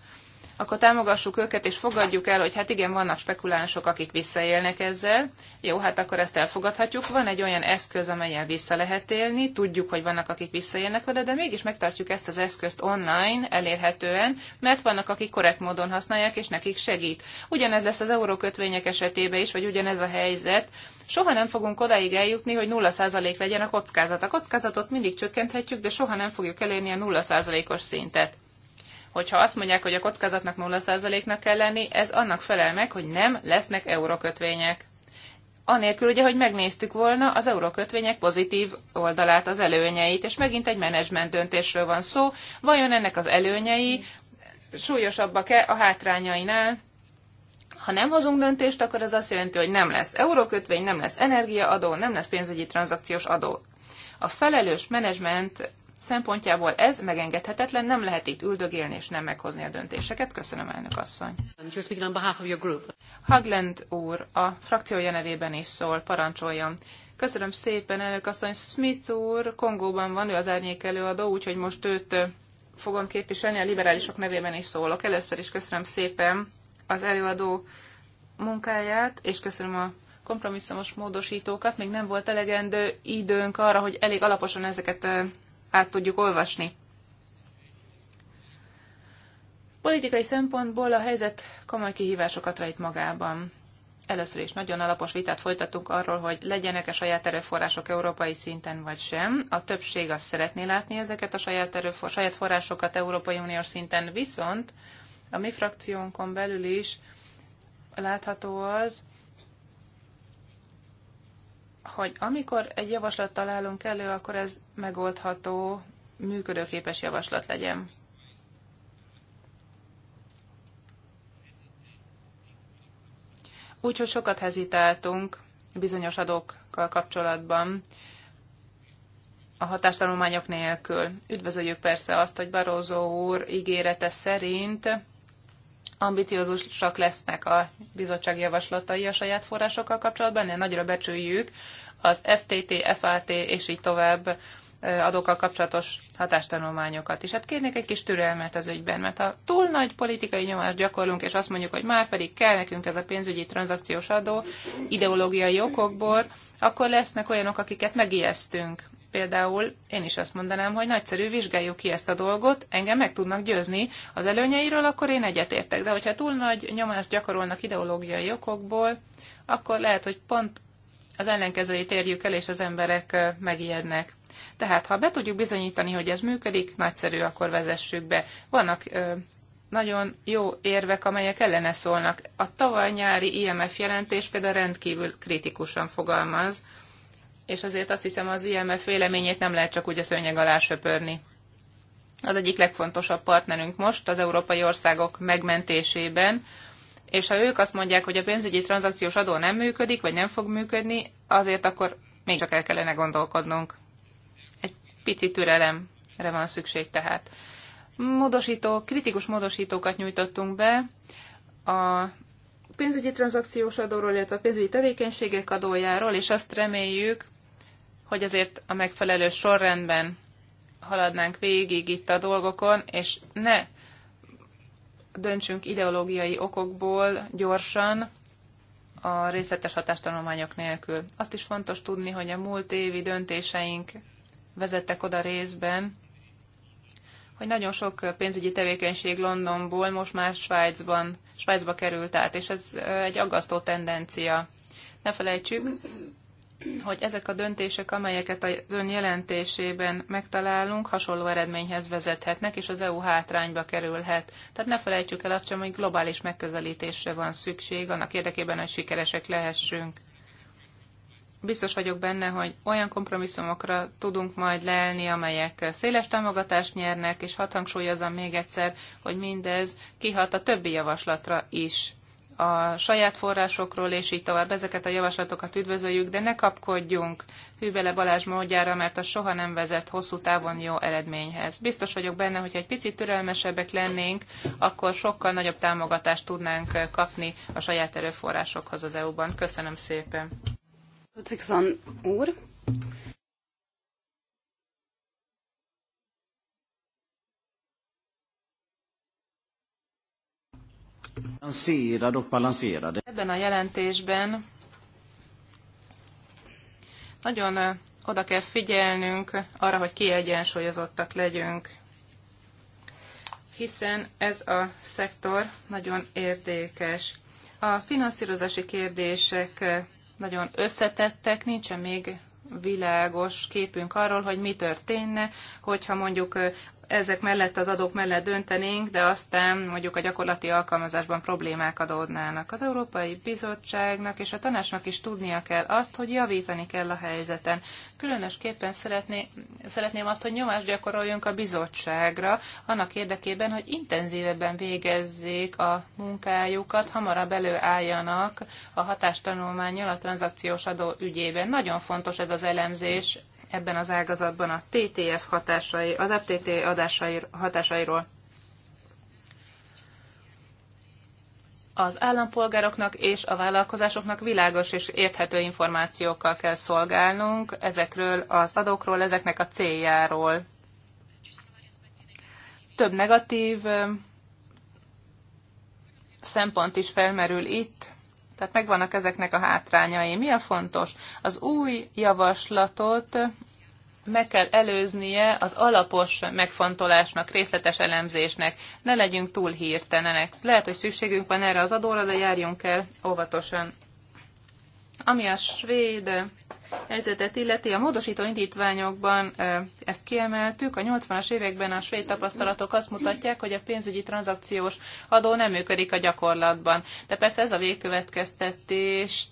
akkor támogassuk őket, és fogadjuk el, hogy hát igen, vannak spekulánsok, akik visszaélnek ezzel. Jó, hát akkor ezt elfogadhatjuk. Van egy olyan eszköz, amelyen vissza lehet élni, tudjuk, hogy vannak, akik visszaélnek vele, de mégis megtartjuk ezt az eszközt online, elérhetően, mert vannak, akik korrekt módon használják, és nekik segít. Ugyanez lesz az eurókötvények esetében is, vagy ugyanez a helyzet. Soha nem fogunk odáig eljutni, hogy 0% legyen a kockázat. A kockázatot mindig csökkenthetjük, de soha nem fogjuk elérni a 0%-os szintet hogyha azt mondják, hogy a kockázatnak 0%-nak kell lenni, ez annak felel meg, hogy nem lesznek eurokötvények. Anélkül ugye, hogy megnéztük volna az eurokötvények pozitív oldalát, az előnyeit, és megint egy menedzsment döntésről van szó. Vajon ennek az előnyei súlyosabbak-e a hátrányainál? Ha nem hozunk döntést, akkor az azt jelenti, hogy nem lesz eurókötvény, nem lesz energiaadó, nem lesz pénzügyi tranzakciós adó. A felelős menedzsment szempontjából ez megengedhetetlen, nem lehet itt üldögélni és nem meghozni a döntéseket. Köszönöm, elnök asszony. Hagland úr a frakciója nevében is szól, parancsoljon. Köszönöm szépen, elnök asszony. Smith úr Kongóban van, ő az árnyék előadó, úgyhogy most őt fogom képviselni, a liberálisok nevében is szólok. Először is köszönöm szépen az előadó munkáját, és köszönöm a kompromisszumos módosítókat. Még nem volt elegendő időnk arra, hogy elég alaposan ezeket át tudjuk olvasni. Politikai szempontból a helyzet komoly kihívásokat rejt magában. Először is nagyon alapos vitát folytattunk arról, hogy legyenek-e saját erőforrások európai szinten vagy sem. A többség azt szeretné látni ezeket a saját, erőfor- saját forrásokat Európai Uniós szinten, viszont a mi frakciónkon belül is látható az, hogy amikor egy javaslat találunk elő, akkor ez megoldható, működőképes javaslat legyen. Úgyhogy sokat hezitáltunk bizonyos adókkal kapcsolatban a hatástanulmányok nélkül. Üdvözöljük persze azt, hogy Barózó úr ígérete szerint ambiciózusak lesznek a bizottság javaslatai a saját forrásokkal kapcsolatban, de nagyra becsüljük az FTT, FAT és így tovább adókkal kapcsolatos hatástanulmányokat is. Hát kérnék egy kis türelmet az ügyben, mert ha túl nagy politikai nyomást gyakorlunk, és azt mondjuk, hogy már pedig kell nekünk ez a pénzügyi tranzakciós adó ideológiai okokból, akkor lesznek olyanok, akiket megijesztünk például én is azt mondanám, hogy nagyszerű, vizsgáljuk ki ezt a dolgot, engem meg tudnak győzni az előnyeiről, akkor én egyetértek. De hogyha túl nagy nyomást gyakorolnak ideológiai okokból, akkor lehet, hogy pont az ellenkezőjét érjük el, és az emberek megijednek. Tehát, ha be tudjuk bizonyítani, hogy ez működik, nagyszerű, akkor vezessük be. Vannak nagyon jó érvek, amelyek ellene szólnak. A tavaly nyári IMF jelentés például rendkívül kritikusan fogalmaz és azért azt hiszem az IMF véleményét nem lehet csak úgy a szőnyeg alá söpörni. Az egyik legfontosabb partnerünk most az európai országok megmentésében, és ha ők azt mondják, hogy a pénzügyi tranzakciós adó nem működik, vagy nem fog működni, azért akkor még csak el kellene gondolkodnunk. Egy pici türelemre van szükség tehát. Módosító, kritikus módosítókat nyújtottunk be a pénzügyi tranzakciós adóról, illetve a pénzügyi tevékenységek adójáról, és azt reméljük, hogy azért a megfelelő sorrendben haladnánk végig itt a dolgokon, és ne döntsünk ideológiai okokból gyorsan, a részletes hatástanulmányok nélkül. Azt is fontos tudni, hogy a múlt évi döntéseink vezettek oda részben, hogy nagyon sok pénzügyi tevékenység Londonból most már Svájcban, Svájcba került át, és ez egy aggasztó tendencia. Ne felejtsük, hogy ezek a döntések, amelyeket az ön jelentésében megtalálunk, hasonló eredményhez vezethetnek, és az EU hátrányba kerülhet. Tehát ne felejtsük el azt sem, hogy globális megközelítésre van szükség, annak érdekében, hogy sikeresek lehessünk. Biztos vagyok benne, hogy olyan kompromisszumokra tudunk majd leelni, amelyek széles támogatást nyernek, és hadd hangsúlyozom még egyszer, hogy mindez kihat a többi javaslatra is a saját forrásokról, és így tovább. Ezeket a javaslatokat üdvözöljük, de ne kapkodjunk Hűbele Balázs módjára, mert az soha nem vezet hosszú távon jó eredményhez. Biztos vagyok benne, hogy egy picit türelmesebbek lennénk, akkor sokkal nagyobb támogatást tudnánk kapni a saját erőforrásokhoz az EU-ban. Köszönöm szépen. Ludvigson úr, Ebben a jelentésben nagyon oda kell figyelnünk arra, hogy kiegyensúlyozottak legyünk, hiszen ez a szektor nagyon értékes. A finanszírozási kérdések nagyon összetettek, nincsen még világos képünk arról, hogy mi történne, hogyha mondjuk ezek mellett az adók mellett döntenénk, de aztán mondjuk a gyakorlati alkalmazásban problémák adódnának. Az Európai Bizottságnak és a tanácsnak is tudnia kell azt, hogy javítani kell a helyzeten. Különösképpen szeretné, szeretném azt, hogy nyomást gyakoroljunk a bizottságra, annak érdekében, hogy intenzívebben végezzék a munkájukat, hamarabb előálljanak a hatástanulmányal a tranzakciós adó ügyében. Nagyon fontos ez az elemzés, ebben az ágazatban a TTF hatásai, az FTT adásai, hatásairól. Az állampolgároknak és a vállalkozásoknak világos és érthető információkkal kell szolgálnunk ezekről az adókról, ezeknek a céljáról. Több negatív szempont is felmerül itt, tehát megvannak ezeknek a hátrányai. Mi a fontos? Az új javaslatot meg kell előznie az alapos megfontolásnak, részletes elemzésnek. Ne legyünk túl hirtelenek. Lehet, hogy szükségünk van erre az adóra, de járjunk el óvatosan. Ami a svéd helyzetet illeti, a módosító indítványokban ezt kiemeltük. A 80-as években a svéd tapasztalatok azt mutatják, hogy a pénzügyi tranzakciós adó nem működik a gyakorlatban. De persze ez a végkövetkeztetést,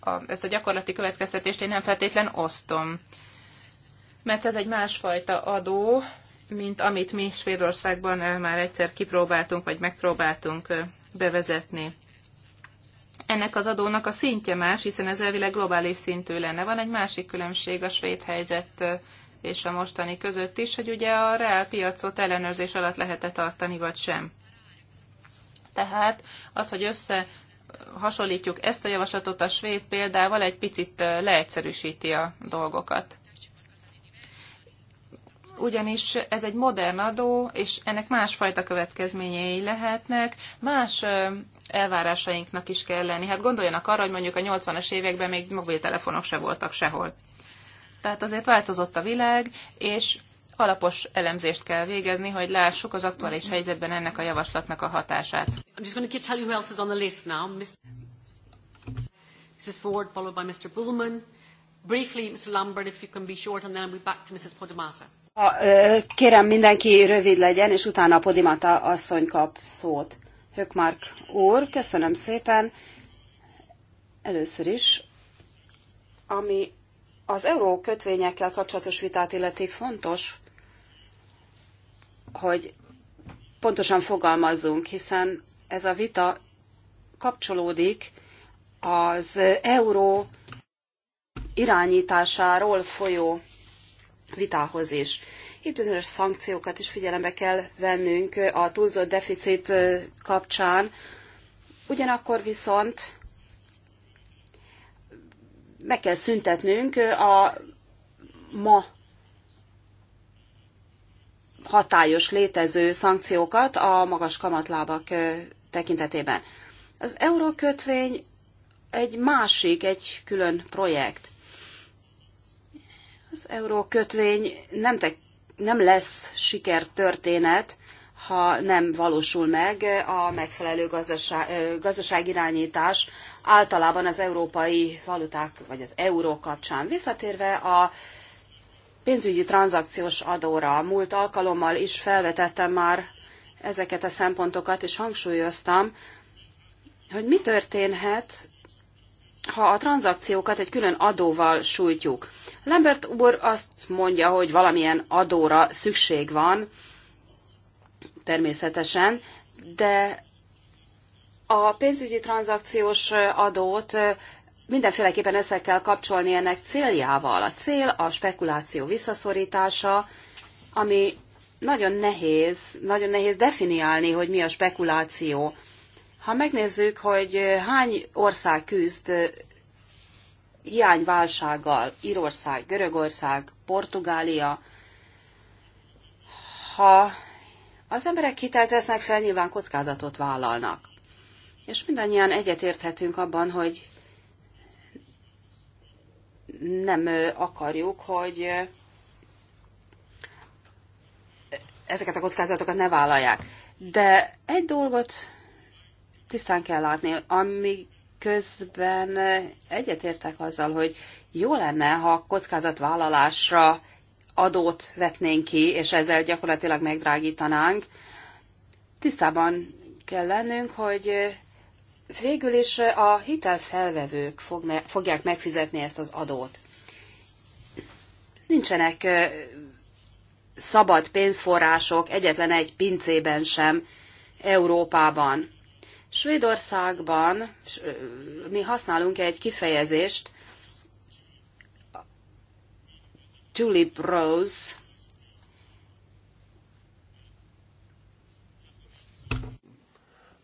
a, ezt a gyakorlati következtetést én nem feltétlen osztom. Mert ez egy másfajta adó, mint amit mi Svédországban már egyszer kipróbáltunk, vagy megpróbáltunk bevezetni ennek az adónak a szintje más, hiszen ez elvileg globális szintű lenne. Van egy másik különbség a svéd helyzet és a mostani között is, hogy ugye a piacot ellenőrzés alatt lehet-e tartani, vagy sem. Tehát az, hogy össze hasonlítjuk ezt a javaslatot a svéd példával, egy picit leegyszerűsíti a dolgokat ugyanis ez egy modern adó, és ennek másfajta következményei lehetnek, más elvárásainknak is kell lenni. Hát gondoljanak arra, hogy mondjuk a 80-as években még mobiltelefonok se voltak sehol. Tehát azért változott a világ, és alapos elemzést kell végezni, hogy lássuk az aktuális helyzetben ennek a javaslatnak a hatását. Mrs. Ford, followed by Mr. Bullman. Briefly, Mr. Lambert, if you can be short, and then I'll be back to Mrs. Podamata. Ha, kérem mindenki rövid legyen, és utána Podimata asszony kap szót. Hökmark úr, köszönöm szépen. Először is, ami az euró kötvényekkel kapcsolatos vitát illeti fontos, hogy pontosan fogalmazzunk, hiszen ez a vita kapcsolódik az euró irányításáról folyó vitához is. Itt bizonyos szankciókat is figyelembe kell vennünk a túlzott deficit kapcsán, ugyanakkor viszont meg kell szüntetnünk a ma hatályos létező szankciókat a magas kamatlábak tekintetében. Az eurókötvény egy másik, egy külön projekt. Az eurókötvény nem, te, nem lesz sikertörténet, ha nem valósul meg a megfelelő gazdaság, gazdaságirányítás általában az európai valuták vagy az euró kapcsán. Visszatérve a pénzügyi tranzakciós adóra, múlt alkalommal is felvetettem már ezeket a szempontokat, és hangsúlyoztam, hogy mi történhet ha a tranzakciókat egy külön adóval sújtjuk. Lambert úr azt mondja, hogy valamilyen adóra szükség van, természetesen, de a pénzügyi tranzakciós adót mindenféleképpen össze kell kapcsolni ennek céljával. A cél a spekuláció visszaszorítása, ami nagyon nehéz, nagyon nehéz definiálni, hogy mi a spekuláció. Ha megnézzük, hogy hány ország küzd eh, hiányválsággal, Írország, Görögország, Portugália, ha az emberek hitelt vesznek fel, nyilván kockázatot vállalnak. És mindannyian egyetérthetünk abban, hogy nem eh, akarjuk, hogy eh, ezeket a kockázatokat ne vállalják. De egy dolgot tisztán kell látni, ami közben egyetértek azzal, hogy jó lenne, ha kockázatvállalásra adót vetnénk ki, és ezzel gyakorlatilag megdrágítanánk. Tisztában kell lennünk, hogy végül is a hitelfelvevők fogják megfizetni ezt az adót. Nincsenek szabad pénzforrások egyetlen egy pincében sem Európában. Svédországban mi használunk egy kifejezést, tulip rose,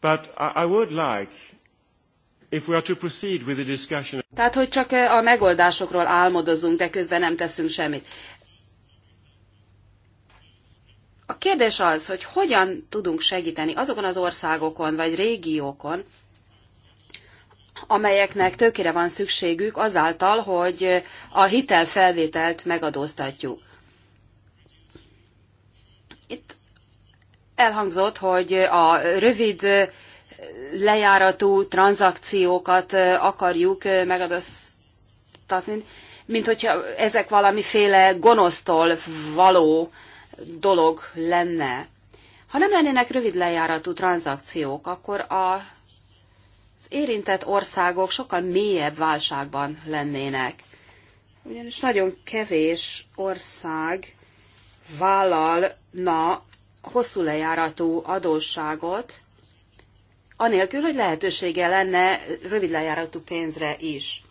But I would like, if we are to proceed with the discussion. Tehát, hogy csak a megoldásokról álmodozunk, de közben nem teszünk semmit. A kérdés az, hogy hogyan tudunk segíteni azokon az országokon vagy régiókon, amelyeknek tökére van szükségük azáltal, hogy a hitelfelvételt megadóztatjuk. Itt elhangzott, hogy a rövid lejáratú tranzakciókat akarjuk megadóztatni, mint hogyha ezek valamiféle gonosztól való dolog lenne. Ha nem lennének rövid lejáratú tranzakciók, akkor a, az érintett országok sokkal mélyebb válságban lennének. Ugyanis nagyon kevés ország vállalna hosszú lejáratú adósságot, anélkül, hogy lehetősége lenne rövid lejáratú pénzre is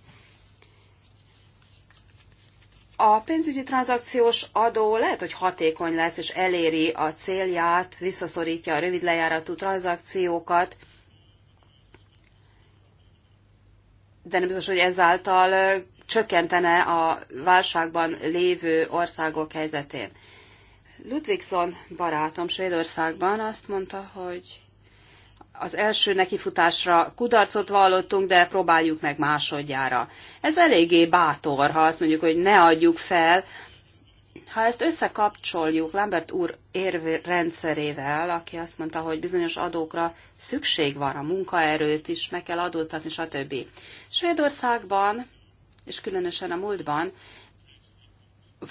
a pénzügyi tranzakciós adó lehet, hogy hatékony lesz, és eléri a célját, visszaszorítja a rövid lejáratú tranzakciókat, de nem biztos, hogy ezáltal csökkentene a válságban lévő országok helyzetén. Ludvigson barátom Svédországban azt mondta, hogy az első nekifutásra kudarcot vallottunk, de próbáljuk meg másodjára. Ez eléggé bátor, ha azt mondjuk, hogy ne adjuk fel. Ha ezt összekapcsoljuk Lambert úr érvrendszerével, aki azt mondta, hogy bizonyos adókra szükség van, a munkaerőt is meg kell adóztatni, stb. Svédországban, és különösen a múltban,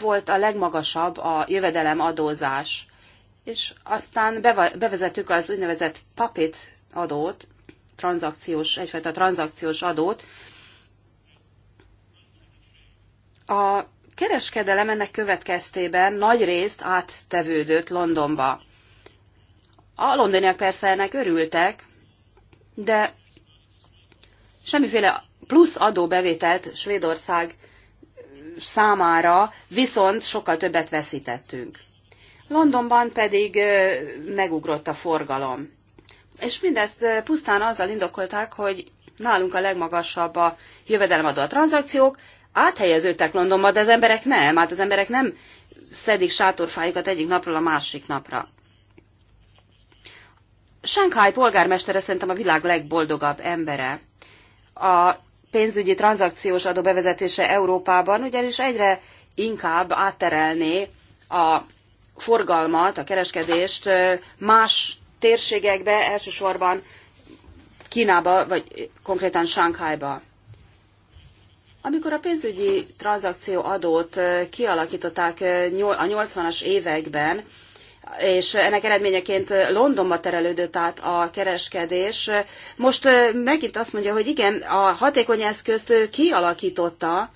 volt a legmagasabb a jövedelemadózás és aztán bevezettük az úgynevezett papit adót, tranzakciós, egyfajta tranzakciós adót. A kereskedelem ennek következtében nagy részt áttevődött Londonba. A londoniak persze ennek örültek, de semmiféle plusz adóbevételt Svédország számára, viszont sokkal többet veszítettünk. Londonban pedig megugrott a forgalom. És mindezt eh, pusztán azzal indokolták, hogy nálunk a legmagasabb a jövedelemadó a tranzakciók, áthelyeződtek Londonba, de az emberek nem, hát az emberek nem szedik sátorfájukat egyik napról a másik napra. Shanghai polgármestere szerintem a világ legboldogabb embere. A pénzügyi tranzakciós adó bevezetése Európában ugyanis egyre inkább átterelné a forgalmat, a kereskedést eh, más térségekbe, elsősorban Kínába, vagy konkrétan Sánkhájba. Amikor a pénzügyi tranzakció adót kialakították a 80-as években, és ennek eredményeként Londonba terelődött át a kereskedés. Most megint azt mondja, hogy igen, a hatékony eszközt kialakította,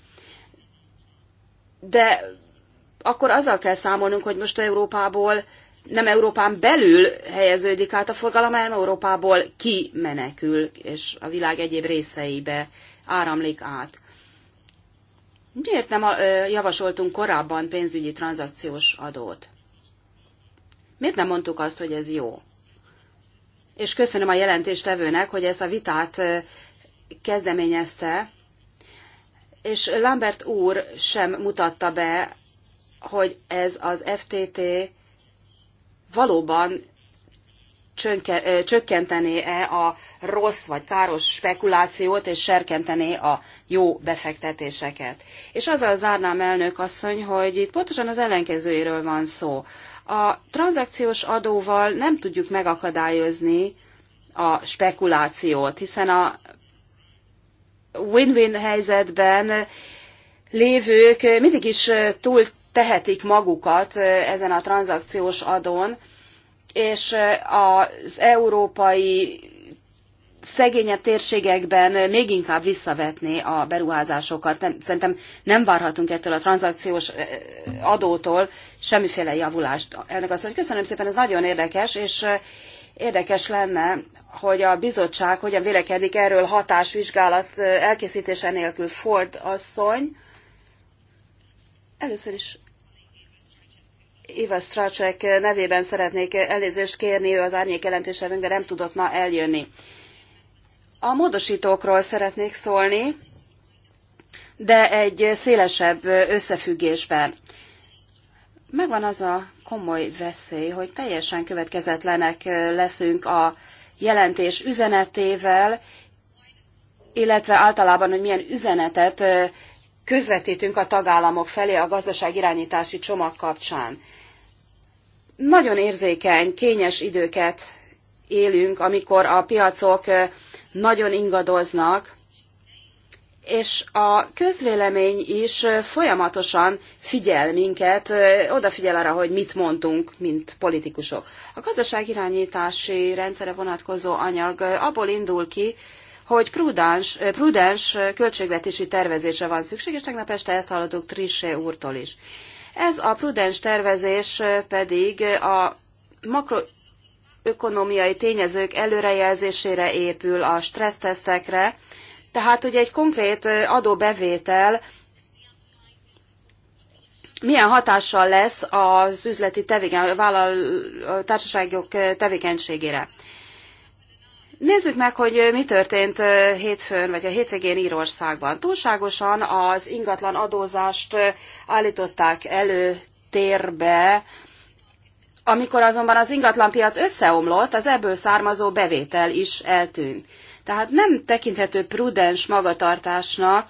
de akkor azzal kell számolnunk, hogy most Európából nem Európán belül helyeződik át a forgalom, hanem Európából kimenekül, és a világ egyéb részeibe áramlik át. Miért nem javasoltunk korábban pénzügyi tranzakciós adót? Miért nem mondtuk azt, hogy ez jó? És köszönöm a jelentéstevőnek, hogy ezt a vitát kezdeményezte, és Lambert úr sem mutatta be, hogy ez az FTT valóban csökkentené-e a rossz vagy káros spekulációt, és serkentené a jó befektetéseket. És azzal zárnám elnök asszony, hogy itt pontosan az ellenkezőjéről van szó. A tranzakciós adóval nem tudjuk megakadályozni a spekulációt, hiszen a win-win helyzetben lévők mindig is túl tehetik magukat ezen a tranzakciós adón, és az európai szegényebb térségekben még inkább visszavetné a beruházásokat. Nem, szerintem nem várhatunk ettől a tranzakciós adótól semmiféle javulást. Elnök azt, hogy köszönöm szépen, ez nagyon érdekes, és érdekes lenne, hogy a bizottság hogyan vélekedik erről hatásvizsgálat elkészítése nélkül Ford asszony. Először is Iva Stracek nevében szeretnék elnézést kérni, ő az árnyék jelentéselünk, de nem tudott ma eljönni. A módosítókról szeretnék szólni, de egy szélesebb összefüggésben. Megvan az a komoly veszély, hogy teljesen következetlenek leszünk a jelentés üzenetével, illetve általában, hogy milyen üzenetet közvetítünk a tagállamok felé a gazdaságirányítási csomag kapcsán. Nagyon érzékeny, kényes időket élünk, amikor a piacok nagyon ingadoznak, és a közvélemény is folyamatosan figyel minket, odafigyel arra, hogy mit mondunk, mint politikusok. A gazdaságirányítási rendszere vonatkozó anyag abból indul ki, hogy prudens, prudens költségvetési tervezése van szükség, és tegnap este ezt hallottuk Trissé úrtól is. Ez a prudens tervezés pedig a makroökonomiai tényezők előrejelzésére épül, a stressztesztekre, tehát hogy egy konkrét adóbevétel milyen hatással lesz az üzleti tevéken, vállal, társaságok tevékenységére. Nézzük meg, hogy mi történt hétfőn, vagy a hétvégén Írországban. Túlságosan az ingatlan adózást állították térbe, amikor azonban az ingatlanpiac összeomlott, az ebből származó bevétel is eltűnt. Tehát nem tekinthető prudens magatartásnak,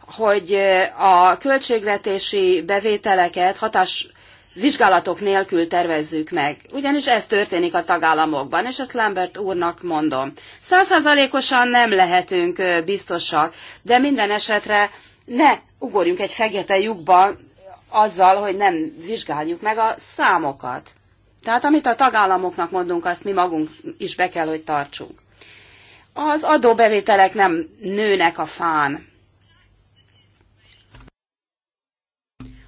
hogy a költségvetési bevételeket hatás vizsgálatok nélkül tervezzük meg. Ugyanis ez történik a tagállamokban, és ezt Lambert úrnak mondom. Százszázalékosan nem lehetünk biztosak, de minden esetre ne ugorjunk egy fekete lyukba azzal, hogy nem vizsgáljuk meg a számokat. Tehát amit a tagállamoknak mondunk, azt mi magunk is be kell, hogy tartsunk. Az adóbevételek nem nőnek a fán.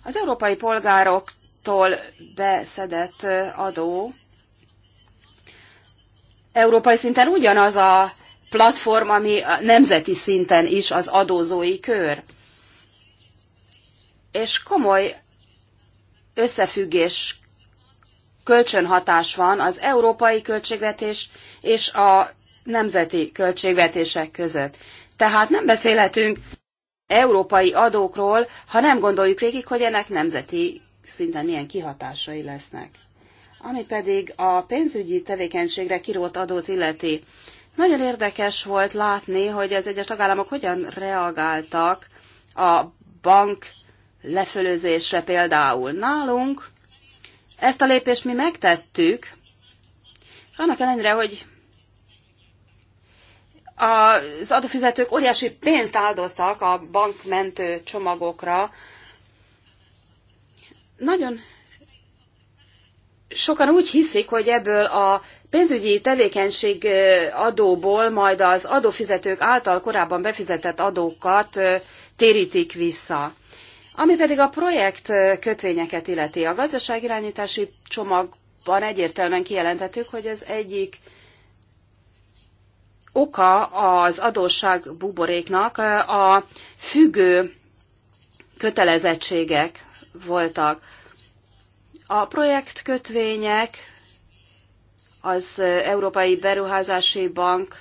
Az európai polgárok tól beszedett adó európai szinten ugyanaz a platform, ami a nemzeti szinten is az adózói kör. És komoly összefüggés kölcsönhatás van az európai költségvetés és a nemzeti költségvetések között. Tehát nem beszélhetünk európai adókról, ha nem gondoljuk végig, hogy ennek nemzeti szinten milyen kihatásai lesznek. Ami pedig a pénzügyi tevékenységre kirót adót illeti. Nagyon érdekes volt látni, hogy az egyes tagállamok hogyan reagáltak a bank lefölözésre például nálunk. Ezt a lépést mi megtettük, annak ellenére, hogy az adófizetők óriási pénzt áldoztak a bankmentő csomagokra, nagyon sokan úgy hiszik, hogy ebből a pénzügyi tevékenység adóból majd az adófizetők által korábban befizetett adókat térítik vissza. Ami pedig a projekt kötvényeket illeti, a gazdaságirányítási csomagban egyértelműen kijelentettük, hogy az egyik oka az adósság buboréknak a függő kötelezettségek, voltak. A projekt kötvények az Európai Beruházási Bank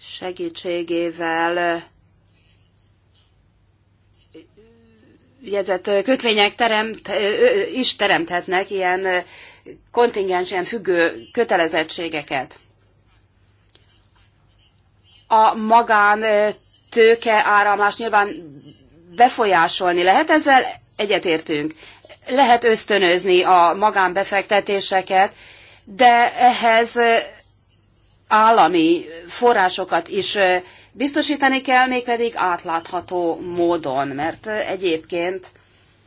segítségével jegyzett kötvények teremt, is teremthetnek ilyen kontingens, ilyen függő kötelezettségeket. A magán tőke áramlás nyilván befolyásolni lehet, ezzel egyetértünk. Lehet ösztönözni a magánbefektetéseket, de ehhez állami forrásokat is biztosítani kell, mégpedig átlátható módon, mert egyébként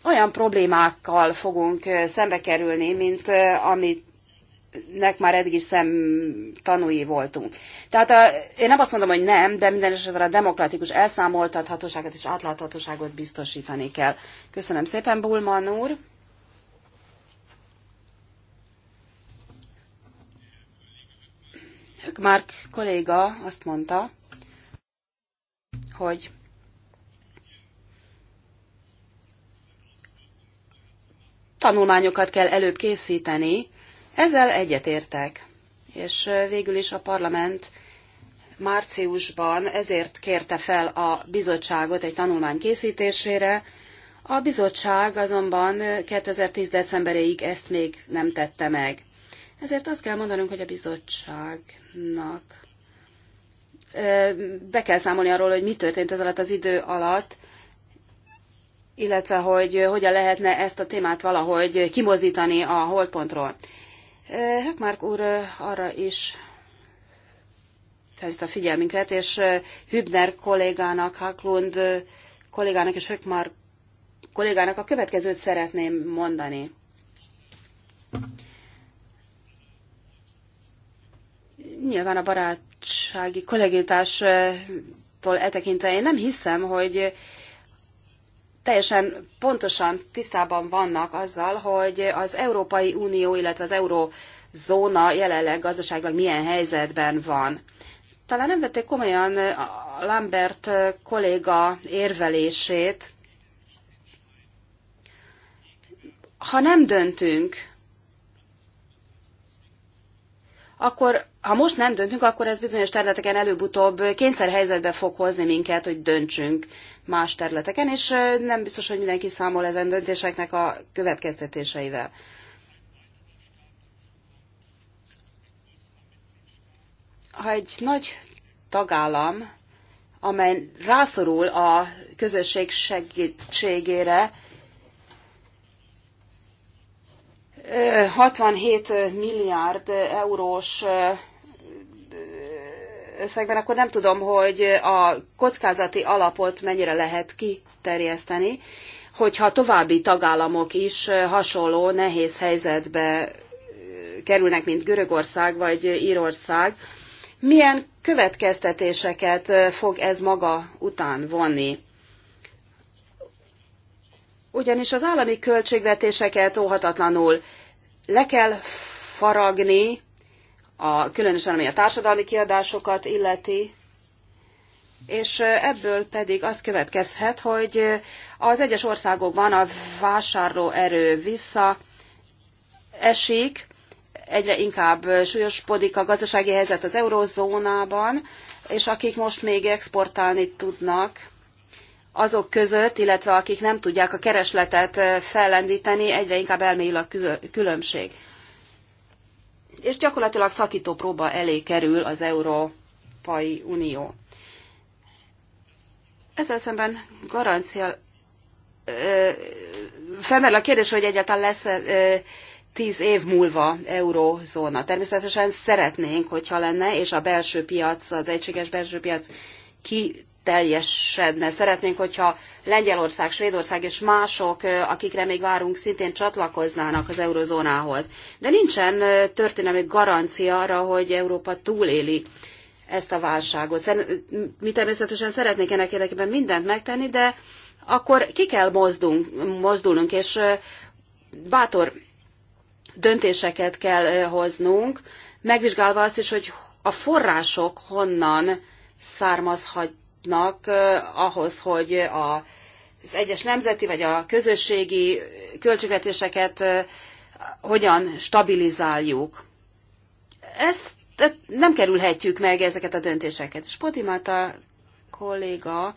olyan problémákkal fogunk szembe kerülni, mint amit nek már eddig is szem tanúi voltunk. Tehát a, én nem azt mondom, hogy nem, de minden esetre a demokratikus elszámoltathatóságot és átláthatóságot biztosítani kell. Köszönöm szépen, Bulman úr. Már kolléga azt mondta, hogy tanulmányokat kell előbb készíteni, ezzel egyetértek, és végül is a parlament márciusban ezért kérte fel a bizottságot egy tanulmány készítésére, a bizottság azonban 2010. decemberéig ezt még nem tette meg. Ezért azt kell mondanunk, hogy a bizottságnak be kell számolni arról, hogy mi történt ez alatt az idő alatt, illetve hogy hogyan lehetne ezt a témát valahogy kimozdítani a holdpontról. Eh, Hökmark úr eh, arra is felhívta a figyelmünket, és eh, Hübner kollégának, Haklund kollégának és Hökmark kollégának a következőt szeretném mondani. Nyilván a barátsági kollégítástól e tekintve én nem hiszem, hogy teljesen pontosan tisztában vannak azzal, hogy az Európai Unió, illetve az eurózóna jelenleg gazdaságilag milyen helyzetben van. Talán nem vették komolyan Lambert kolléga érvelését. Ha nem döntünk akkor ha most nem döntünk, akkor ez bizonyos területeken előbb-utóbb kényszerhelyzetbe fog hozni minket, hogy döntsünk más területeken, és nem biztos, hogy mindenki számol ezen döntéseknek a következtetéseivel. Ha egy nagy tagállam, amely rászorul a közösség segítségére, 67 milliárd eurós összegben, akkor nem tudom, hogy a kockázati alapot mennyire lehet kiterjeszteni, hogyha további tagállamok is hasonló nehéz helyzetbe kerülnek, mint Görögország vagy Írország, milyen következtetéseket fog ez maga után vonni? Ugyanis az állami költségvetéseket óhatatlanul le kell faragni, a, különösen ami a társadalmi kiadásokat illeti, és ebből pedig az következhet, hogy az egyes országokban a vásárlóerő vissza esik, egyre inkább súlyosodik a gazdasági helyzet az eurózónában, és akik most még exportálni tudnak, azok között, illetve akik nem tudják a keresletet fellendíteni, egyre inkább elmélyül a különbség. És gyakorlatilag szakító próba elé kerül az Európai Unió. Ezzel szemben garancia felmerül a kérdés, hogy egyáltalán lesz tíz év múlva eurózóna. Természetesen szeretnénk, hogyha lenne, és a belső piac, az egységes belső piac ki teljesedne. Szeretnénk, hogyha Lengyelország, Svédország és mások, akikre még várunk, szintén csatlakoznának az eurozónához. De nincsen történelmi garancia arra, hogy Európa túléli ezt a válságot. Mi természetesen szeretnénk ennek érdekében mindent megtenni, de akkor ki kell mozdunk, mozdulnunk és bátor döntéseket kell hoznunk, megvizsgálva azt is, hogy a források honnan származhat, kapnak ahhoz, hogy a, az egyes nemzeti vagy a közösségi költségvetéseket hogyan stabilizáljuk. Ezt nem kerülhetjük meg ezeket a döntéseket. Spotimata kolléga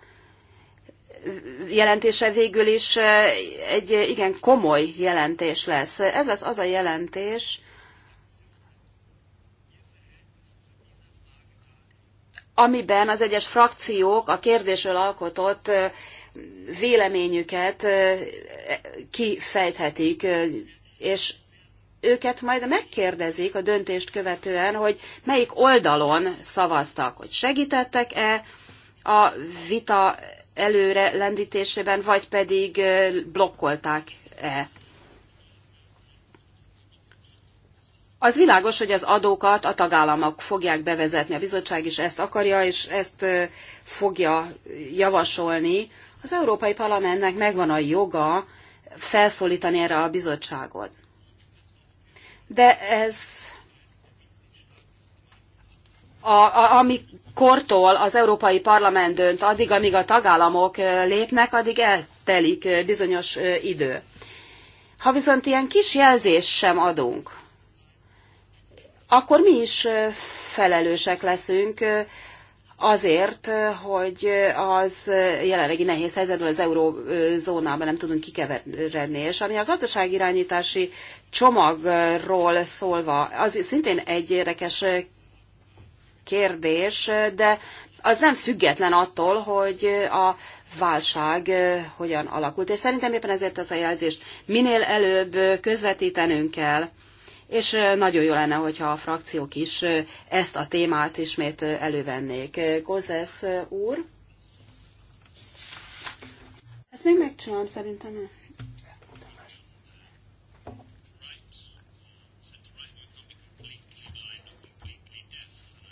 jelentése végül is egy igen komoly jelentés lesz. Ez lesz az a jelentés, amiben az egyes frakciók a kérdésről alkotott véleményüket kifejthetik, és őket majd megkérdezik a döntést követően, hogy melyik oldalon szavaztak, hogy segítettek-e a vita előre lendítésében, vagy pedig blokkolták-e Az világos, hogy az adókat a tagállamok fogják bevezetni, a bizottság is ezt akarja, és ezt fogja javasolni. Az Európai Parlamentnek megvan a joga felszólítani erre a bizottságot. De ez a, a, amikortól az Európai Parlament dönt, addig, amíg a tagállamok lépnek, addig eltelik bizonyos idő. Ha viszont ilyen kis jelzést sem adunk, akkor mi is felelősek leszünk azért, hogy az jelenlegi nehéz helyzetből az eurózónában nem tudunk kikeveredni. És ami a gazdaságirányítási csomagról szólva, az szintén egy érdekes kérdés, de az nem független attól, hogy a válság hogyan alakult. És szerintem éppen ezért ez a jelzést minél előbb közvetítenünk kell és nagyon jó lenne, hogyha a frakciók is ezt a témát ismét elővennék. Gozesz úr? Ezt még megcsinálom szerintem.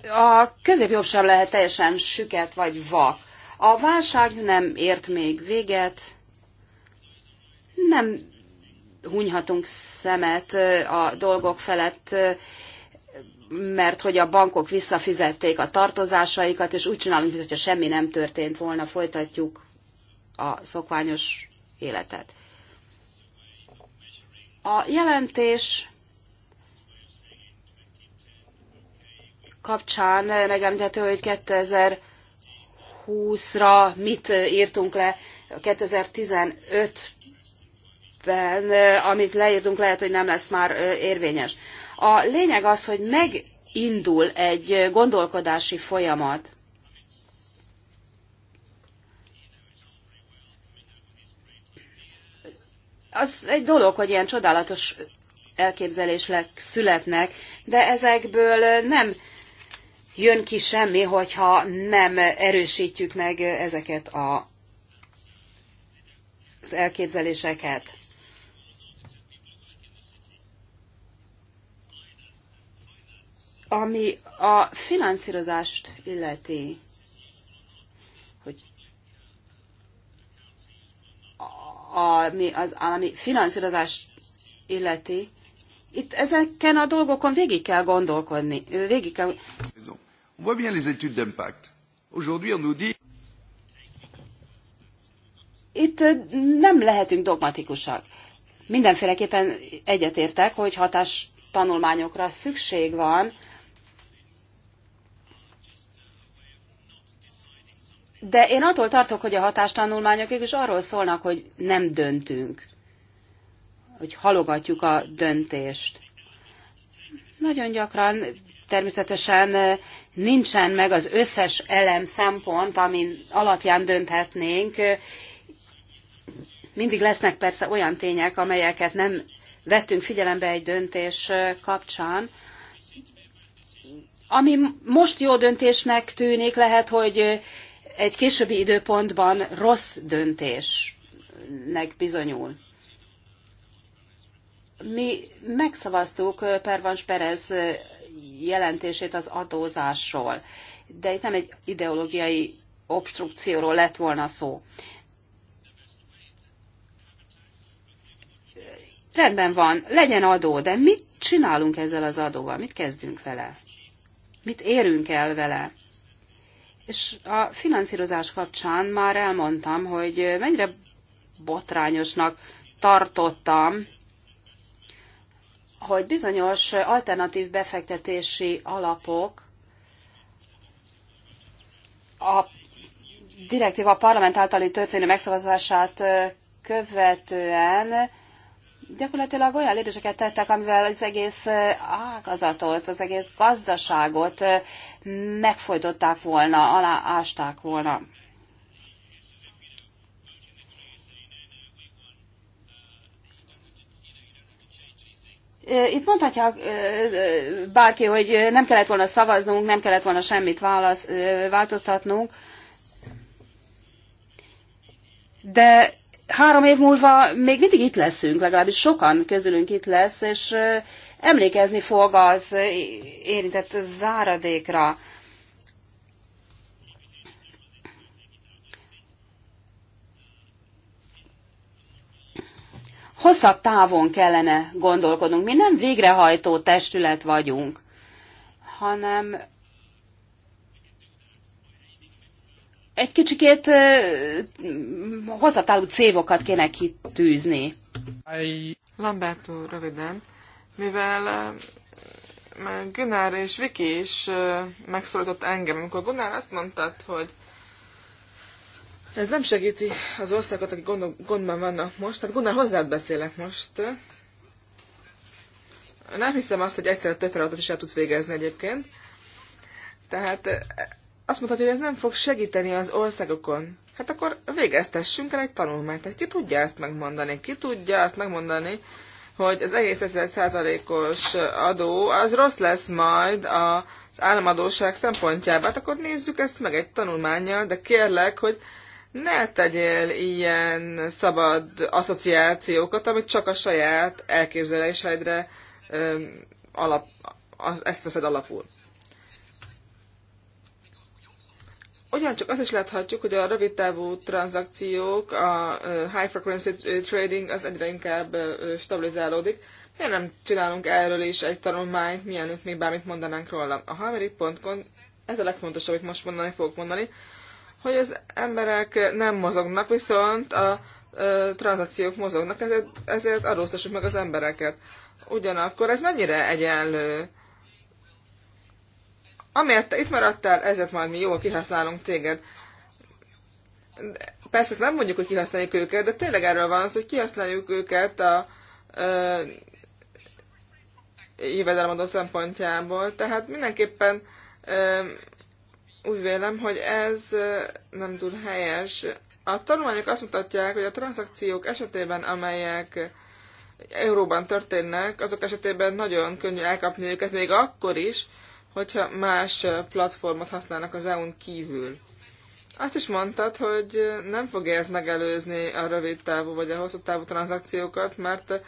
A A jobb sem lehet teljesen süket vagy vak. A válság nem ért még véget, nem hunyhatunk szemet a dolgok felett, mert hogy a bankok visszafizették a tartozásaikat, és úgy csinálunk, mintha semmi nem történt volna, folytatjuk a szokványos életet. A jelentés kapcsán megemlíthető, hogy 2020-ra mit írtunk le, 2015 ben, amit leírtunk, lehet, hogy nem lesz már érvényes. A lényeg az, hogy megindul egy gondolkodási folyamat. Az egy dolog, hogy ilyen csodálatos elképzelések születnek, de ezekből nem jön ki semmi, hogyha nem erősítjük meg ezeket a, az elképzeléseket. Ami a finanszírozást illeti, hogy ami az állami finanszírozást illeti, itt ezeken a dolgokon végig kell gondolkodni. Végig kell... On voit bien les études d'impact. Aujourd'hui, on nous dit... Itt nem lehetünk dogmatikusak. Mindenféleképpen egyetértek, hogy hatás tanulmányokra szükség van, De én attól tartok, hogy a hatástanulmányok is arról szólnak, hogy nem döntünk, hogy halogatjuk a döntést. Nagyon gyakran természetesen eh, nincsen meg az összes elem szempont, amin alapján dönthetnénk. Mindig lesznek persze olyan tények, amelyeket nem vettünk figyelembe egy döntés eh, kapcsán. Ami most jó döntésnek tűnik, lehet, hogy eh, egy későbbi időpontban rossz döntésnek bizonyul. Mi megszavaztuk Pervans Perez jelentését az adózásról, de itt nem egy ideológiai obstrukcióról lett volna szó. Rendben van, legyen adó, de mit csinálunk ezzel az adóval? Mit kezdünk vele? Mit érünk el vele? És a finanszírozás kapcsán már elmondtam, hogy mennyire botrányosnak tartottam, hogy bizonyos alternatív befektetési alapok a direktíva parlament általi történő megszavazását követően gyakorlatilag olyan lépéseket tettek, amivel az egész ágazatot, az egész gazdaságot megfojtották volna, aláásták volna. Itt mondhatja bárki, hogy nem kellett volna szavaznunk, nem kellett volna semmit válasz, változtatnunk, de három év múlva még mindig itt leszünk, legalábbis sokan közülünk itt lesz, és emlékezni fog az érintett záradékra. Hosszabb távon kellene gondolkodnunk. Mi nem végrehajtó testület vagyunk, hanem egy kicsikét hosszatávú cévokat kéne kitűzni. Lambert úr, röviden, mivel uh, Gunnar és Viki is megszólított engem, amikor Gunnar azt mondtad, hogy ez nem segíti az országot, akik gond, gondban vannak most. Tehát Gunnar, hozzád beszélek most. Nem hiszem azt, hogy egyszerre több feladatot is el tudsz végezni egyébként. Tehát azt mondhatja, hogy ez nem fog segíteni az országokon. Hát akkor végeztessünk el egy tanulmányt. Hát ki tudja ezt megmondani? Ki tudja azt megmondani, hogy az egész 1%-os adó az rossz lesz majd az államadóság szempontjából. Hát akkor nézzük ezt meg egy tanulmányjal, de kérlek, hogy ne tegyél ilyen szabad asszociációkat, amit csak a saját elképzeléseidre ö, alap, az, ezt veszed alapul. Ugyancsak azt is láthatjuk, hogy a rövidtávú tranzakciók, a high frequency trading az egyre inkább stabilizálódik. Miért nem csinálunk erről is egy tanulmányt, mielőtt még bármit mondanánk róla? A harmadik ez a legfontosabb, amit most mondani fogok mondani, hogy az emberek nem mozognak, viszont a tranzakciók mozognak, ezért, ezért adóztassuk meg az embereket. Ugyanakkor ez mennyire egyenlő? Amiért te itt maradtál, ezért majd mi jól kihasználunk téged. De persze ezt nem mondjuk, hogy kihasználjuk őket, de tényleg erről van az, hogy kihasználjuk őket a jövedelemadó szempontjából. Tehát mindenképpen ö, úgy vélem, hogy ez nem túl helyes. A tanulmányok azt mutatják, hogy a tranzakciók esetében, amelyek euróban történnek, azok esetében nagyon könnyű elkapni őket, még akkor is, hogyha más platformot használnak az EU-n kívül. Azt is mondtad, hogy nem fogja ez megelőzni a rövid távú vagy a hosszú távú tranzakciókat, mert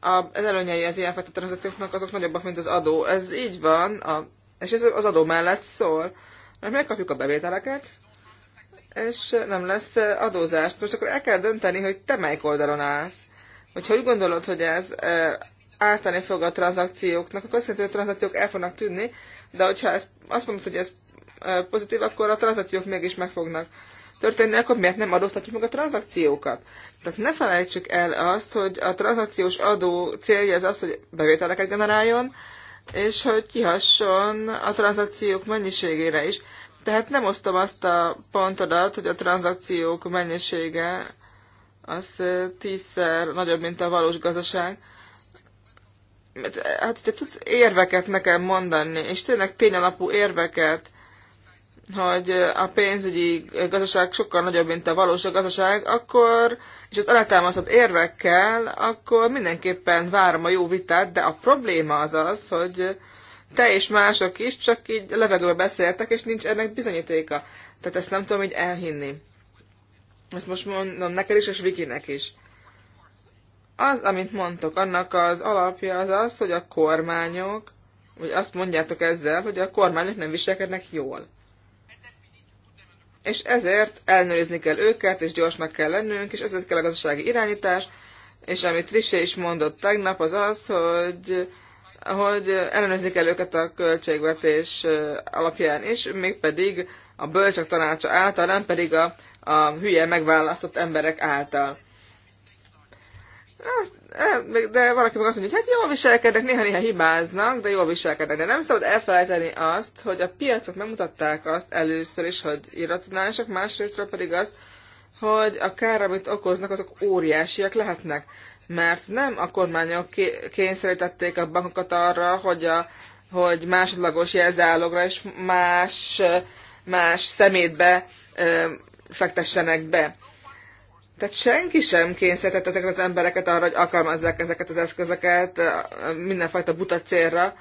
az előnyei az ilyenfajta tranzakcióknak azok nagyobbak, mint az adó. Ez így van, a, és ez az adó mellett szól, mert megkapjuk a bevételeket, és nem lesz adózást. Most akkor el kell dönteni, hogy te melyik oldalon állsz. Hogyha úgy gondolod, hogy ez ártani fog a tranzakcióknak, a szerintem a tranzakciók el fognak tűnni, de hogyha ezt, azt mondod, hogy ez pozitív, akkor a tranzakciók mégis meg fognak történni, akkor miért nem adóztatjuk meg a tranzakciókat? Tehát ne felejtsük el azt, hogy a tranzakciós adó célja az az, hogy bevételeket generáljon, és hogy kihasson a tranzakciók mennyiségére is. Tehát nem osztom azt a pontodat, hogy a tranzakciók mennyisége az tízszer nagyobb, mint a valós gazdaság hát hogyha tudsz érveket nekem mondani, és tényleg tényalapú érveket, hogy a pénzügyi gazdaság sokkal nagyobb, mint a valós gazdaság, akkor, és az alátámasztott érvekkel, akkor mindenképpen várom a jó vitát, de a probléma az az, hogy te és mások is csak így levegőbe beszéltek, és nincs ennek bizonyítéka. Tehát ezt nem tudom így elhinni. Ezt most mondom neked is, és Vikinek is. Az, amit mondtok, annak az alapja az az, hogy a kormányok, vagy azt mondjátok ezzel, hogy a kormányok nem viselkednek jól. És ezért elnőrizni kell őket, és gyorsnak kell lennünk, és ezért kell a gazdasági irányítás, és amit Trissé is mondott tegnap, az az, hogy, hogy ellenőrizni kell őket a költségvetés alapján, és mégpedig a bölcsök tanácsa által, nem pedig a, a hülye megválasztott emberek által. Azt, eh, de valaki meg azt mondja, hogy hát jól viselkednek, néha-néha hibáznak, de jól viselkednek. De nem szabad elfelejteni azt, hogy a piacok megmutatták azt először is, hogy irracionálisak, másrésztről pedig azt, hogy a kár, amit okoznak, azok óriásiak lehetnek. Mert nem a kormányok kényszerítették a bankokat arra, hogy, a, hogy másodlagos jelzálogra és más, más szemétbe ö, eh, fektessenek be tehát senki sem kényszerített ezeket az embereket arra, hogy alkalmazzák ezeket az eszközöket mindenfajta buta célra.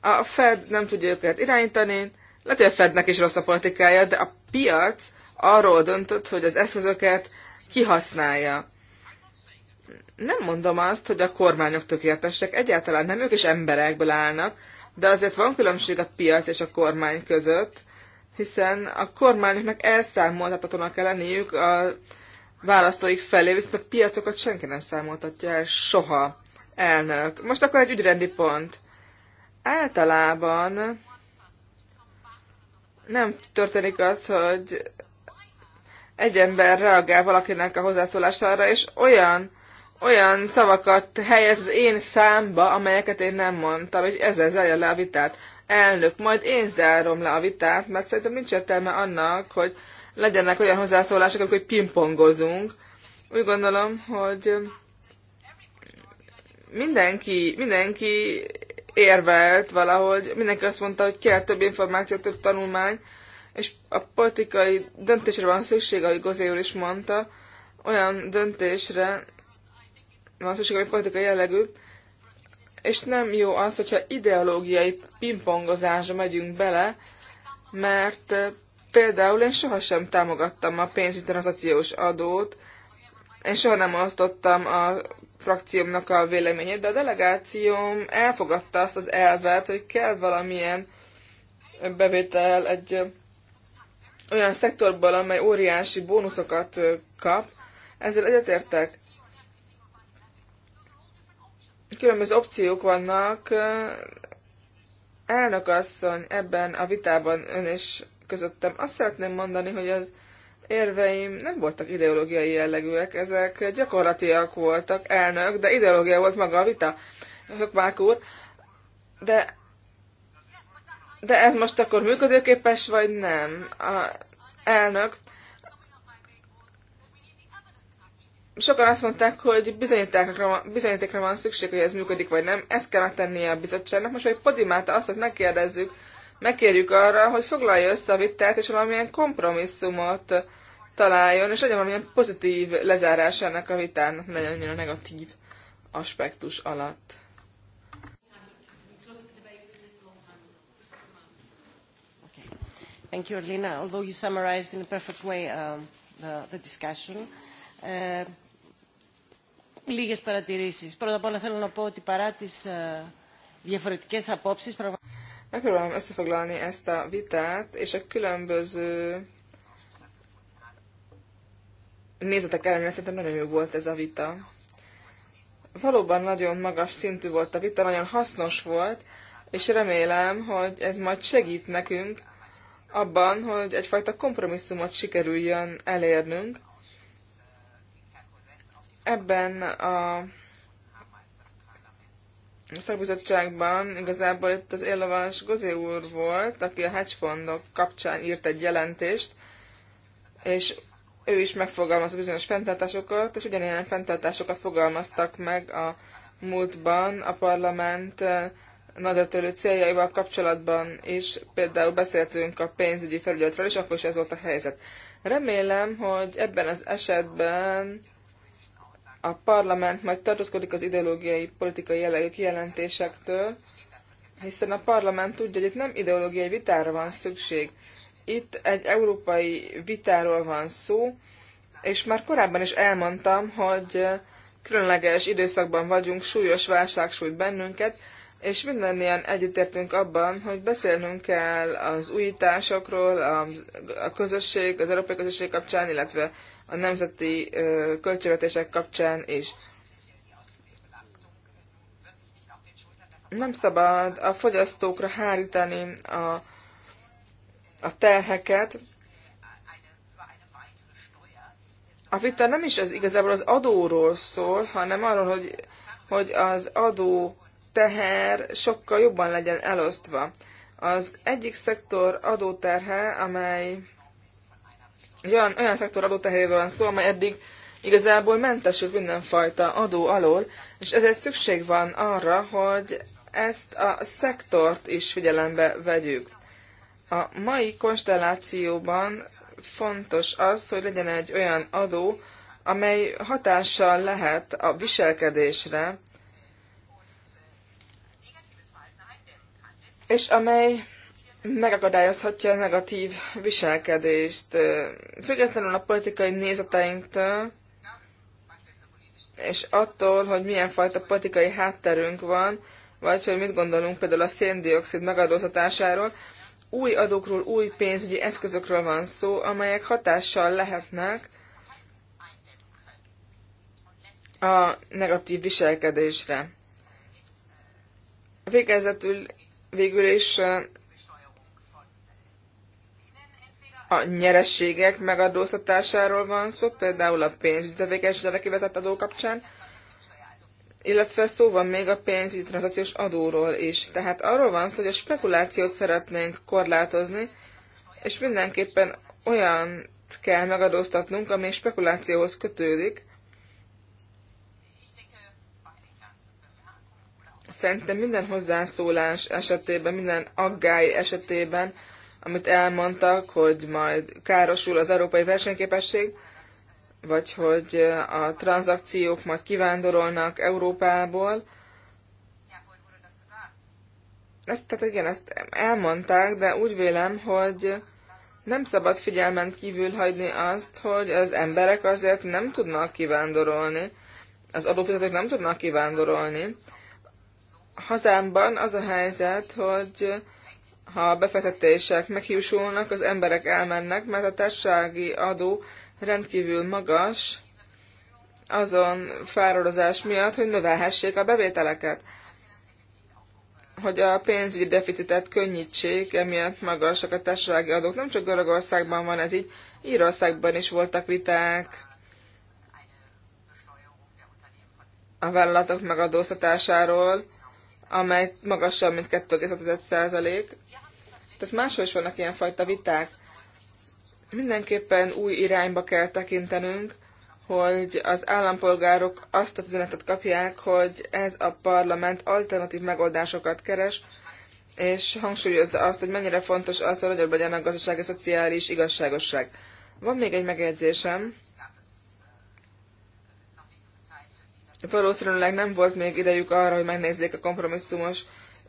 A Fed nem tudja őket irányítani, lehet, hogy a Fednek is rossz a politikája, de a piac arról döntött, hogy az eszközöket kihasználja. Nem mondom azt, hogy a kormányok tökéletesek, egyáltalán nem, ők is emberekből állnak, de azért van különbség a piac és a kormány között, hiszen a kormányoknak elszámoltathatónak kell lenniük a választóik felé, viszont a piacokat senki nem számoltatja el soha, elnök. Most akkor egy ügyrendi pont. Általában nem történik az, hogy egy ember reagál valakinek a hozzászólására, és olyan, olyan szavakat helyez az én számba, amelyeket én nem mondtam, hogy ezzel zárja le a vitát elnök, majd én zárom le a vitát, mert szerintem nincs értelme annak, hogy legyenek olyan hozzászólások, amikor pingpongozunk. Úgy gondolom, hogy mindenki, mindenki érvelt valahogy, mindenki azt mondta, hogy kell több információ, több tanulmány, és a politikai döntésre van szükség, ahogy Gozé úr is mondta, olyan döntésre van szükség, ami politikai jellegű, és nem jó az, hogyha ideológiai pingpongozásra megyünk bele, mert eh, például én sohasem támogattam a pénzinternazációs adót, én soha nem osztottam a frakciómnak a véleményét, de a delegációm elfogadta azt az elvet, hogy kell valamilyen bevétel egy eh, olyan szektorból, amely óriási bónuszokat eh, kap. Ezzel egyetértek különböző opciók vannak. Elnök asszony, ebben a vitában ön is közöttem. Azt szeretném mondani, hogy az érveim nem voltak ideológiai jellegűek, ezek gyakorlatiak voltak, elnök, de ideológia volt maga a vita, Hökmák úr. De, de ez most akkor működőképes, vagy nem? A elnök, sokan azt mondták, hogy bizonyítékra van, bizonyítékra van szükség, hogy ez működik vagy nem. Ezt kell megtennie a bizottságnak. Most pedig Podimáta azt, hogy megkérdezzük, megkérjük arra, hogy foglalja össze a vitát, és valamilyen kompromisszumot találjon, és legyen valamilyen pozitív lezárás ennek a vitának, nagyon nagyon negatív aspektus alatt. Thank you, Lina. Although you summarized in a perfect way um, the, the discussion, uh, Λίγες παρατηρήσεις. Πρώτα απ' όλα θέλω να πω ότι παρά τις διαφορετικές απόψεις... Megpróbálom összefoglalni ezt a vitát, és a különböző nézetek ellenére szerintem nagyon jó volt ez a vita. Valóban nagyon magas szintű volt a vita, nagyon hasznos volt, és remélem, hogy ez majd segít nekünk abban, hogy egyfajta kompromisszumot sikerüljön elérnünk, ebben a szakbizottságban igazából itt az éllovas Gozé úr volt, aki a hedgefondok kapcsán írt egy jelentést, és ő is megfogalmazta bizonyos fenntartásokat, és ugyanilyen fenntartásokat fogalmaztak meg a múltban a parlament eh, nagyra törő céljaival kapcsolatban is, például beszéltünk a pénzügyi felügyeletről, és akkor is ez volt a helyzet. Remélem, hogy ebben az esetben a parlament majd tartózkodik az ideológiai, politikai jellegű kijelentésektől, hiszen a parlament tudja, hogy itt nem ideológiai vitára van szükség. Itt egy európai vitáról van szó, és már korábban is elmondtam, hogy különleges időszakban vagyunk, súlyos válság súlyt bennünket, és mindannyian egyetértünk abban, hogy beszélnünk kell az újításokról, a, a közösség, az európai közösség kapcsán, illetve a nemzeti költségvetések kapcsán is. Nem szabad a fogyasztókra hárítani a, a terheket. A vita nem is az igazából az adóról szól, hanem arról, hogy, hogy az adó teher sokkal jobban legyen elosztva. Az egyik szektor adóterhe, amely olyan, olyan szektor adótehéről van szó, amely eddig igazából mentesült mindenfajta adó alól, és ezért szükség van arra, hogy ezt a szektort is figyelembe vegyük. A mai konstellációban fontos az, hogy legyen egy olyan adó, amely hatással lehet a viselkedésre, és amely megakadályozhatja a negatív viselkedést, függetlenül a politikai nézeteinktől, és attól, hogy milyen fajta politikai hátterünk van, vagy hogy mit gondolunk például a széndiokszid megadóztatásáról, új adókról, új pénzügyi eszközökről van szó, amelyek hatással lehetnek a negatív viselkedésre. Végezetül végül is a nyerességek megadóztatásáról van szó, például a pénzügyi tevékenységre kivetett adó kapcsán, illetve szó van még a pénzügyi tranzakciós adóról is. Tehát arról van szó, hogy a spekulációt szeretnénk korlátozni, és mindenképpen olyan kell megadóztatnunk, ami spekulációhoz kötődik. Szerintem minden hozzászólás esetében, minden aggály esetében amit elmondtak, hogy majd károsul az európai versenyképesség, vagy hogy eh, a tranzakciók majd kivándorolnak Európából. Ezt, tehát igen, ezt elmondták, de úgy vélem, hogy nem szabad figyelmen kívül hagyni azt, hogy az emberek azért nem tudnak kivándorolni, az adófizetők nem tudnak kivándorolni. Hazámban az a helyzet, hogy ha a befektetések meghiúsulnak, az emberek elmennek, mert a társasági adó rendkívül magas azon fáradozás miatt, hogy növelhessék a bevételeket. Hogy a pénzügyi deficitet könnyítsék, emiatt magasak a társasági adók. Nem csak Görögországban van ez így, Írországban is voltak viták a vállalatok megadóztatásáról, amely magasabb, mint 2,6%. Tehát máshol is vannak ilyenfajta viták. Mindenképpen új irányba kell tekintenünk, hogy az állampolgárok azt az üzenetet kapják, hogy ez a parlament alternatív megoldásokat keres, és hangsúlyozza azt, hogy mennyire fontos az, hogy nagyobb legyen a gazdasági, szociális igazságosság. Van még egy megjegyzésem. Valószínűleg nem volt még idejük arra, hogy megnézzék a kompromisszumos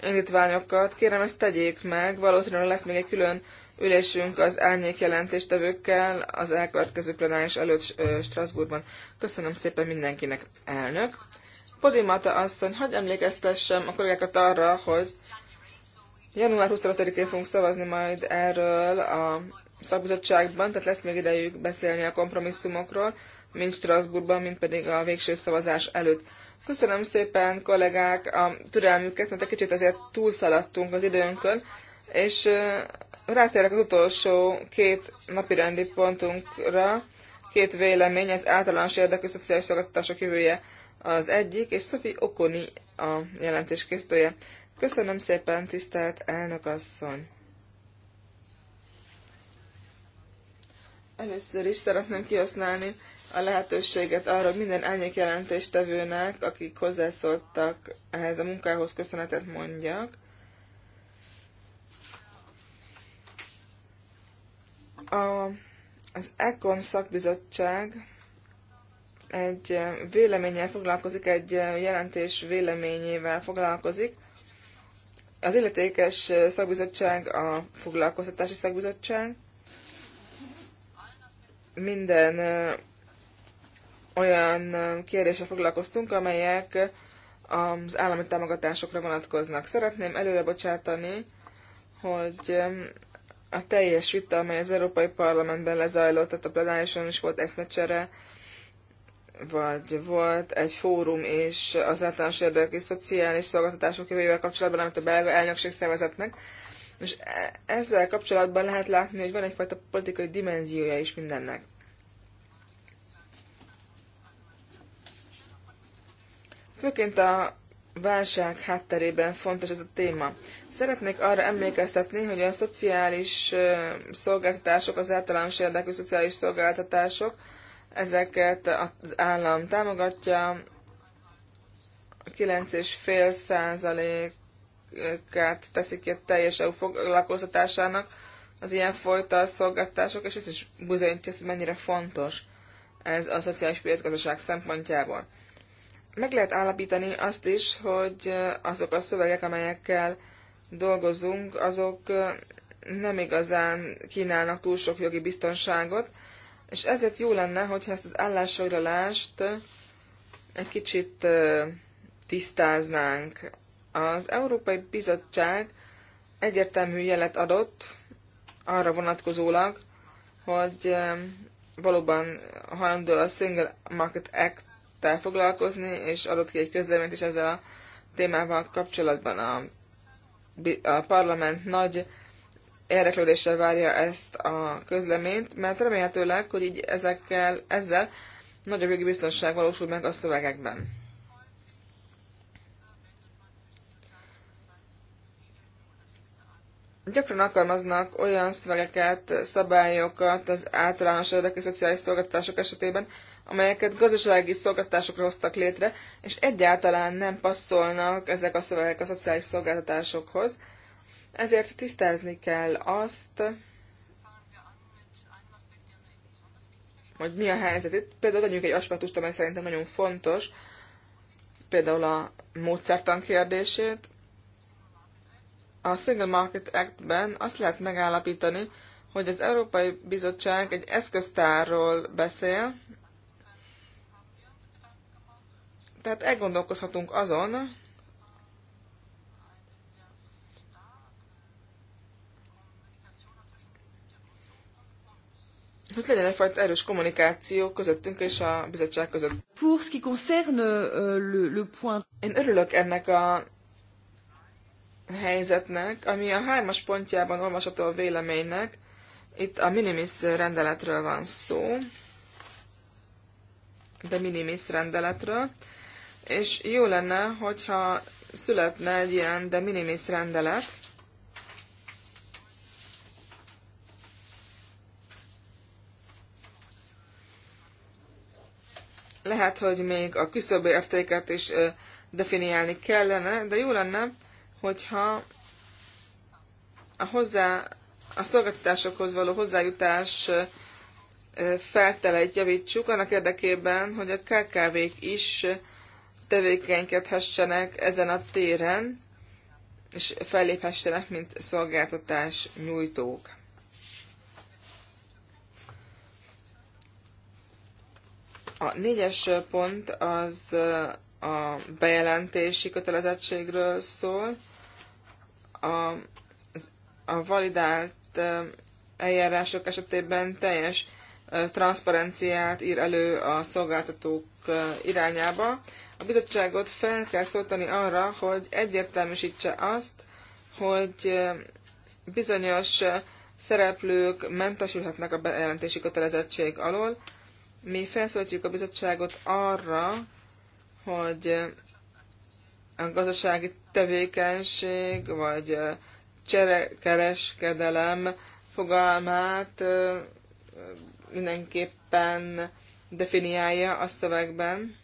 indítványokat. Kérem, ezt tegyék meg. Valószínűleg lesz még egy külön ülésünk az árnyék jelentéstevőkkel az elkövetkező plenáris előtt Strasbourgban. Köszönöm szépen mindenkinek, elnök. Podimata asszony, hogy emlékeztessem a kollégákat arra, hogy január 25-én fogunk szavazni majd erről a szakbizottságban, tehát lesz még idejük beszélni a kompromisszumokról, mint Strasbourgban, mint pedig a végső szavazás előtt. Köszönöm szépen, kollégák, a türelmüket, mert egy kicsit azért túlszaladtunk az időnkön, és rátérek az utolsó két rendi pontunkra, két vélemény, az általános érdekű szociális szolgáltatások jövője az egyik, és Szofi Okoni a jelentés készítője. Köszönöm szépen, tisztelt elnök asszony! Először is szeretném kihasználni a lehetőséget arra, hogy minden elnyék jelentéstevőnek, akik hozzászóltak ehhez a munkához, köszönetet mondjak. A, az ECON szakbizottság egy véleménnyel foglalkozik, egy jelentés véleményével foglalkozik. Az illetékes szakbizottság a foglalkoztatási szakbizottság. Minden olyan kérdéssel foglalkoztunk, amelyek az állami támogatásokra vonatkoznak. Szeretném előre bocsátani, hogy a teljes vita, amely az Európai Parlamentben lezajlott, tehát a plenárison is volt eszmecsere, vagy volt egy fórum és az általános érdekű szociális szolgáltatások jövőjével kapcsolatban, amit a belga elnökség szervezett meg. És e- ezzel kapcsolatban lehet látni, hogy van egyfajta politikai dimenziója is mindennek. Főként a válság hátterében fontos ez a téma. Szeretnék arra emlékeztetni, hogy a szociális szolgáltatások, az általános érdekű szociális szolgáltatások, ezeket az állam támogatja, 9,5 százalékát teszik ki a teljes EU foglalkoztatásának az ilyen folyta szolgáltatások, és ez is bizonyítja, hogy mennyire fontos ez a szociális piacgazdaság szempontjából meg lehet állapítani azt is, hogy azok a szövegek, amelyekkel dolgozunk, azok nem igazán kínálnak túl sok jogi biztonságot, és ezért jó lenne, hogyha ezt az állásfoglalást egy kicsit tisztáznánk. Az Európai Bizottság egyértelmű jelet adott arra vonatkozólag, hogy valóban hajlandó a Single Market Act elkezdte foglalkozni, és adott ki egy közleményt is ezzel a témával kapcsolatban. A, a parlament nagy érdeklődéssel várja ezt a közleményt, mert remélhetőleg, hogy így ezekkel, ezzel nagyobb jogi biztonság valósul meg a szövegekben. Gyakran alkalmaznak olyan szövegeket, szabályokat az általános érdekű szociális szolgáltatások esetében, amelyeket gazdasági szolgáltatásokra hoztak létre, és egyáltalán nem passzolnak ezek a szövegek a szociális szolgáltatásokhoz. Ezért tisztázni kell azt, hogy mi a helyzet itt. Például vegyünk egy aspektust, amely szerintem nagyon fontos, például a módszertan kérdését. A Single Market Act-ben azt lehet megállapítani, hogy az Európai Bizottság egy eszköztárról beszél, tehát elgondolkozhatunk azon, hogy legyen egyfajta erős kommunikáció közöttünk és a bizottság között. Pour ce qui concerne euh, le, le point... Én örülök ennek a helyzetnek, ami a hármas pontjában olvasható a véleménynek. Itt a minimis rendeletről van szó, de minimis rendeletről és jó lenne, hogyha születne egy ilyen de minimis rendelet, lehet, hogy még a küszöbb értéket is definiálni kellene, de jó lenne, hogyha a, hozzá, a szolgáltatásokhoz való hozzájutás felteleit javítsuk annak érdekében, hogy a KKV-k is tevékenykedhessenek ezen a téren, és felléphessenek, mint szolgáltatás nyújtók. A négyes pont az a bejelentési kötelezettségről szól. A, a validált eljárások esetében teljes transzparenciát ír elő a szolgáltatók irányába. A bizottságot fel kell szóltani arra, hogy egyértelműsítse azt, hogy bizonyos szereplők mentesülhetnek a bejelentési kötelezettség alól. Mi felszólítjuk a bizottságot arra, hogy a gazdasági tevékenység vagy cserekereskedelem fogalmát mindenképpen definiálja a szövegben.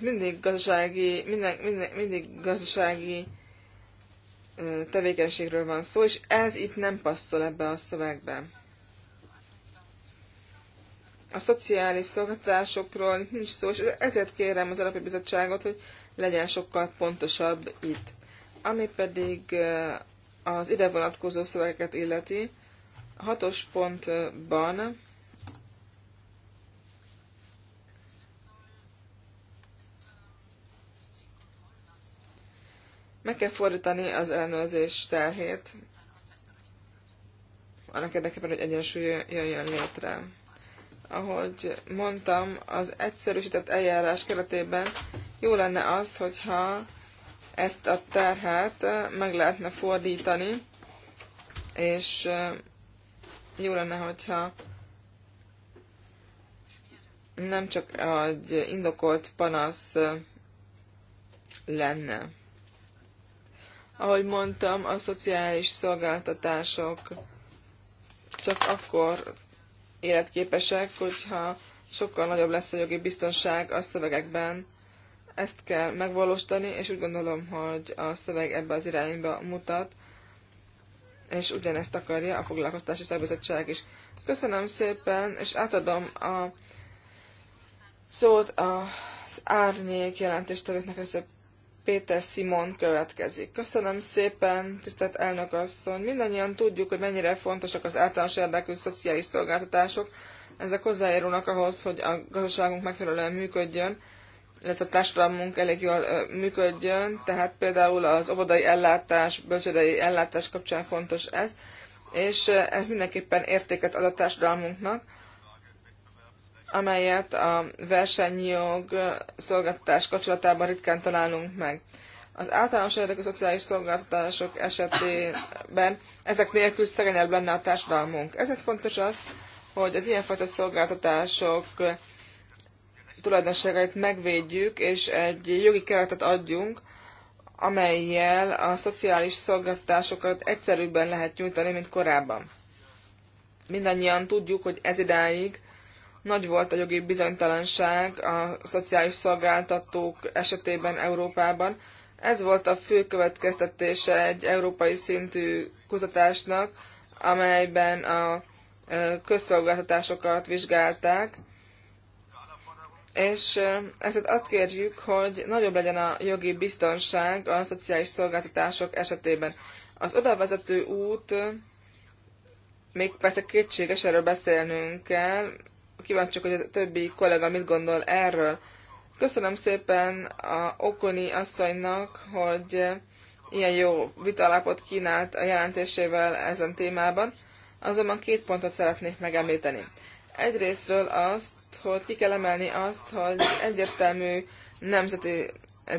itt mindig gazdasági, minden, minden, mindig gazdasági tevékenységről van szó, és ez itt nem passzol ebbe a szövegbe. A szociális szolgáltatásokról nincs szó, és ezért kérem az Európai Bizottságot, hogy legyen sokkal pontosabb itt. Ami pedig az ide vonatkozó szövegeket illeti, hatos pontban Meg kell fordítani az ellenőrzés terhét, annak érdekében, hogy egyensúly jöjjön létre. Ahogy mondtam, az egyszerűsített eljárás keretében jó lenne az, hogyha ezt a terhet meg lehetne fordítani, és jó lenne, hogyha nem csak egy indokolt panasz lenne. Ahogy mondtam, a szociális szolgáltatások csak akkor életképesek, hogyha sokkal nagyobb lesz a jogi biztonság a szövegekben. Ezt kell megvalósítani, és úgy gondolom, hogy a szöveg ebbe az irányba mutat, és ugyanezt akarja a foglalkoztási szervezettség is. Köszönöm szépen, és átadom a szót az árnyék jelentéstevőknek, először Péter Simon következik. Köszönöm szépen, tisztelt elnök asszony. Mindannyian tudjuk, hogy mennyire fontosak az általános érdekű szociális szolgáltatások. Ezek hozzájárulnak ahhoz, hogy a gazdaságunk megfelelően működjön, illetve a társadalmunk elég jól működjön. Tehát például az óvodai ellátás, bölcsödei ellátás kapcsán fontos ez, és ez mindenképpen értéket ad a társadalmunknak amelyet a versenyjog szolgáltatás kapcsolatában ritkán találunk meg. Az általános érdekű szociális szolgáltatások esetében ezek nélkül szegényebb lenne a társadalmunk. Ezért fontos az, hogy az ilyenfajta szolgáltatások tulajdonságait megvédjük, és egy jogi keretet adjunk, amelyel a szociális szolgáltatásokat egyszerűbben lehet nyújtani, mint korábban. Mindannyian tudjuk, hogy ez idáig nagy volt a jogi bizonytalanság a szociális szolgáltatók esetében Európában. Ez volt a fő következtetése egy európai szintű kutatásnak, amelyben a közszolgáltatásokat vizsgálták, és ezért azt kérjük, hogy nagyobb legyen a jogi biztonság a szociális szolgáltatások esetében. Az odavezető út még persze kétséges, erről beszélnünk kell, kíváncsiak, hogy a többi kollega mit gondol erről. Köszönöm szépen a Okoni asszonynak, hogy ilyen jó vitalapot kínált a jelentésével ezen témában, azonban két pontot szeretnék megemlíteni. Egyrésztről azt, hogy ki kell emelni azt, hogy egyértelmű nemzeti,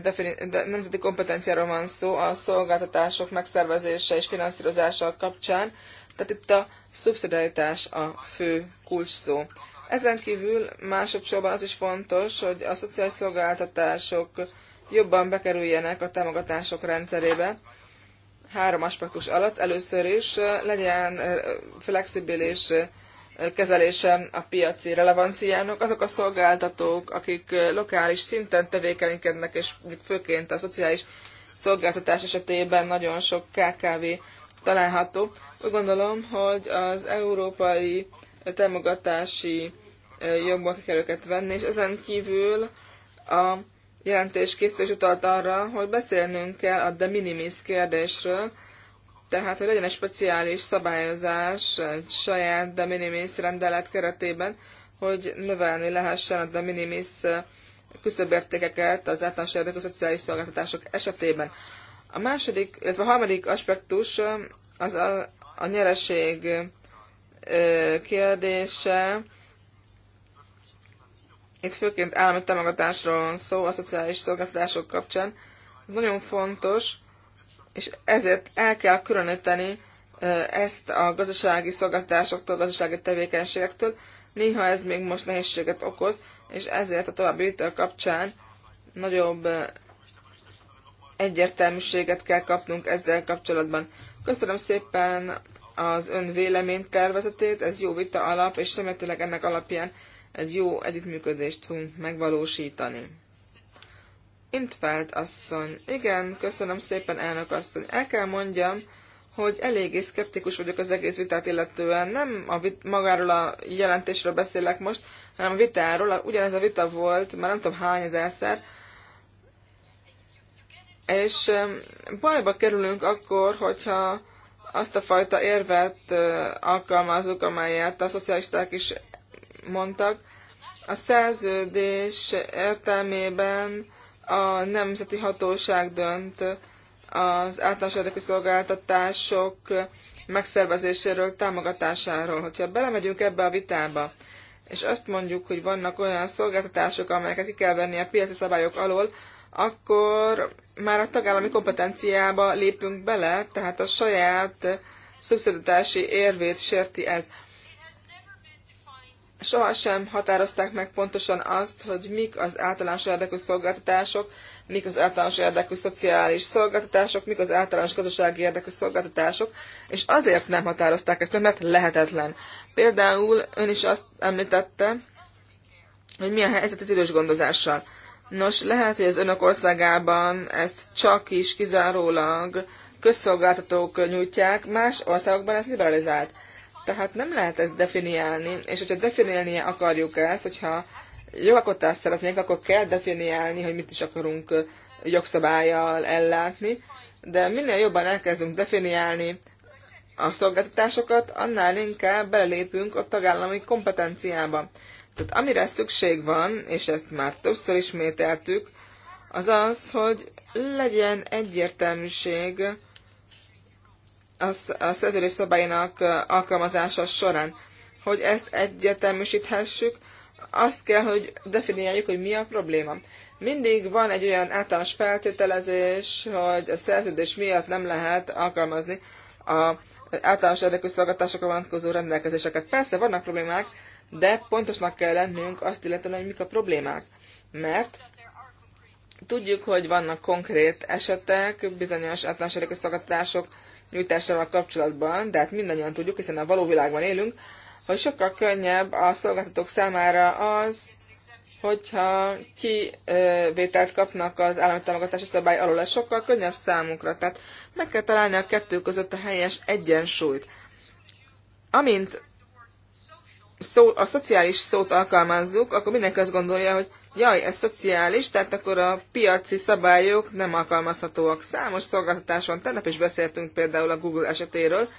defini- de, nemzeti kompetenciáról van szó a szolgáltatások megszervezése és finanszírozása kapcsán, tehát itt a szubszidiaritás a fő kulcs szó. Ezen kívül másodszorban az is fontos, hogy a szociális szolgáltatások jobban bekerüljenek a támogatások rendszerébe. Három aspektus alatt. Először is eh, legyen eh, flexibilis eh, kezelése a piaci relevanciának. Azok a szolgáltatók, akik lokális szinten tevékenykednek, és főként a szociális szolgáltatás esetében nagyon sok KKV található. Úgy gondolom, hogy az európai támogatási jobban kell őket venni, és ezen kívül a jelentés készítő is utalt arra, hogy beszélnünk kell a de minimis kérdésről, tehát, hogy legyen egy speciális szabályozás egy saját de minimis rendelet keretében, hogy növelni lehessen a de minimis küszöbértékeket az általános érdekű szociális szolgáltatások esetében. A második, illetve a harmadik aspektus az a, a nyereség kérdése, itt főként állami támogatásról van szó a szociális szolgáltatások kapcsán, nagyon fontos, és ezért el kell különíteni ezt a gazdasági szolgáltatásoktól, gazdasági tevékenységektől. Néha ez még most nehézséget okoz, és ezért a további vitel kapcsán nagyobb egyértelműséget kell kapnunk ezzel kapcsolatban. Köszönöm szépen az ön véleménytervezetét, ez jó vita alap, és remélhetőleg ennek alapján egy jó együttműködést fogunk megvalósítani. Intfeld asszony. Igen, köszönöm szépen, elnök asszony. El kell mondjam, hogy eléggé szkeptikus vagyok az egész vitát illetően. Nem a vit- magáról a jelentésről beszélek most, hanem a vitáról. Ugyanez a vita volt, már nem tudom hány ezerszer. És bajba kerülünk akkor, hogyha azt a fajta érvet alkalmazunk, amelyet a szocialisták is mondtak. A szerződés értelmében a nemzeti hatóság dönt az általános érdekű szolgáltatások megszervezéséről, támogatásáról. Hogyha belemegyünk ebbe a vitába, és azt mondjuk, hogy vannak olyan szolgáltatások, amelyeket ki kell venni a piaci szabályok alól, akkor már a tagállami kompetenciába lépünk bele, tehát a saját szubszidatási érvét sérti ez sohasem határozták meg pontosan azt, hogy mik az általános érdekű szolgáltatások, mik az általános érdekű szociális szolgáltatások, mik az általános gazdasági érdekű szolgáltatások, és azért nem határozták ezt, mert lehetetlen. Például ön is azt említette, hogy mi a helyzet az idős gondozással. Nos, lehet, hogy az önök országában ezt csak is kizárólag közszolgáltatók nyújtják, más országokban ez liberalizált. Tehát nem lehet ezt definiálni, és hogyha definiálni akarjuk ezt, hogyha jogalkotást szeretnénk, akkor kell definiálni, hogy mit is akarunk jogszabályjal ellátni, de minél jobban elkezdünk definiálni a szolgáltatásokat, annál inkább belépünk a tagállami kompetenciába. Tehát amire szükség van, és ezt már többször ismételtük, az az, hogy legyen egyértelműség a, szerződés szabályának alkalmazása során. Hogy ezt egyeteműsíthessük, azt kell, hogy definiáljuk, hogy mi a probléma. Mindig van egy olyan általános feltételezés, hogy a szerződés miatt nem lehet alkalmazni a általános érdekű szolgáltatásokra vonatkozó rendelkezéseket. Persze vannak problémák, de pontosnak kell lennünk azt illetően, hogy mik a problémák. Mert tudjuk, hogy vannak konkrét esetek, bizonyos általános érdekű szolgáltatások nyújtásával kapcsolatban, de hát mindannyian tudjuk, hiszen a való világban élünk, hogy sokkal könnyebb a szolgáltatók számára az, hogyha kivételt kapnak az állami támogatási szabály alól, ez sokkal könnyebb számunkra. Tehát meg kell találni a kettő között a helyes egyensúlyt. Amint szó, a szociális szót alkalmazzuk, akkor mindenki azt gondolja, hogy jaj, ez szociális, tehát akkor a piaci szabályok nem alkalmazhatóak. Számos szolgáltatás van, tegnap is beszéltünk például a Google esetéről,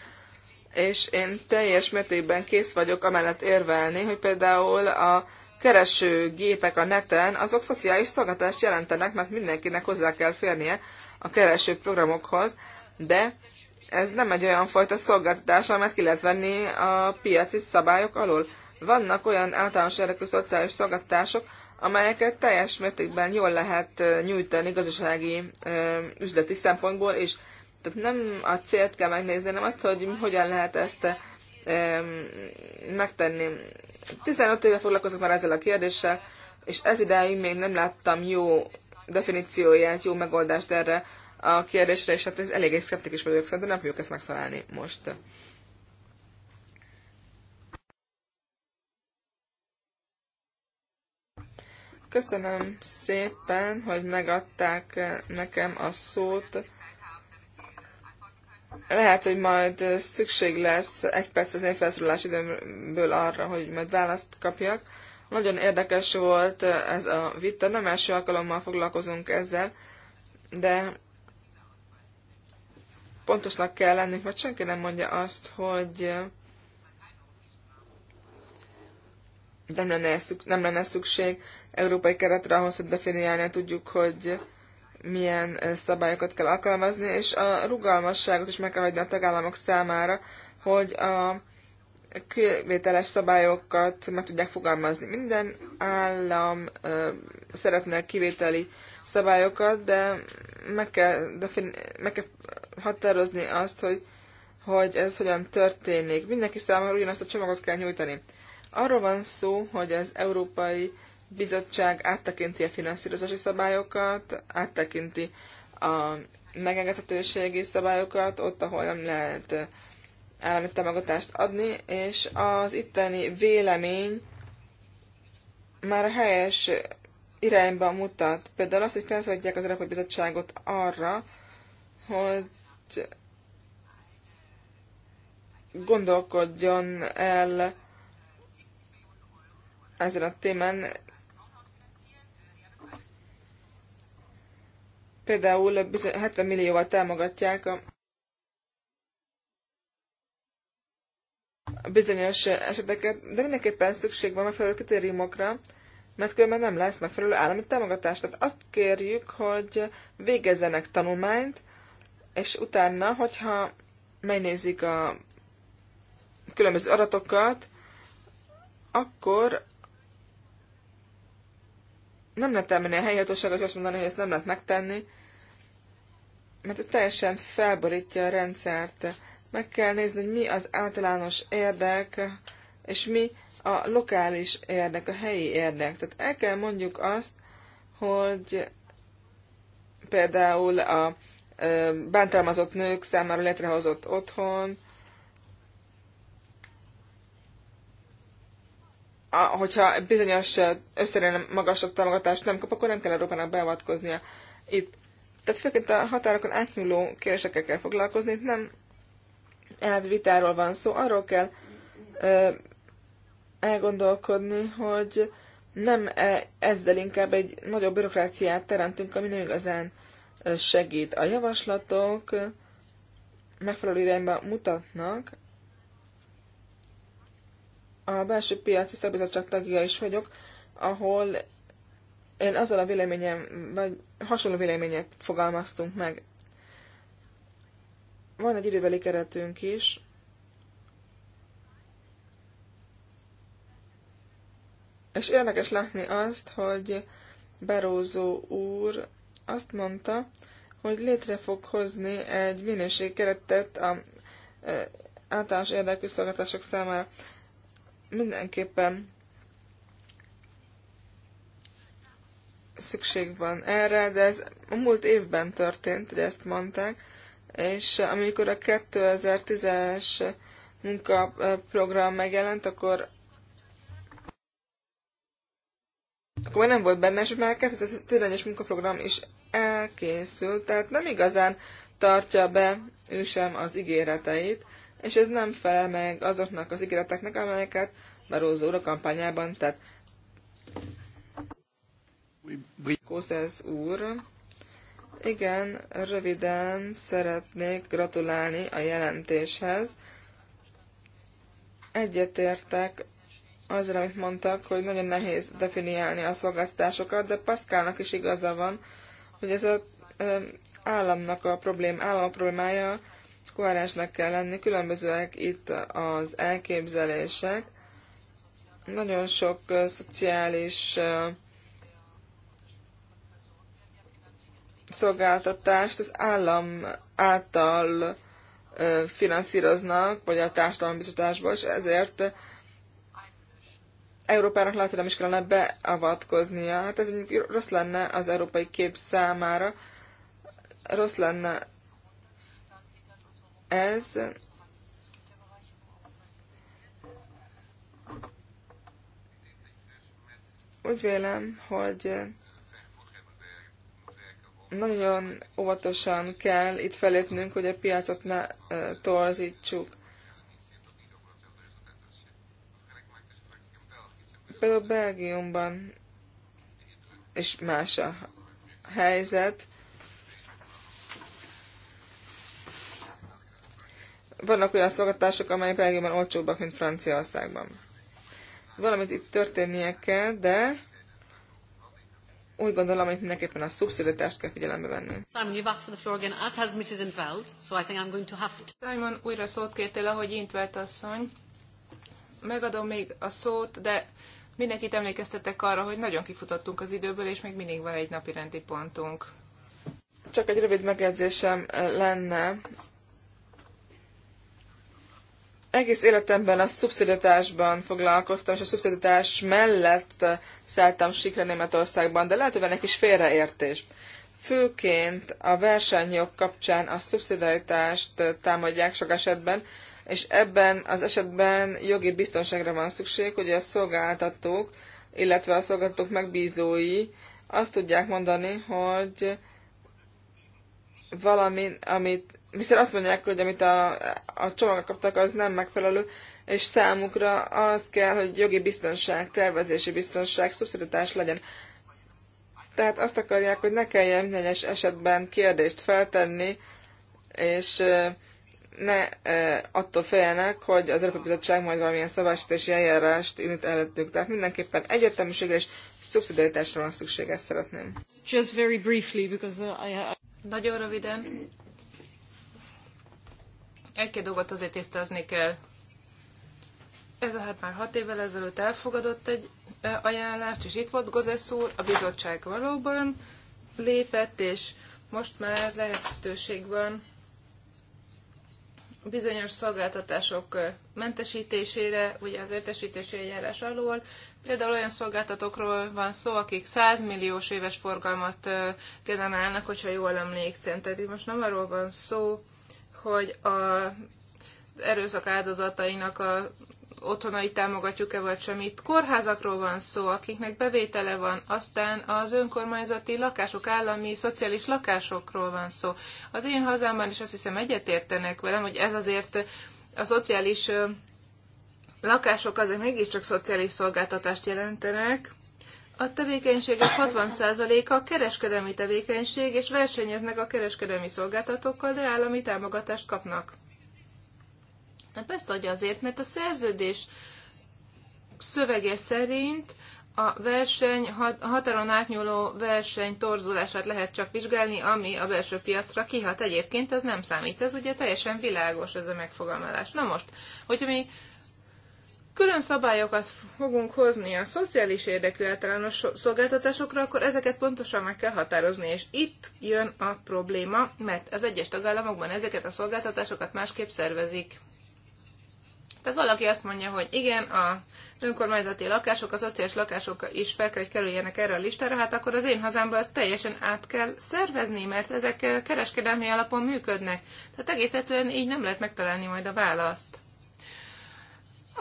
és én teljes mértékben kész vagyok amellett érvelni, hogy például a kereső gépek a neten, azok szociális szolgáltatást jelentenek, mert mindenkinek hozzá kell férnie a kereső programokhoz, de ez nem egy olyan fajta szolgáltatás, amelyet ki lehet venni a piaci szabályok alól. Vannak olyan általános érdekű szociális szolgáltatások, amelyeket teljes mértékben jól lehet nyújtani gazdasági üzleti szempontból, és tehát nem a célt kell megnézni, hanem azt, hogy hogyan lehet ezt megtenni. 15 éve foglalkozok már ezzel a kérdéssel, és ez idáig még nem láttam jó definícióját, jó megoldást erre a kérdésre, és hát ez eléggé szkeptikus vagyok, szerintem nem fogjuk ezt megtalálni most. Köszönöm szépen, hogy megadták nekem a szót. Lehet, hogy majd szükség lesz egy perc az én felszólalás időmből arra, hogy majd választ kapjak. Nagyon érdekes volt ez a vita, nem első alkalommal foglalkozunk ezzel, de pontosnak kell lennünk, mert senki nem mondja azt, hogy nem lenne, szükség, nem lenne szükség európai keretre ahhoz, hogy definiálni tudjuk, hogy milyen szabályokat kell alkalmazni, és a rugalmasságot is meg kell hagyni a tagállamok számára, hogy a kivételes szabályokat meg tudják fogalmazni. Minden állam ö, szeretne kivételi szabályokat, de meg kell, defini- meg kell határozni azt, hogy, hogy ez hogyan történik. Mindenki számára ugyanazt a csomagot kell nyújtani. Arról van szó, hogy az Európai Bizottság áttekinti a finanszírozási szabályokat, áttekinti a megengedhetőségi szabályokat, ott, ahol nem lehet eh, állami támogatást adni, és az itteni vélemény már a helyes irányba mutat. Például az, hogy felszólítják az Európai Bizottságot arra, hogy gondolkodjon el ezen a témán. Például 70 millióval támogatják a bizonyos eseteket, de mindenképpen szükség van megfelelő kritériumokra, mert különben nem lesz megfelelő állami támogatás. Tehát azt kérjük, hogy végezzenek tanulmányt, és utána, hogyha megnézik a különböző adatokat, akkor nem lehet elmenni a helyi hatóság, és azt mondani, hogy ezt nem lehet megtenni, mert ez teljesen felborítja a rendszert. Meg kell nézni, hogy mi az általános érdek, és mi a lokális érdek, a helyi érdek. Tehát el kell mondjuk azt, hogy például a bántalmazott nők számára létrehozott otthon, a, hogyha bizonyos összerűen magasabb támogatást nem kap, akkor nem kell Európának beavatkoznia itt. Tehát főként a határokon átnyúló kérdésekkel kell foglalkozni, itt nem elvitáról van szó, arról kell ö, elgondolkodni, hogy nem e, ezzel inkább egy nagyobb bürokráciát teremtünk, ami nem igazán segít. A javaslatok megfelelő irányba mutatnak, a belső piaci szabizottság tagja is vagyok, ahol én azzal a véleményem, vagy hasonló véleményet fogalmaztunk meg. Van egy időbeli keretünk is, És érdekes látni azt, hogy Berózó úr azt mondta, hogy létre fog hozni egy minőségkeretet a e, általános érdekű szolgáltatások számára mindenképpen szükség van erre, de ez a múlt évben történt, hogy ezt mondták, és amikor a 2010-es munkaprogram megjelent, akkor akkor már nem volt benne, és már a 2011-es munkaprogram is elkészült, tehát nem igazán tartja be ő sem az ígéreteit, és ez nem felel meg azoknak az ígéreteknek, amelyeket Barózó úr a kampányában tett. Kózez úr, igen, röviden szeretnék gratulálni a jelentéshez. Egyetértek azra, amit mondtak, hogy nagyon nehéz definiálni a szolgáltatásokat, de Pascalnak is igaza van, hogy ez az államnak a problém, állam a problémája, koherensnek kell lenni, különbözőek itt az elképzelések. Nagyon sok uh, szociális uh, szolgáltatást az állam által uh, finanszíroznak, vagy a társadalombiztosításból, és ezért Európának lehet, hogy nem is kellene beavatkoznia. Hát ez rossz lenne az európai kép számára, rossz lenne ez úgy vélem, hogy nagyon óvatosan kell itt felépnünk, hogy a piacot ne torzítsuk. Például Belgiumban is más a helyzet. Vannak olyan szolgáltatások, amelyek Belgiumban olcsóbbak, mint Franciaországban. Valamit itt történnie kell, de úgy gondolom, hogy mindenképpen a szubszidiatást kell figyelembe venni. Simon, you've asked for the floor again, as has Mrs. Infeld, so I think I'm going to have to... Simon, újra szót kértél, ahogy Intvelt asszony. Megadom még a szót, de mindenkit emlékeztetek arra, hogy nagyon kifutottunk az időből, és még mindig van egy napi rendi pontunk. Csak egy rövid megjegyzésem lenne egész életemben a szubszidatásban foglalkoztam, és a szubszidatás mellett szálltam sikre Németországban, de lehet, hogy van egy kis félreértés. Főként a versenyjog kapcsán a szubszidaritást támadják sok esetben, és ebben az esetben jogi biztonságra van szükség, hogy a szolgáltatók, illetve a szolgáltatók megbízói azt tudják mondani, hogy valami, amit viszont azt mondják, hogy amit a, a csomagra kaptak, az nem megfelelő, és számukra az kell, hogy jogi biztonság, tervezési biztonság, szubszidatás legyen. Tehát azt akarják, hogy ne kelljen minden esetben kérdést feltenni, és ne attól féljenek, hogy az Európai Bizottság majd valamilyen szabásítási eljárást indít előttük. Tehát mindenképpen egyeteműségre és szubszidiaritásra van szükség, ezt szeretném. Just very briefly, because uh, I... Nagyon röviden, egy-két dolgot azért tisztázni kell. Ez a hát már hat évvel ezelőtt elfogadott egy e, ajánlást, és itt volt Gozesz úr, a bizottság valóban lépett, és most már lehetőség van bizonyos szolgáltatások e, mentesítésére, ugye az értesítési eljárás alól. Például olyan szolgáltatókról van szó, akik 100 milliós éves forgalmat e, generálnak, hogyha jól emlékszem. Tehát itt most nem arról van szó, hogy a erőszak áldozatainak a otthonai támogatjuk-e vagy sem. Itt kórházakról van szó, akiknek bevétele van, aztán az önkormányzati lakások, állami, szociális lakásokról van szó. Az én hazámban is azt hiszem egyetértenek velem, hogy ez azért a szociális lakások azért mégiscsak szociális szolgáltatást jelentenek, a tevékenységek 60%-a kereskedelmi tevékenység, és versenyeznek a kereskedelmi szolgáltatókkal, de állami támogatást kapnak. Na persze, adja azért, mert a szerződés szövege szerint a verseny, a határon átnyúló verseny torzulását lehet csak vizsgálni, ami a belső piacra kihat. Egyébként ez nem számít. Ez ugye teljesen világos ez a megfogalmazás. Na most, hogyha mi külön szabályokat fogunk hozni a szociális érdekű általános szolgáltatásokra, akkor ezeket pontosan meg kell határozni, és itt jön a probléma, mert az egyes tagállamokban ezeket a szolgáltatásokat másképp szervezik. Tehát valaki azt mondja, hogy igen, a önkormányzati lakások, a szociális lakások is fel kell, hogy kerüljenek erre a listára, hát akkor az én hazámban ezt teljesen át kell szervezni, mert ezek kereskedelmi alapon működnek. Tehát egész egyszerűen így nem lehet megtalálni majd a választ.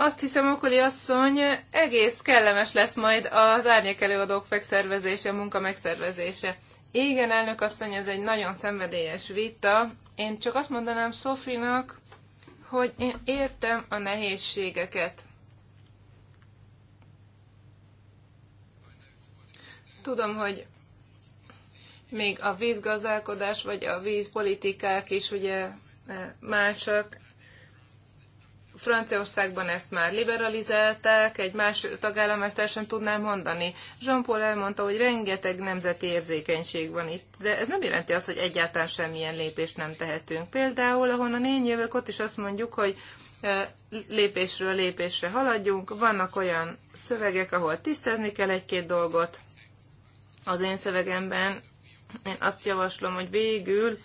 Azt hiszem, Okoli asszony egész kellemes lesz majd az árnyék előadók megszervezése, a munka megszervezése. Igen, elnök asszony, ez egy nagyon szenvedélyes vita. Én csak azt mondanám Szofinak, hogy én értem a nehézségeket. Tudom, hogy még a vízgazdálkodás vagy a vízpolitikák is ugye eh, másak, Franciaországban ezt már liberalizálták, egy más tagállam ezt el sem tudná mondani. Jean-Paul elmondta, hogy rengeteg nemzeti érzékenység van itt, de ez nem jelenti azt, hogy egyáltalán semmilyen lépést nem tehetünk. Például, ahonnan én jövök, ott is azt mondjuk, hogy e, lépésről lépésre haladjunk. Vannak olyan szövegek, ahol tisztázni kell egy-két dolgot. Az én szövegemben én azt javaslom, hogy végül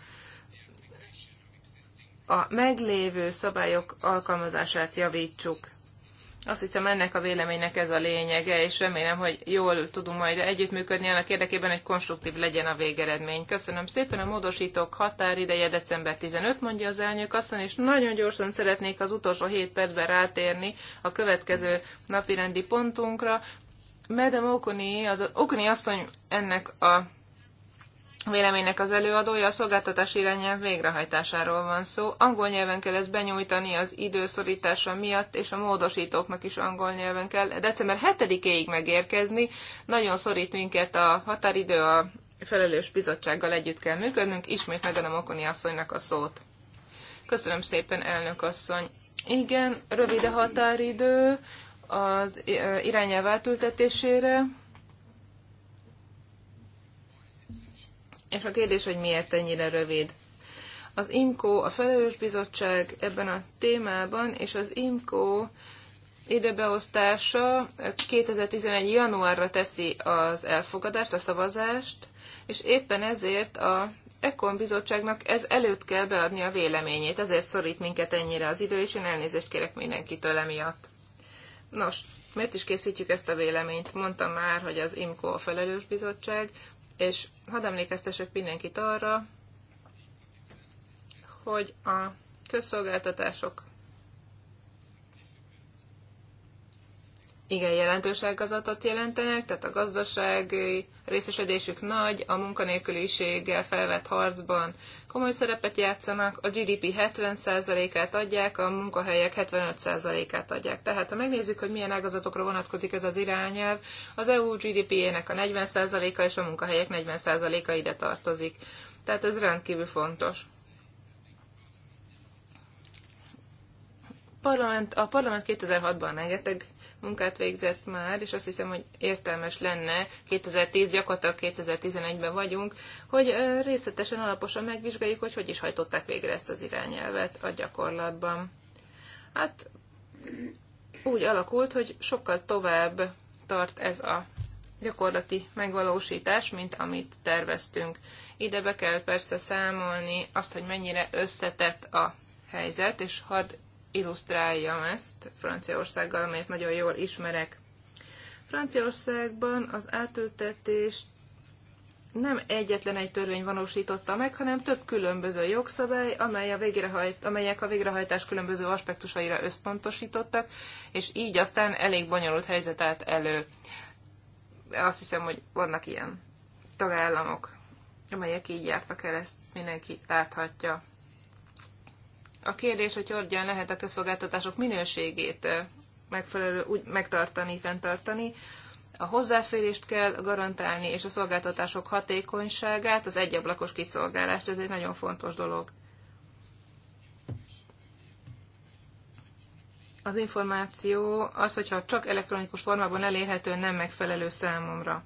a meglévő szabályok alkalmazását javítsuk. Azt hiszem ennek a véleménynek ez a lényege, és remélem, hogy jól tudunk majd együttműködni annak érdekében, hogy konstruktív legyen a végeredmény. Köszönöm szépen, a módosítók határideje december 15, mondja az elnök asszony, és nagyon gyorsan szeretnék az utolsó 7 percben rátérni a következő napirendi pontunkra. Medem Okuni, az Okuni asszony ennek a véleménynek az előadója a szolgáltatás irányelv végrehajtásáról van szó. Angol nyelven kell ezt benyújtani az időszorítása miatt, és a módosítóknak is angol nyelven kell december 7 éig megérkezni. Nagyon szorít minket a határidő, a felelős bizottsággal együtt kell működnünk. Ismét megadom Okoni asszonynak a szót. Köszönöm szépen, elnök asszony. Igen, rövid a határidő az irányelv átültetésére És a kérdés, hogy miért ennyire rövid. Az IMCO, a felelős bizottság ebben a témában, és az IMCO időbeosztása 2011. januárra teszi az elfogadást, a szavazást, és éppen ezért a Ekon bizottságnak ez előtt kell beadni a véleményét, ezért szorít minket ennyire az idő, és én elnézést kérek mindenkitől emiatt. Nos, miért is készítjük ezt a véleményt? Mondtam már, hogy az IMCO a felelős bizottság, és hadd emlékeztessek mindenkit arra, hogy a közszolgáltatások igen jelentős ágazatot jelentenek, tehát a gazdaság részesedésük nagy, a munkanélküliséggel felvett harcban komoly szerepet játszanak, a GDP 70%-át adják, a munkahelyek 75%-át adják. Tehát ha megnézzük, hogy milyen ágazatokra vonatkozik ez az irányelv, az EU gdp ének a 40%-a és a munkahelyek 40%-a ide tartozik. Tehát ez rendkívül fontos. Parlament, a parlament 2006-ban rengeteg munkát végzett már, és azt hiszem, hogy értelmes lenne, 2010, gyakorlatilag 2011-ben vagyunk, hogy részletesen, alaposan megvizsgáljuk, hogy hogy is hajtották végre ezt az irányelvet a gyakorlatban. Hát úgy alakult, hogy sokkal tovább tart ez a gyakorlati megvalósítás, mint amit terveztünk. Ide be kell persze számolni azt, hogy mennyire összetett a helyzet, és hadd illusztráljam ezt Franciaországgal, amelyet nagyon jól ismerek. Franciaországban az átültetést nem egyetlen egy törvény valósította meg, hanem több különböző jogszabály, amely a végrehajt, amelyek a végrehajtás különböző aspektusaira összpontosítottak, és így aztán elég bonyolult helyzet állt elő. Azt hiszem, hogy vannak ilyen tagállamok, amelyek így jártak el, ezt mindenki láthatja. A kérdés, hogy hogyan lehet a közszolgáltatások minőségét megfelelő úgy megtartani, fenntartani, a hozzáférést kell garantálni, és a szolgáltatások hatékonyságát, az egyablakos kiszolgálást, ez egy nagyon fontos dolog. Az információ az, hogyha csak elektronikus formában elérhető, nem megfelelő számomra.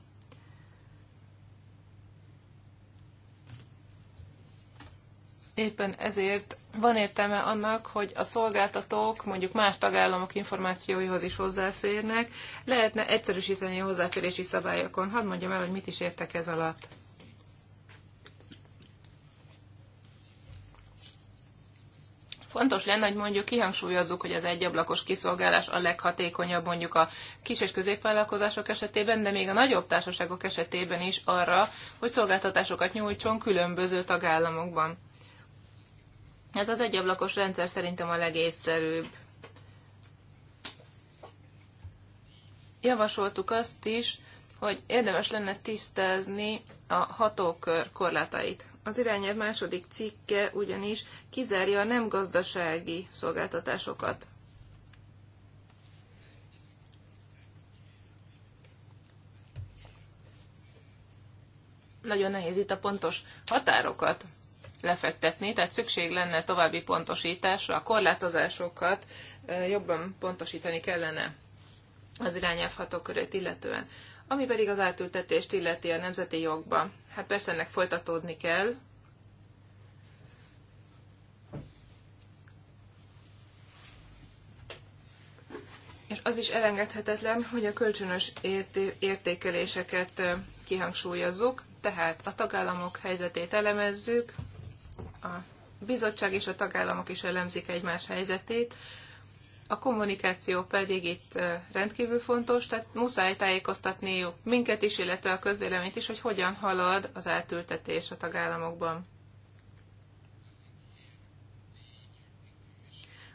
Éppen ezért van értelme annak, hogy a szolgáltatók mondjuk más tagállamok információihoz is hozzáférnek. Lehetne egyszerűsíteni a hozzáférési szabályokon. Hadd mondjam el, hogy mit is értek ez alatt. fontos lenne, hogy mondjuk kihangsúlyozzuk, hogy az egyablakos kiszolgálás a leghatékonyabb mondjuk a kis és középvállalkozások esetében, de még a nagyobb társaságok esetében is arra, hogy szolgáltatásokat nyújtson különböző tagállamokban. Ez az egyablakos rendszer szerintem a legészszerűbb. Javasoltuk azt is, hogy érdemes lenne tisztázni a hatókör korlátait. Az irányelv második cikke ugyanis kizárja a nem gazdasági szolgáltatásokat. Nagyon nehéz itt a pontos határokat lefektetni, tehát szükség lenne további pontosításra, a korlátozásokat jobban pontosítani kellene az irányelv hatókörét illetően. Ami pedig az átültetést illeti a nemzeti jogba, hát persze ennek folytatódni kell, És az is elengedhetetlen, hogy a kölcsönös értékeléseket kihangsúlyozzuk, tehát a tagállamok helyzetét elemezzük, a bizottság és a tagállamok is elemzik egymás helyzetét, a kommunikáció pedig itt rendkívül fontos, tehát muszáj tájékoztatni minket is, illetve a közvéleményt is, hogy hogyan halad az átültetés a tagállamokban.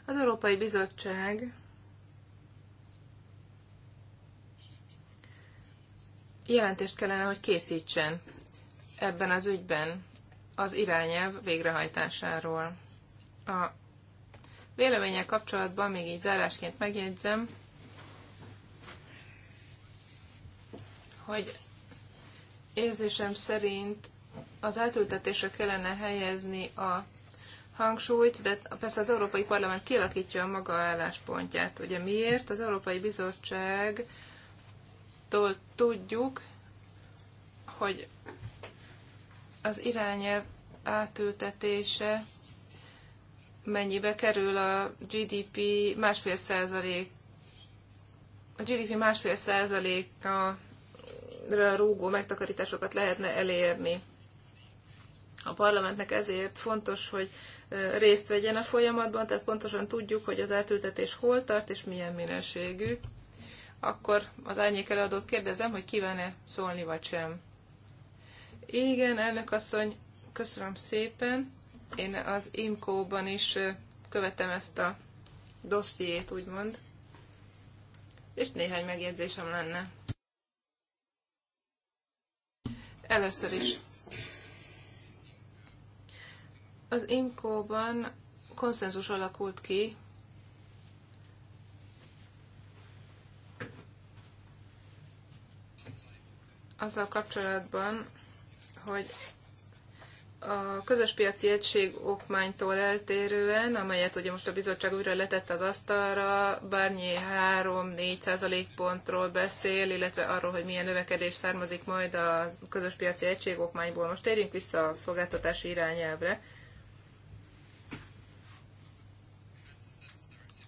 Az Európai Bizottság jelentést kellene, hogy készítsen ebben az ügyben az irányelv végrehajtásáról. A véleménye kapcsolatban még így zárásként megjegyzem, hogy érzésem szerint az átültetésre kellene helyezni a hangsúlyt, de persze az Európai Parlament kialakítja a maga álláspontját. Ugye miért? Az Európai Bizottságtól tudjuk, hogy az irányelv átültetése mennyibe kerül a GDP másfél százalék a GDP másfél százaléka rúgó megtakarításokat lehetne elérni. A parlamentnek ezért fontos, hogy részt vegyen a folyamatban, tehát pontosan tudjuk, hogy az átültetés hol tart és milyen minőségű. Akkor az árnyék előadót kérdezem, hogy kíván-e szólni vagy sem. Igen, elnök asszony, köszönöm szépen. Én az IMCO-ban is követem ezt a dossziét, úgymond. És néhány megjegyzésem lenne. Először is. Az IMCO-ban konszenzus alakult ki azzal kapcsolatban, hogy a közös piaci egység okmánytól eltérően, amelyet ugye most a bizottság újra letett az asztalra, bárnyi 3-4 százalékpontról beszél, illetve arról, hogy milyen növekedés származik majd a közös piaci egység okmányból. Most térjünk vissza a szolgáltatási irányelvre.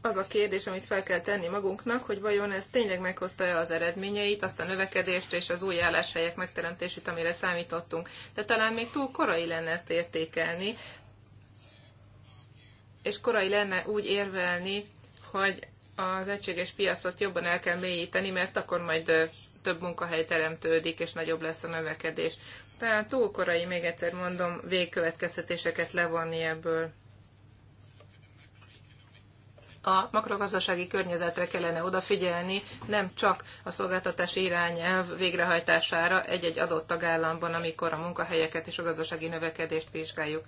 az a kérdés, amit fel kell tenni magunknak, hogy vajon ez tényleg meghozta-e az eredményeit, azt a növekedést és az új álláshelyek megteremtését, amire számítottunk. De talán még túl korai lenne ezt értékelni, és korai lenne úgy érvelni, hogy az egységes piacot jobban el kell mélyíteni, mert akkor majd több munkahely teremtődik, és nagyobb lesz a növekedés. Tehát túl korai, még egyszer mondom, végkövetkeztetéseket levonni ebből a makrogazdasági környezetre kellene odafigyelni, nem csak a szolgáltatási irányelv végrehajtására egy-egy adott tagállamban, amikor a munkahelyeket és a gazdasági növekedést vizsgáljuk.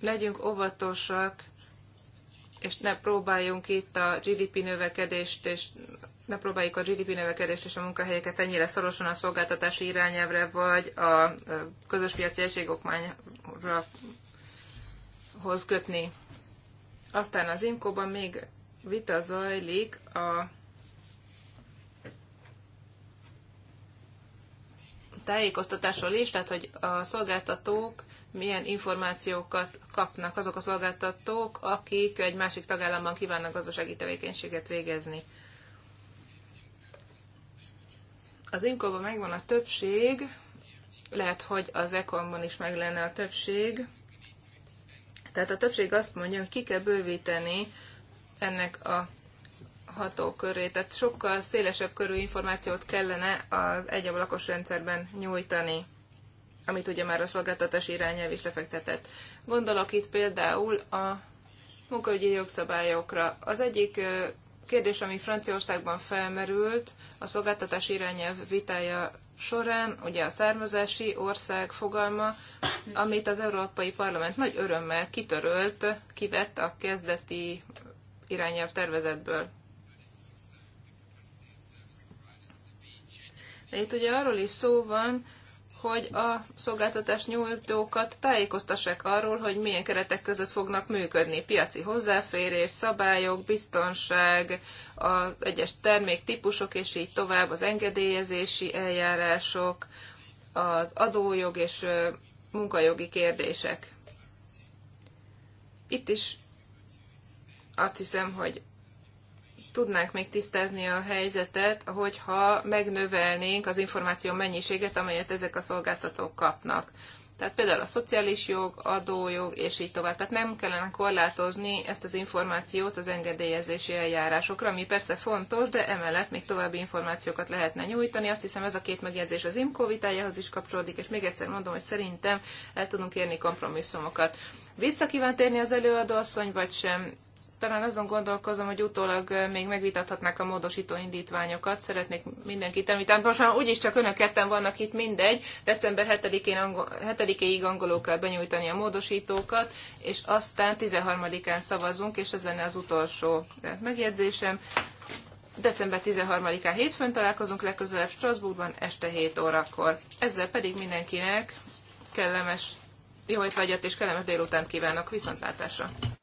Legyünk óvatosak, és ne próbáljunk itt a GDP növekedést, és ne próbáljuk a GDP növekedést és a munkahelyeket ennyire szorosan a szolgáltatási irányelvre, vagy a közös piaci egységokmányra hoz kötni. Aztán az Imkóban még vita zajlik a tájékoztatásról is, tehát hogy a szolgáltatók milyen információkat kapnak azok a szolgáltatók, akik egy másik tagállamban kívánnak gazdasági tevékenységet végezni. Az imkóban megvan a többség, lehet, hogy az Ekonban is meg lenne a többség, tehát a többség azt mondja, hogy ki kell bővíteni ennek a hatókörét, tehát sokkal szélesebb körű információt kellene az egyablakos rendszerben nyújtani, amit ugye már a szolgáltatási irányelv is lefektetett. Gondolok itt például a munkaügyi jogszabályokra. Az egyik kérdés, ami Franciaországban felmerült, a szolgáltatás irányelv vitája során, ugye a származási ország fogalma, amit az Európai Parlament nagy örömmel kitörölt, kivett a kezdeti irányelv tervezetből. De itt ugye arról is szó van, hogy a szolgáltatás nyújtókat tájékoztassák arról, hogy milyen keretek között fognak működni. Piaci hozzáférés, szabályok, biztonság, az egyes terméktípusok és így tovább, az engedélyezési eljárások, az adójog és munkajogi kérdések. Itt is azt hiszem, hogy tudnánk még tisztázni a helyzetet, hogyha megnövelnénk az információ mennyiséget, amelyet ezek a szolgáltatók kapnak. Tehát például a szociális jog, adójog, és így tovább. Tehát nem kellene korlátozni ezt az információt az engedélyezési eljárásokra, ami persze fontos, de emellett még további információkat lehetne nyújtani. Azt hiszem ez a két megjegyzés az IMCO vitájához is kapcsolódik, és még egyszer mondom, hogy szerintem el tudunk érni kompromisszumokat. Vissza kíván térni az asszony, vagy sem? talán azon gondolkozom, hogy utólag még megvitathatnák a módosító indítványokat. Szeretnék mindenkit említeni. Most már úgyis csak önök ketten vannak itt, mindegy. December 7-én angol, 7-ig angolul kell benyújtani a módosítókat, és aztán 13-án szavazunk, és ez lenne az utolsó megjegyzésem. December 13-án hétfőn találkozunk legközelebb Strasbourgban este 7 órakor. Ezzel pedig mindenkinek kellemes, jó étvágyat és kellemes délutánt kívánok. Viszontlátásra!